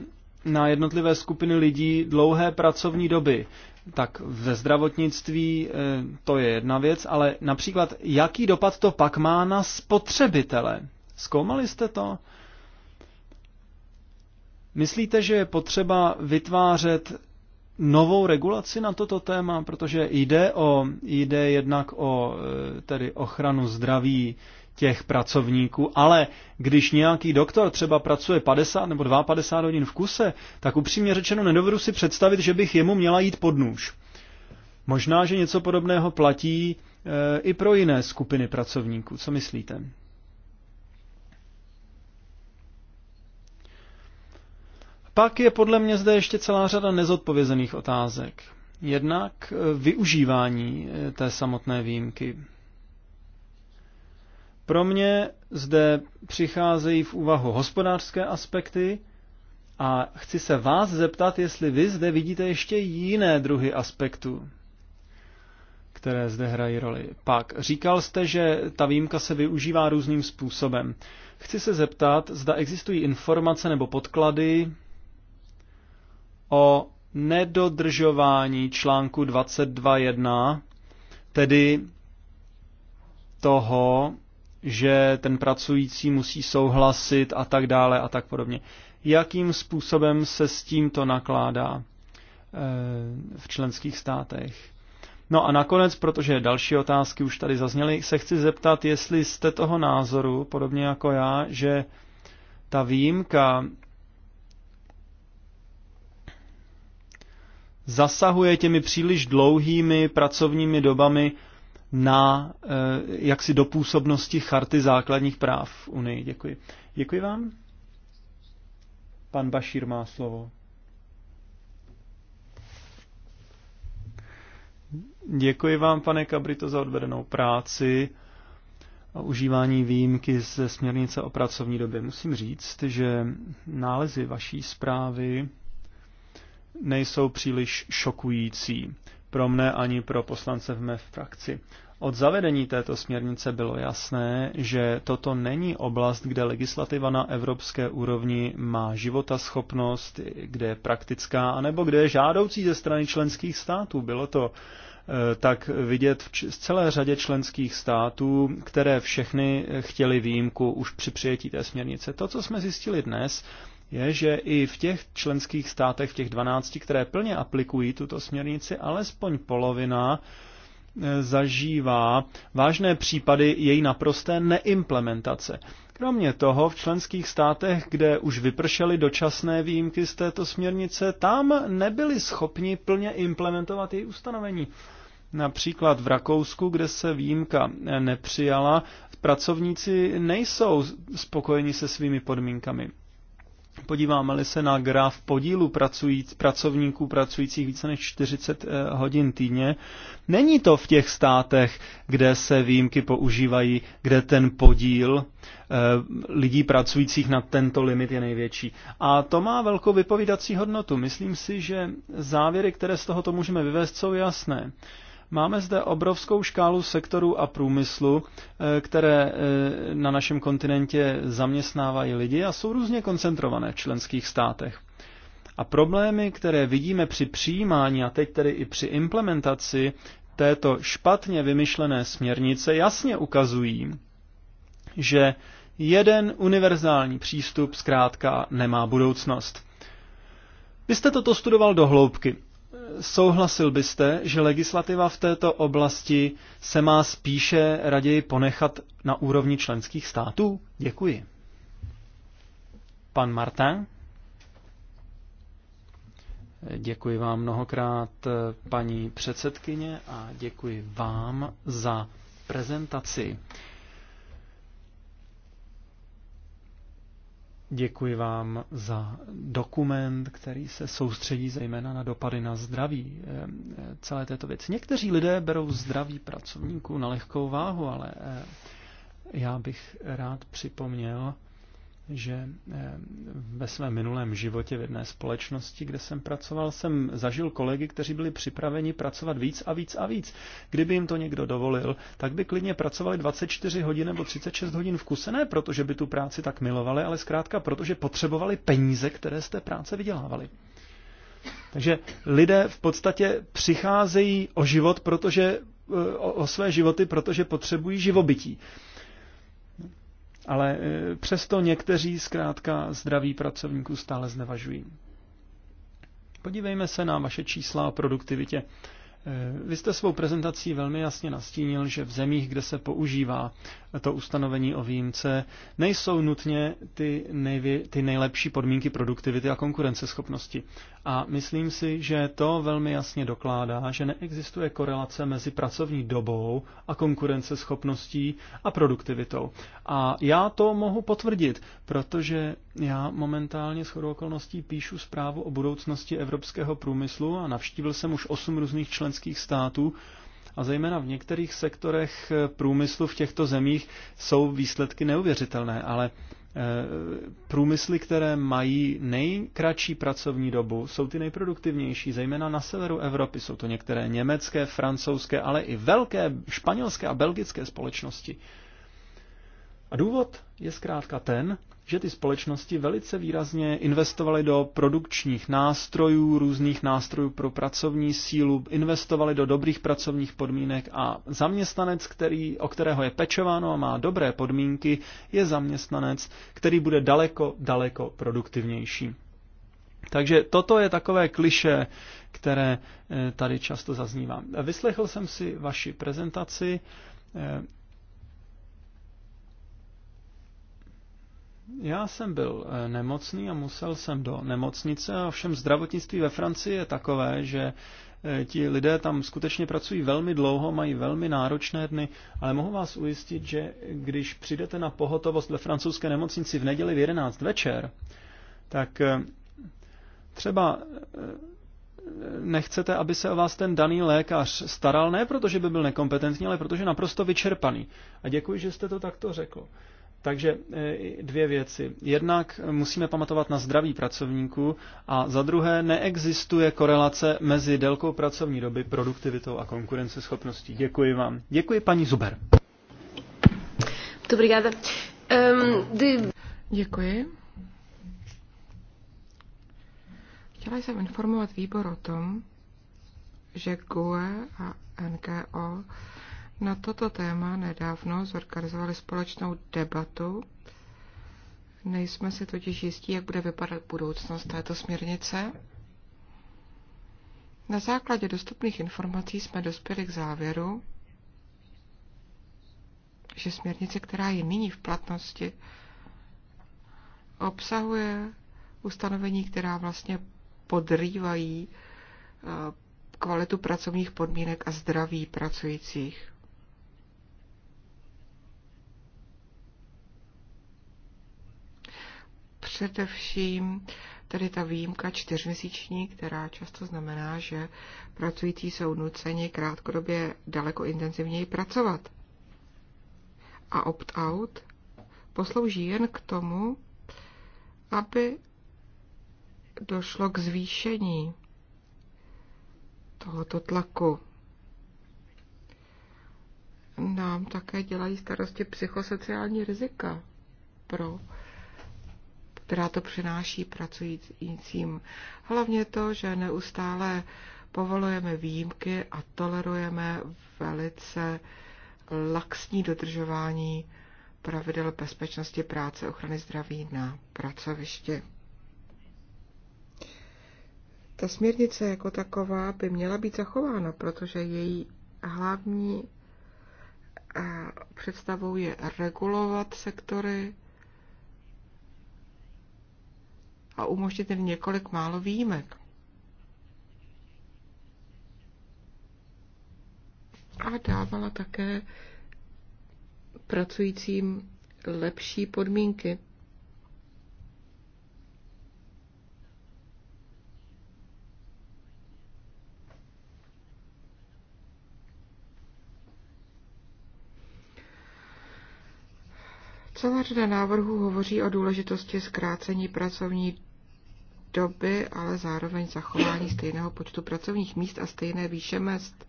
S3: na jednotlivé skupiny lidí dlouhé pracovní doby. Tak ve zdravotnictví eh, to je jedna věc, ale například jaký dopad to pak má na spotřebitele? Zkoumali jste to? Myslíte, že je potřeba vytvářet novou regulaci na toto téma, protože jde, o, jde jednak o eh, tedy ochranu zdraví těch pracovníků, ale když nějaký doktor třeba pracuje 50 nebo 52 hodin v kuse, tak upřímně řečeno nedovedu si představit, že bych jemu měla jít pod nůž. Možná, že něco podobného platí e, i pro jiné skupiny pracovníků. Co myslíte? Pak je podle mě zde ještě celá řada nezodpovězených otázek. Jednak e, využívání e, té samotné výjimky. Pro mě zde přicházejí v úvahu hospodářské aspekty a chci se vás zeptat, jestli vy zde vidíte ještě jiné druhy aspektů, které zde hrají roli. Pak říkal jste, že ta výjimka se využívá různým způsobem. Chci se zeptat, zda existují informace nebo podklady o nedodržování článku 22.1, tedy toho, že ten pracující musí souhlasit a tak dále a tak podobně. Jakým způsobem se s tímto nakládá eh, v členských státech? No a nakonec, protože další otázky už tady zazněly, se chci zeptat, jestli jste toho názoru, podobně jako já, že ta výjimka zasahuje těmi příliš dlouhými pracovními dobami na eh, jaksi do působnosti charty základních práv v Unii. Děkuji. Děkuji vám. Pan Bašír má slovo. Děkuji vám, pane Kabrito, za odvedenou práci a užívání výjimky ze směrnice o pracovní době. Musím říct, že nálezy vaší zprávy nejsou příliš šokující pro mne ani pro poslance v mé frakci. Od zavedení této směrnice bylo jasné, že toto není oblast, kde legislativa na evropské úrovni má životaschopnost, kde je praktická, anebo kde je žádoucí ze strany členských států. Bylo to eh, tak vidět v celé řadě členských států, které všechny chtěly výjimku už při přijetí té směrnice. To, co jsme zjistili dnes, je, že i v těch členských státech, v těch 12, které plně aplikují tuto směrnici, alespoň polovina e, zažívá vážné případy její naprosté neimplementace. Kromě toho, v členských státech, kde už vypršely dočasné výjimky z této směrnice, tam nebyli schopni plně implementovat její ustanovení. Například v Rakousku, kde se výjimka nepřijala, pracovníci nejsou spokojeni se svými podmínkami. Podíváme-li se na graf podílu pracujíc, pracovníků pracujících více než 40 eh, hodin týdně, není to v těch státech, kde se výjimky používají, kde ten podíl eh, lidí pracujících na tento limit je největší. A to má velkou vypovídací hodnotu. Myslím si, že závěry, které z tohoto můžeme vyvést, jsou jasné. Máme zde obrovskou škálu sektorů a průmyslu, eh, které eh, na našem kontinentě zaměstnávají lidi a jsou různě koncentrované v členských státech. A problémy, které vidíme při přijímání a teď tedy i při implementaci této špatně vymyšlené směrnice, jasně ukazují, že jeden univerzální přístup zkrátka nemá budoucnost. Vy jste toto studoval do hloubky Souhlasil byste, že legislativa v této oblasti se má spíše raději ponechat na úrovni členských států? Děkuji. Pan Martin? Děkuji vám mnohokrát, paní předsedkyně, a děkuji vám za prezentaci. Děkuji vám za dokument, který se soustředí zejména na dopady na zdraví eh, eh, celé této věci. Někteří lidé berou zdraví pracovníků na lehkou váhu, ale eh, já bych rád připomněl, že eh, ve svém minulém životě v jedné společnosti, kde jsem pracoval, jsem zažil kolegy, kteří byli připraveni pracovat víc a víc a víc. Kdyby jim to někdo dovolil, tak by klidně pracovali 24 hodin nebo 36 hodin v kuse, ne protože by tu práci tak milovali, ale zkrátka protože potřebovali peníze, které z té práce vydělávali. Takže lidé v podstatě přicházejí o život, protože eh, o, o své životy, protože potřebují živobytí ale e, přesto někteří zkrátka zdraví pracovníků stále znevažují. Podívejme se na vaše čísla o produktivitě. E, vy jste svou prezentací velmi jasně nastínil, že v zemích, kde se používá to ustanovení o výjimce, nejsou nutně ty, nejvě, ty nejlepší podmínky produktivity a konkurenceschopnosti. A myslím si, že to velmi jasně dokládá, že neexistuje korelace mezi pracovní dobou a konkurenceschopností a produktivitou. A já to mohu potvrdit, protože já momentálně shodou okolností píšu zprávu o budoucnosti evropského průmyslu a navštívil jsem už osm různých členských států, a zejména v některých sektorech eh, průmyslu v těchto zemích jsou výsledky neuvěřitelné, ale eh, průmysly, které mají nejkratší pracovní dobu, jsou ty nejproduktivnější, zejména na severu Evropy. Jsou to některé německé, francouzské, ale i velké španělské a belgické společnosti. A důvod je zkrátka ten, že ty společnosti velice výrazně investovaly do produkčních nástrojů, různých nástrojů pro pracovní sílu, investovaly do dobrých pracovních podmínek a zaměstnanec, který, o kterého je pečováno a má dobré podmínky, je zaměstnanec, který bude daleko, daleko produktivnější. Takže toto je takové kliše, které eh, tady často zaznívá. Vyslechl jsem si vaši prezentaci eh, Já jsem byl eh, nemocný a musel jsem do nemocnice, a všem zdravotnictví ve Francii je takové, že eh, ti lidé tam skutečně pracují velmi dlouho, mají velmi náročné dny, ale mohu vás ujistit, že když přijdete na pohotovost ve francouzské nemocnici v neděli v 11 večer, tak eh, třeba nechcete, aby se o vás ten daný lékař staral, ne protože by byl nekompetentní, ale protože naprosto vyčerpaný. A děkuji, že jste to takto řekl. Takže eh, dvě věci. Jednak musíme pamatovat na zdraví pracovníků a za druhé neexistuje korelace mezi délkou pracovní doby, produktivitou a konkurenceschopností. Děkuji vám. Děkuji paní Zuber.
S1: Dobrý Um, ehm, de... Děkuji. Chtěla jsem informovat výbor o tom, že GUE a NGO na toto téma nedávno zorganizovali společnou debatu. Nejsme si totiž jistí, jak bude vypadat budoucnost této směrnice. Na základě dostupných informací jsme dospěli k závěru, že směrnice, která je nyní v platnosti, obsahuje ustanovení, která vlastně podrývají eh, kvalitu pracovních podmínek a zdraví pracujících. především tedy ta výjimka čtyřměsíční, která často znamená, že pracující jsou nuceni krátkodobě daleko intenzivněji pracovat. A opt-out poslouží jen k tomu, aby došlo k zvýšení tohoto tlaku. Nám také dělají starosti psychosociální rizika pro která to přináší pracujícím. Hlavně to, že neustále povolujeme výjimky a tolerujeme velice laxní dodržování pravidel bezpečnosti práce, ochrany zdraví na pracovišti. Ta směrnice jako taková by měla být zachována, protože její hlavní eh, představou je regulovat sektory, a umožnit jen několik málo výjimek. A dávala také pracujícím lepší podmínky. Celá řada návrhů hovoří o důležitosti zkrácení pracovní doby, ale zároveň zachování stejného počtu pracovních míst a stejné výše mest,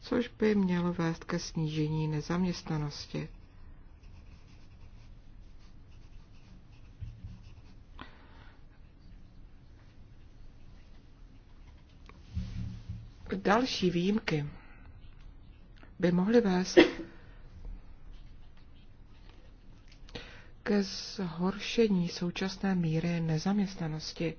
S1: což by mělo vést ke snížení nezaměstnanosti. Další výjimky by mohly vést ke zhoršení současné míry nezaměstnanosti.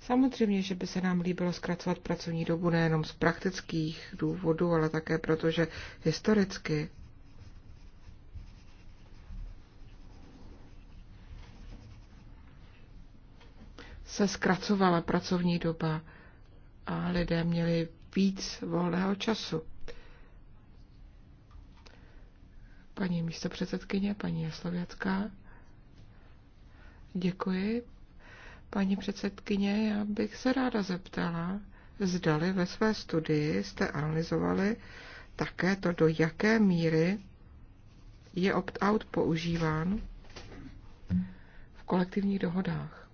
S1: Samozřejmě, že by se nám líbilo zkracovat pracovní dobu nejenom z praktických důvodů, ale také proto, že historicky se zkracovala pracovní doba a lidé měli víc volného času. paní místopředsedkyně, paní Jaslověcká. Děkuji. Paní předsedkyně, já bych se ráda zeptala, zdali ve své studii jste analyzovali také to, do jaké míry je opt-out používán v kolektivních dohodách.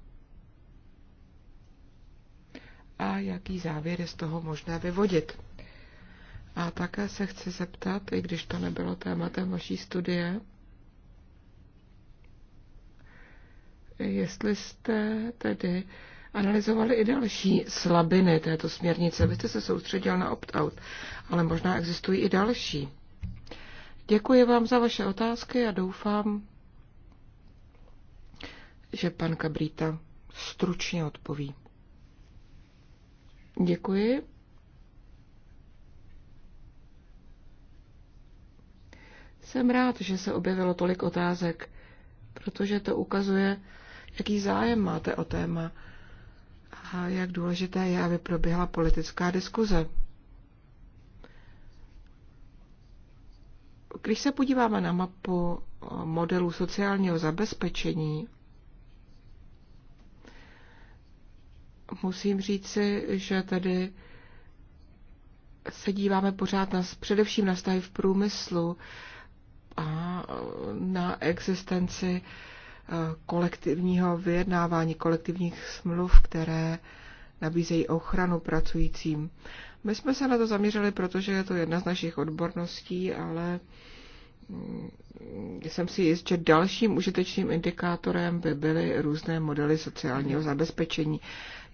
S1: A jaký závěr je z toho možné vyvodit. A také se chci zeptat, i když to nebylo tématem vaší studie, jestli jste tedy analyzovali i další slabiny této směrnice. Vy jste se soustředil na opt-out, ale možná existují i další. Děkuji vám za vaše otázky a doufám, že pan Kabrita stručně odpoví. Děkuji. Jsem rád, že se objevilo tolik otázek, protože to ukazuje, jaký zájem máte o téma a jak důležité je, aby proběhla politická diskuze. Když se podíváme na mapu modelů sociálního zabezpečení, musím říci, že tedy se díváme pořád na, především na stavy v průmyslu, a na existenci eh, kolektivního vyjednávání, kolektivních smluv, které nabízejí ochranu pracujícím. My jsme se na to zaměřili, protože je to jedna z našich odborností, ale mm, jsem si jist, že dalším užitečným indikátorem by byly různé modely sociálního zabezpečení.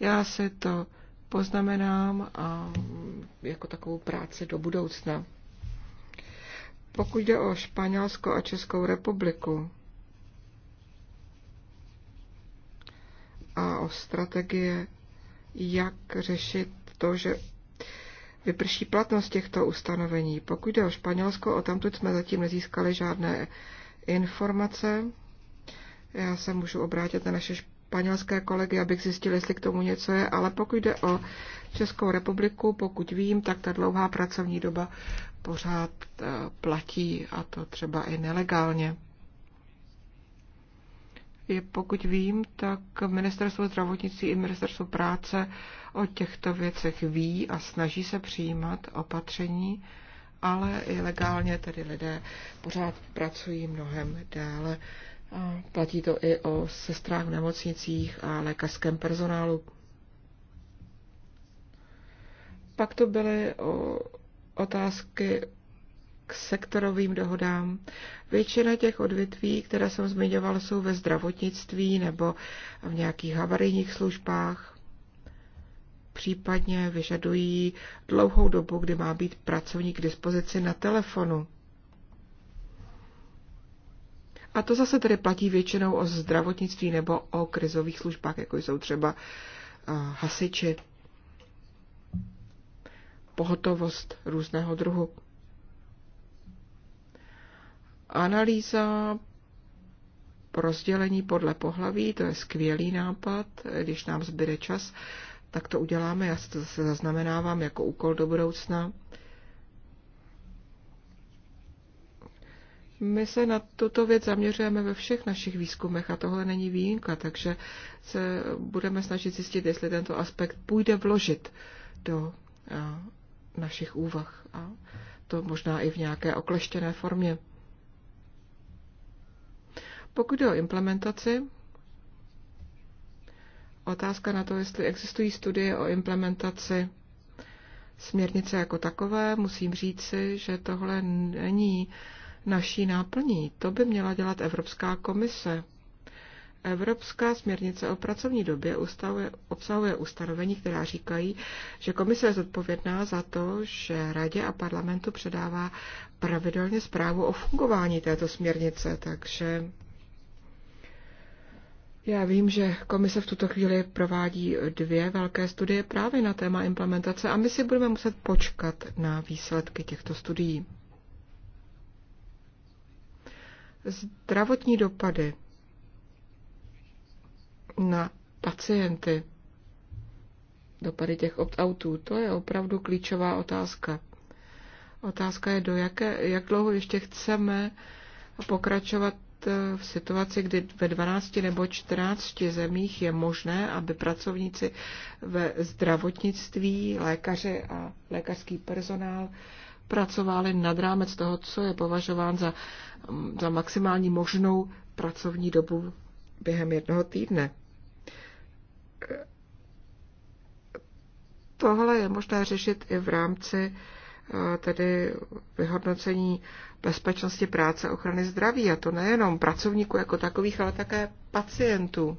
S1: Já si to poznamenám a mm, jako takovou práci do budoucna. Pokud jde o Španělsko a Českou republiku a o strategie, jak řešit to, že vyprší platnost těchto ustanovení. Pokud jde o Španělsko, o tamtud jsme zatím nezískali žádné informace. Já se můžu obrátit na naše španělské kolegy, abych zjistil, jestli k tomu něco je, ale pokud jde o Českou republiku, pokud vím, tak ta dlouhá pracovní doba pořád eh, platí, a to třeba i nelegálně. Je, pokud vím, tak ministerstvo zdravotnictví i ministerstvo práce o těchto věcech ví a snaží se přijímat opatření, ale i legálně tedy lidé pořád pracují mnohem déle. A platí to i o sestrách v nemocnicích a lékařském personálu. Pak to byly o otázky k sektorovým dohodám. Většina těch odvětví, které jsem zmiňoval, jsou ve zdravotnictví nebo v nějakých havarijních službách. Případně vyžadují dlouhou dobu, kdy má být pracovník k dispozici na telefonu. A to zase tedy platí většinou o zdravotnictví nebo o krizových službách, jako jsou třeba eh, hasiči pohotovost různého druhu. Analýza rozdělení podle pohlaví, to je skvělý nápad, když nám zbyde čas, tak to uděláme, já se to zase zaznamenávám jako úkol do budoucna. My se na tuto věc zaměřujeme ve všech našich výzkumech a tohle není výjimka, takže se budeme snažit zjistit, jestli tento aspekt půjde vložit do našich úvah. A to možná i v nějaké okleštěné formě. Pokud jde o implementaci, otázka na to, jestli existují studie o implementaci směrnice jako takové, musím si, že tohle není naší náplní. To by měla dělat Evropská komise. Evropská směrnice o pracovní době ustavuje, obsahuje ustanovení, která říkají, že komise je zodpovědná za to, že radě a parlamentu předává pravidelně zprávu o fungování této směrnice, takže já vím, že komise v tuto chvíli provádí dvě velké studie právě na téma implementace a my si budeme muset počkat na výsledky těchto studií. Zdravotní dopady na pacienty, dopady těch opt-outů, to je opravdu klíčová otázka. Otázka je, do jaké, jak dlouho ještě chceme pokračovat eh, v situaci, kdy ve 12 nebo 14 zemích je možné, aby pracovníci ve zdravotnictví, lékaři a lékařský personál pracovali nad rámec toho, co je považován za, mm, za maximální možnou pracovní dobu během jednoho týdne tohle je možné řešit i v rámci eh, tedy vyhodnocení bezpečnosti práce, ochrany zdraví, a to nejenom pracovníků jako takových, ale také pacientů.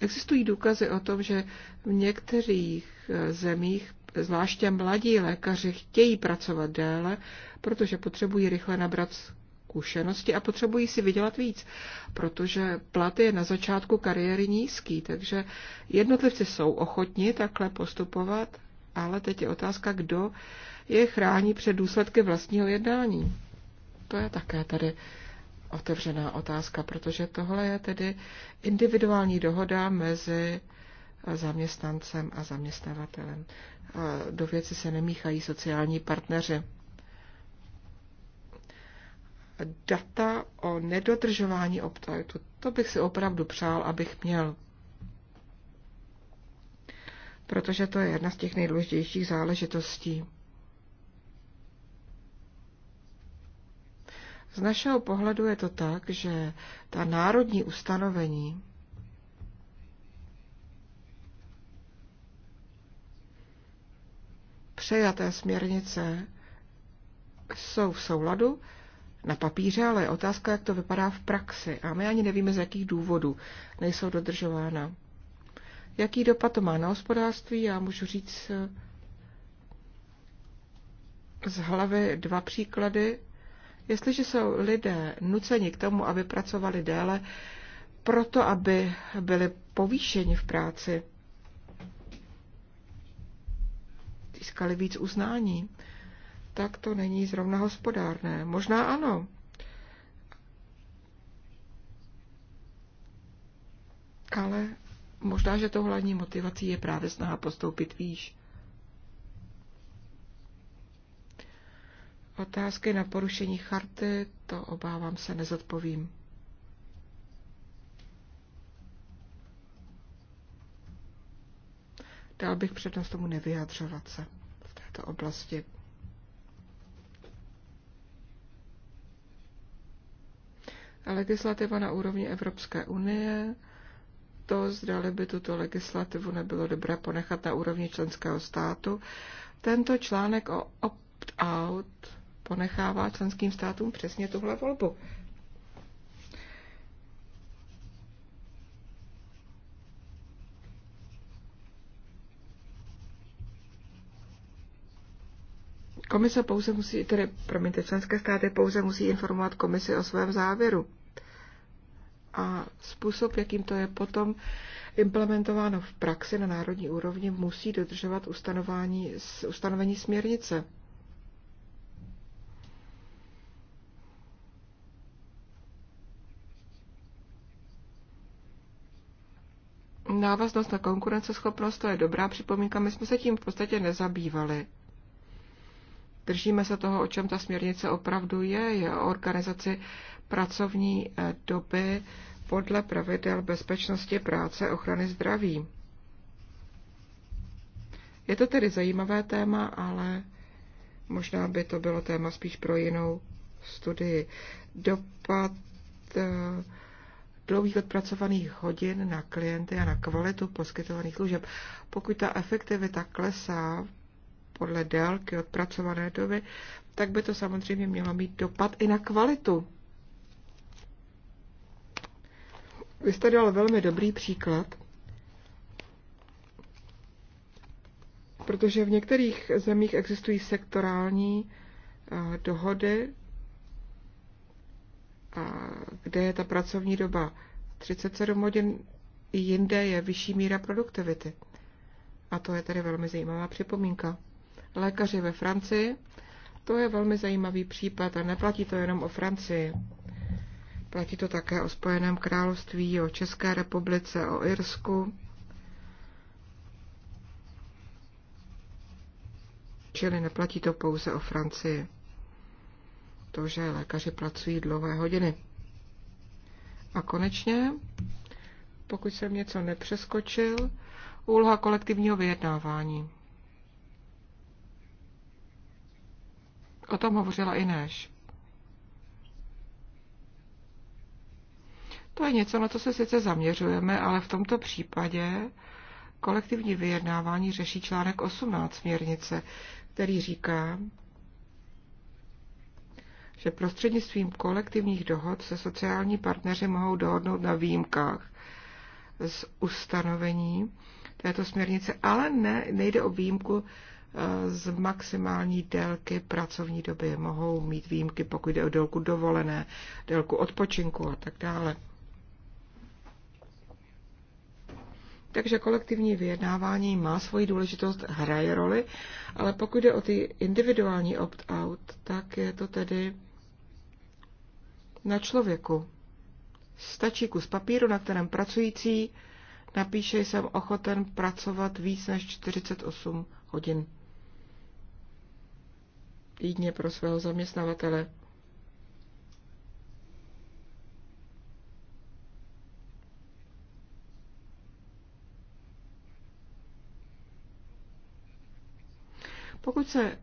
S1: Existují důkazy o tom, že v některých eh, zemích, zvláště mladí lékaři, chtějí pracovat déle, protože potřebují rychle nabrat zkušenosti a potřebují si vydělat víc, protože plat je na začátku kariéry nízký, takže jednotlivci jsou ochotni takhle postupovat, ale teď je otázka, kdo je chrání před důsledky vlastního jednání. To je také tady otevřená otázka, protože tohle je tedy individuální dohoda mezi zaměstnancem a zaměstnavatelem. Do věci se nemíchají sociální partneři data o nedodržování optajtu. To bych si opravdu přál, abych měl. Protože to je jedna z těch nejdůležitějších záležitostí. Z našeho pohledu je to tak, že ta národní ustanovení přejaté směrnice jsou v souladu na papíře, ale je otázka, jak to vypadá v praxi. A my ani nevíme, z jakých důvodů nejsou dodržována. Jaký dopad to má na hospodářství? Já můžu říct eh, z hlavy dva příklady. Jestliže jsou lidé nuceni k tomu, aby pracovali déle, proto, aby byli povýšeni v práci, získali víc uznání, tak to není zrovna hospodárné. Možná ano. Ale možná, že tou hlavní motivací je právě snaha postoupit výš. Otázky na porušení charty, to obávám se nezodpovím. Dál bych přednost tomu nevyjadřovat se v této oblasti. legislativa na úrovni Evropské unie, to, zdali by tuto legislativu nebylo dobré ponechat na úrovni členského státu. Tento článek o opt-out ponechává členským státům přesně tuhle volbu. Komise pouze musí, tedy, promiňte, členské státy pouze musí informovat komisi o svém závěru. A způsob, jakým to je potom implementováno v praxi na národní úrovni, musí dodržovat ustanovení, ustanovení směrnice. Návaznost na konkurenceschopnost, to je dobrá připomínka, my jsme se tím v podstatě nezabývali. Držíme se toho, o čem ta směrnice opravdu je, je o organizaci pracovní eh, doby podle pravidel bezpečnosti práce ochrany zdraví. Je to tedy zajímavé téma, ale možná by to bylo téma spíš pro jinou studii. Dopad eh, dlouhých odpracovaných hodin na klienty a na kvalitu poskytovaných služeb. Pokud ta efektivita klesá podle délky odpracované doby, tak by to samozřejmě mělo mít dopad i na kvalitu. Vy jste dal velmi dobrý příklad, protože v některých zemích existují sektorální eh, dohody, kde je ta pracovní doba 37 hodin, jinde je vyšší míra produktivity. A to je tedy velmi zajímavá připomínka lékaři ve Francii. To je velmi zajímavý případ a neplatí to jenom o Francii. Platí to také o Spojeném království, o České republice, o Irsku. Čili neplatí to pouze o Francii. To, že lékaři pracují dlouhé hodiny. A konečně, pokud jsem něco nepřeskočil, úloha kolektivního vyjednávání. O tom hovořila i Neš. To je něco, na co se sice zaměřujeme, ale v tomto případě kolektivní vyjednávání řeší článek 18 směrnice, který říká, že prostřednictvím kolektivních dohod se sociální partneři mohou dohodnout na výjimkách z ustanovení této směrnice, ale ne, nejde o výjimku z maximální délky pracovní doby. Mohou mít výjimky, pokud jde o délku dovolené, délku odpočinku a tak dále. Takže kolektivní vyjednávání má svoji důležitost, hraje roli, ale pokud jde o ty individuální opt-out, tak je to tedy na člověku. Stačí kus papíru, na kterém pracující napíše, jsem ochoten pracovat víc než 48 hodin týdně pro svého zaměstnavatele. Pokud se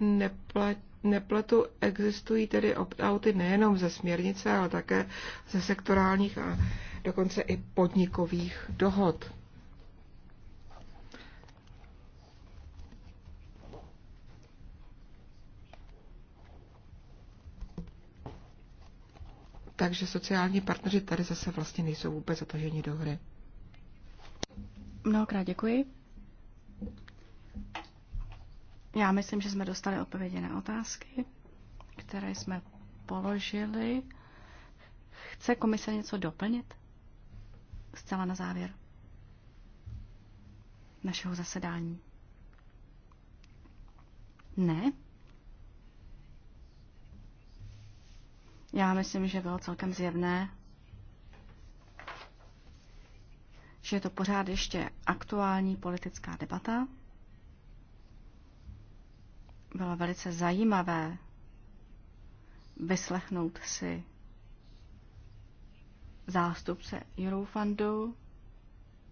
S1: neplatí, nepletu, existují tedy opt-outy nejenom ze směrnice, ale také ze sektorálních a dokonce i podnikových dohod. takže sociální partneři tady zase vlastně nejsou vůbec zataženi do hry.
S2: Mnohokrát děkuji. Já myslím, že jsme dostali odpovědi na otázky, které jsme položili. Chce komise něco doplnit? Zcela na závěr našeho zasedání. Ne? Já myslím, že bylo celkem zjevné, že je to pořád ještě aktuální politická debata. Bylo velice zajímavé vyslechnout si zástupce Eurofundu,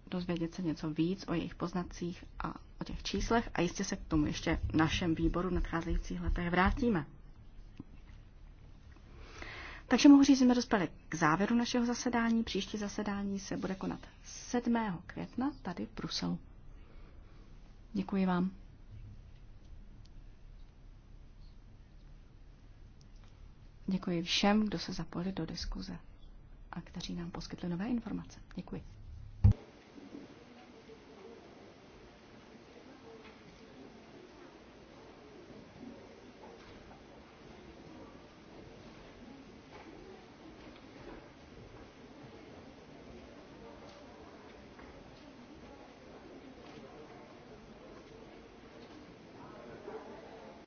S2: dozvědět se něco víc o jejich poznacích a o těch číslech a jistě se k tomu ještě v našem výboru v nadcházejících letech vrátíme. Takže mohu říct, že jsme dospěli k závěru našeho zasedání. Příští zasedání se bude konat 7. května tady v Bruselu. Děkuji vám. Děkuji všem, kdo se zapojili do diskuze a kteří nám poskytli nové informace. Děkuji.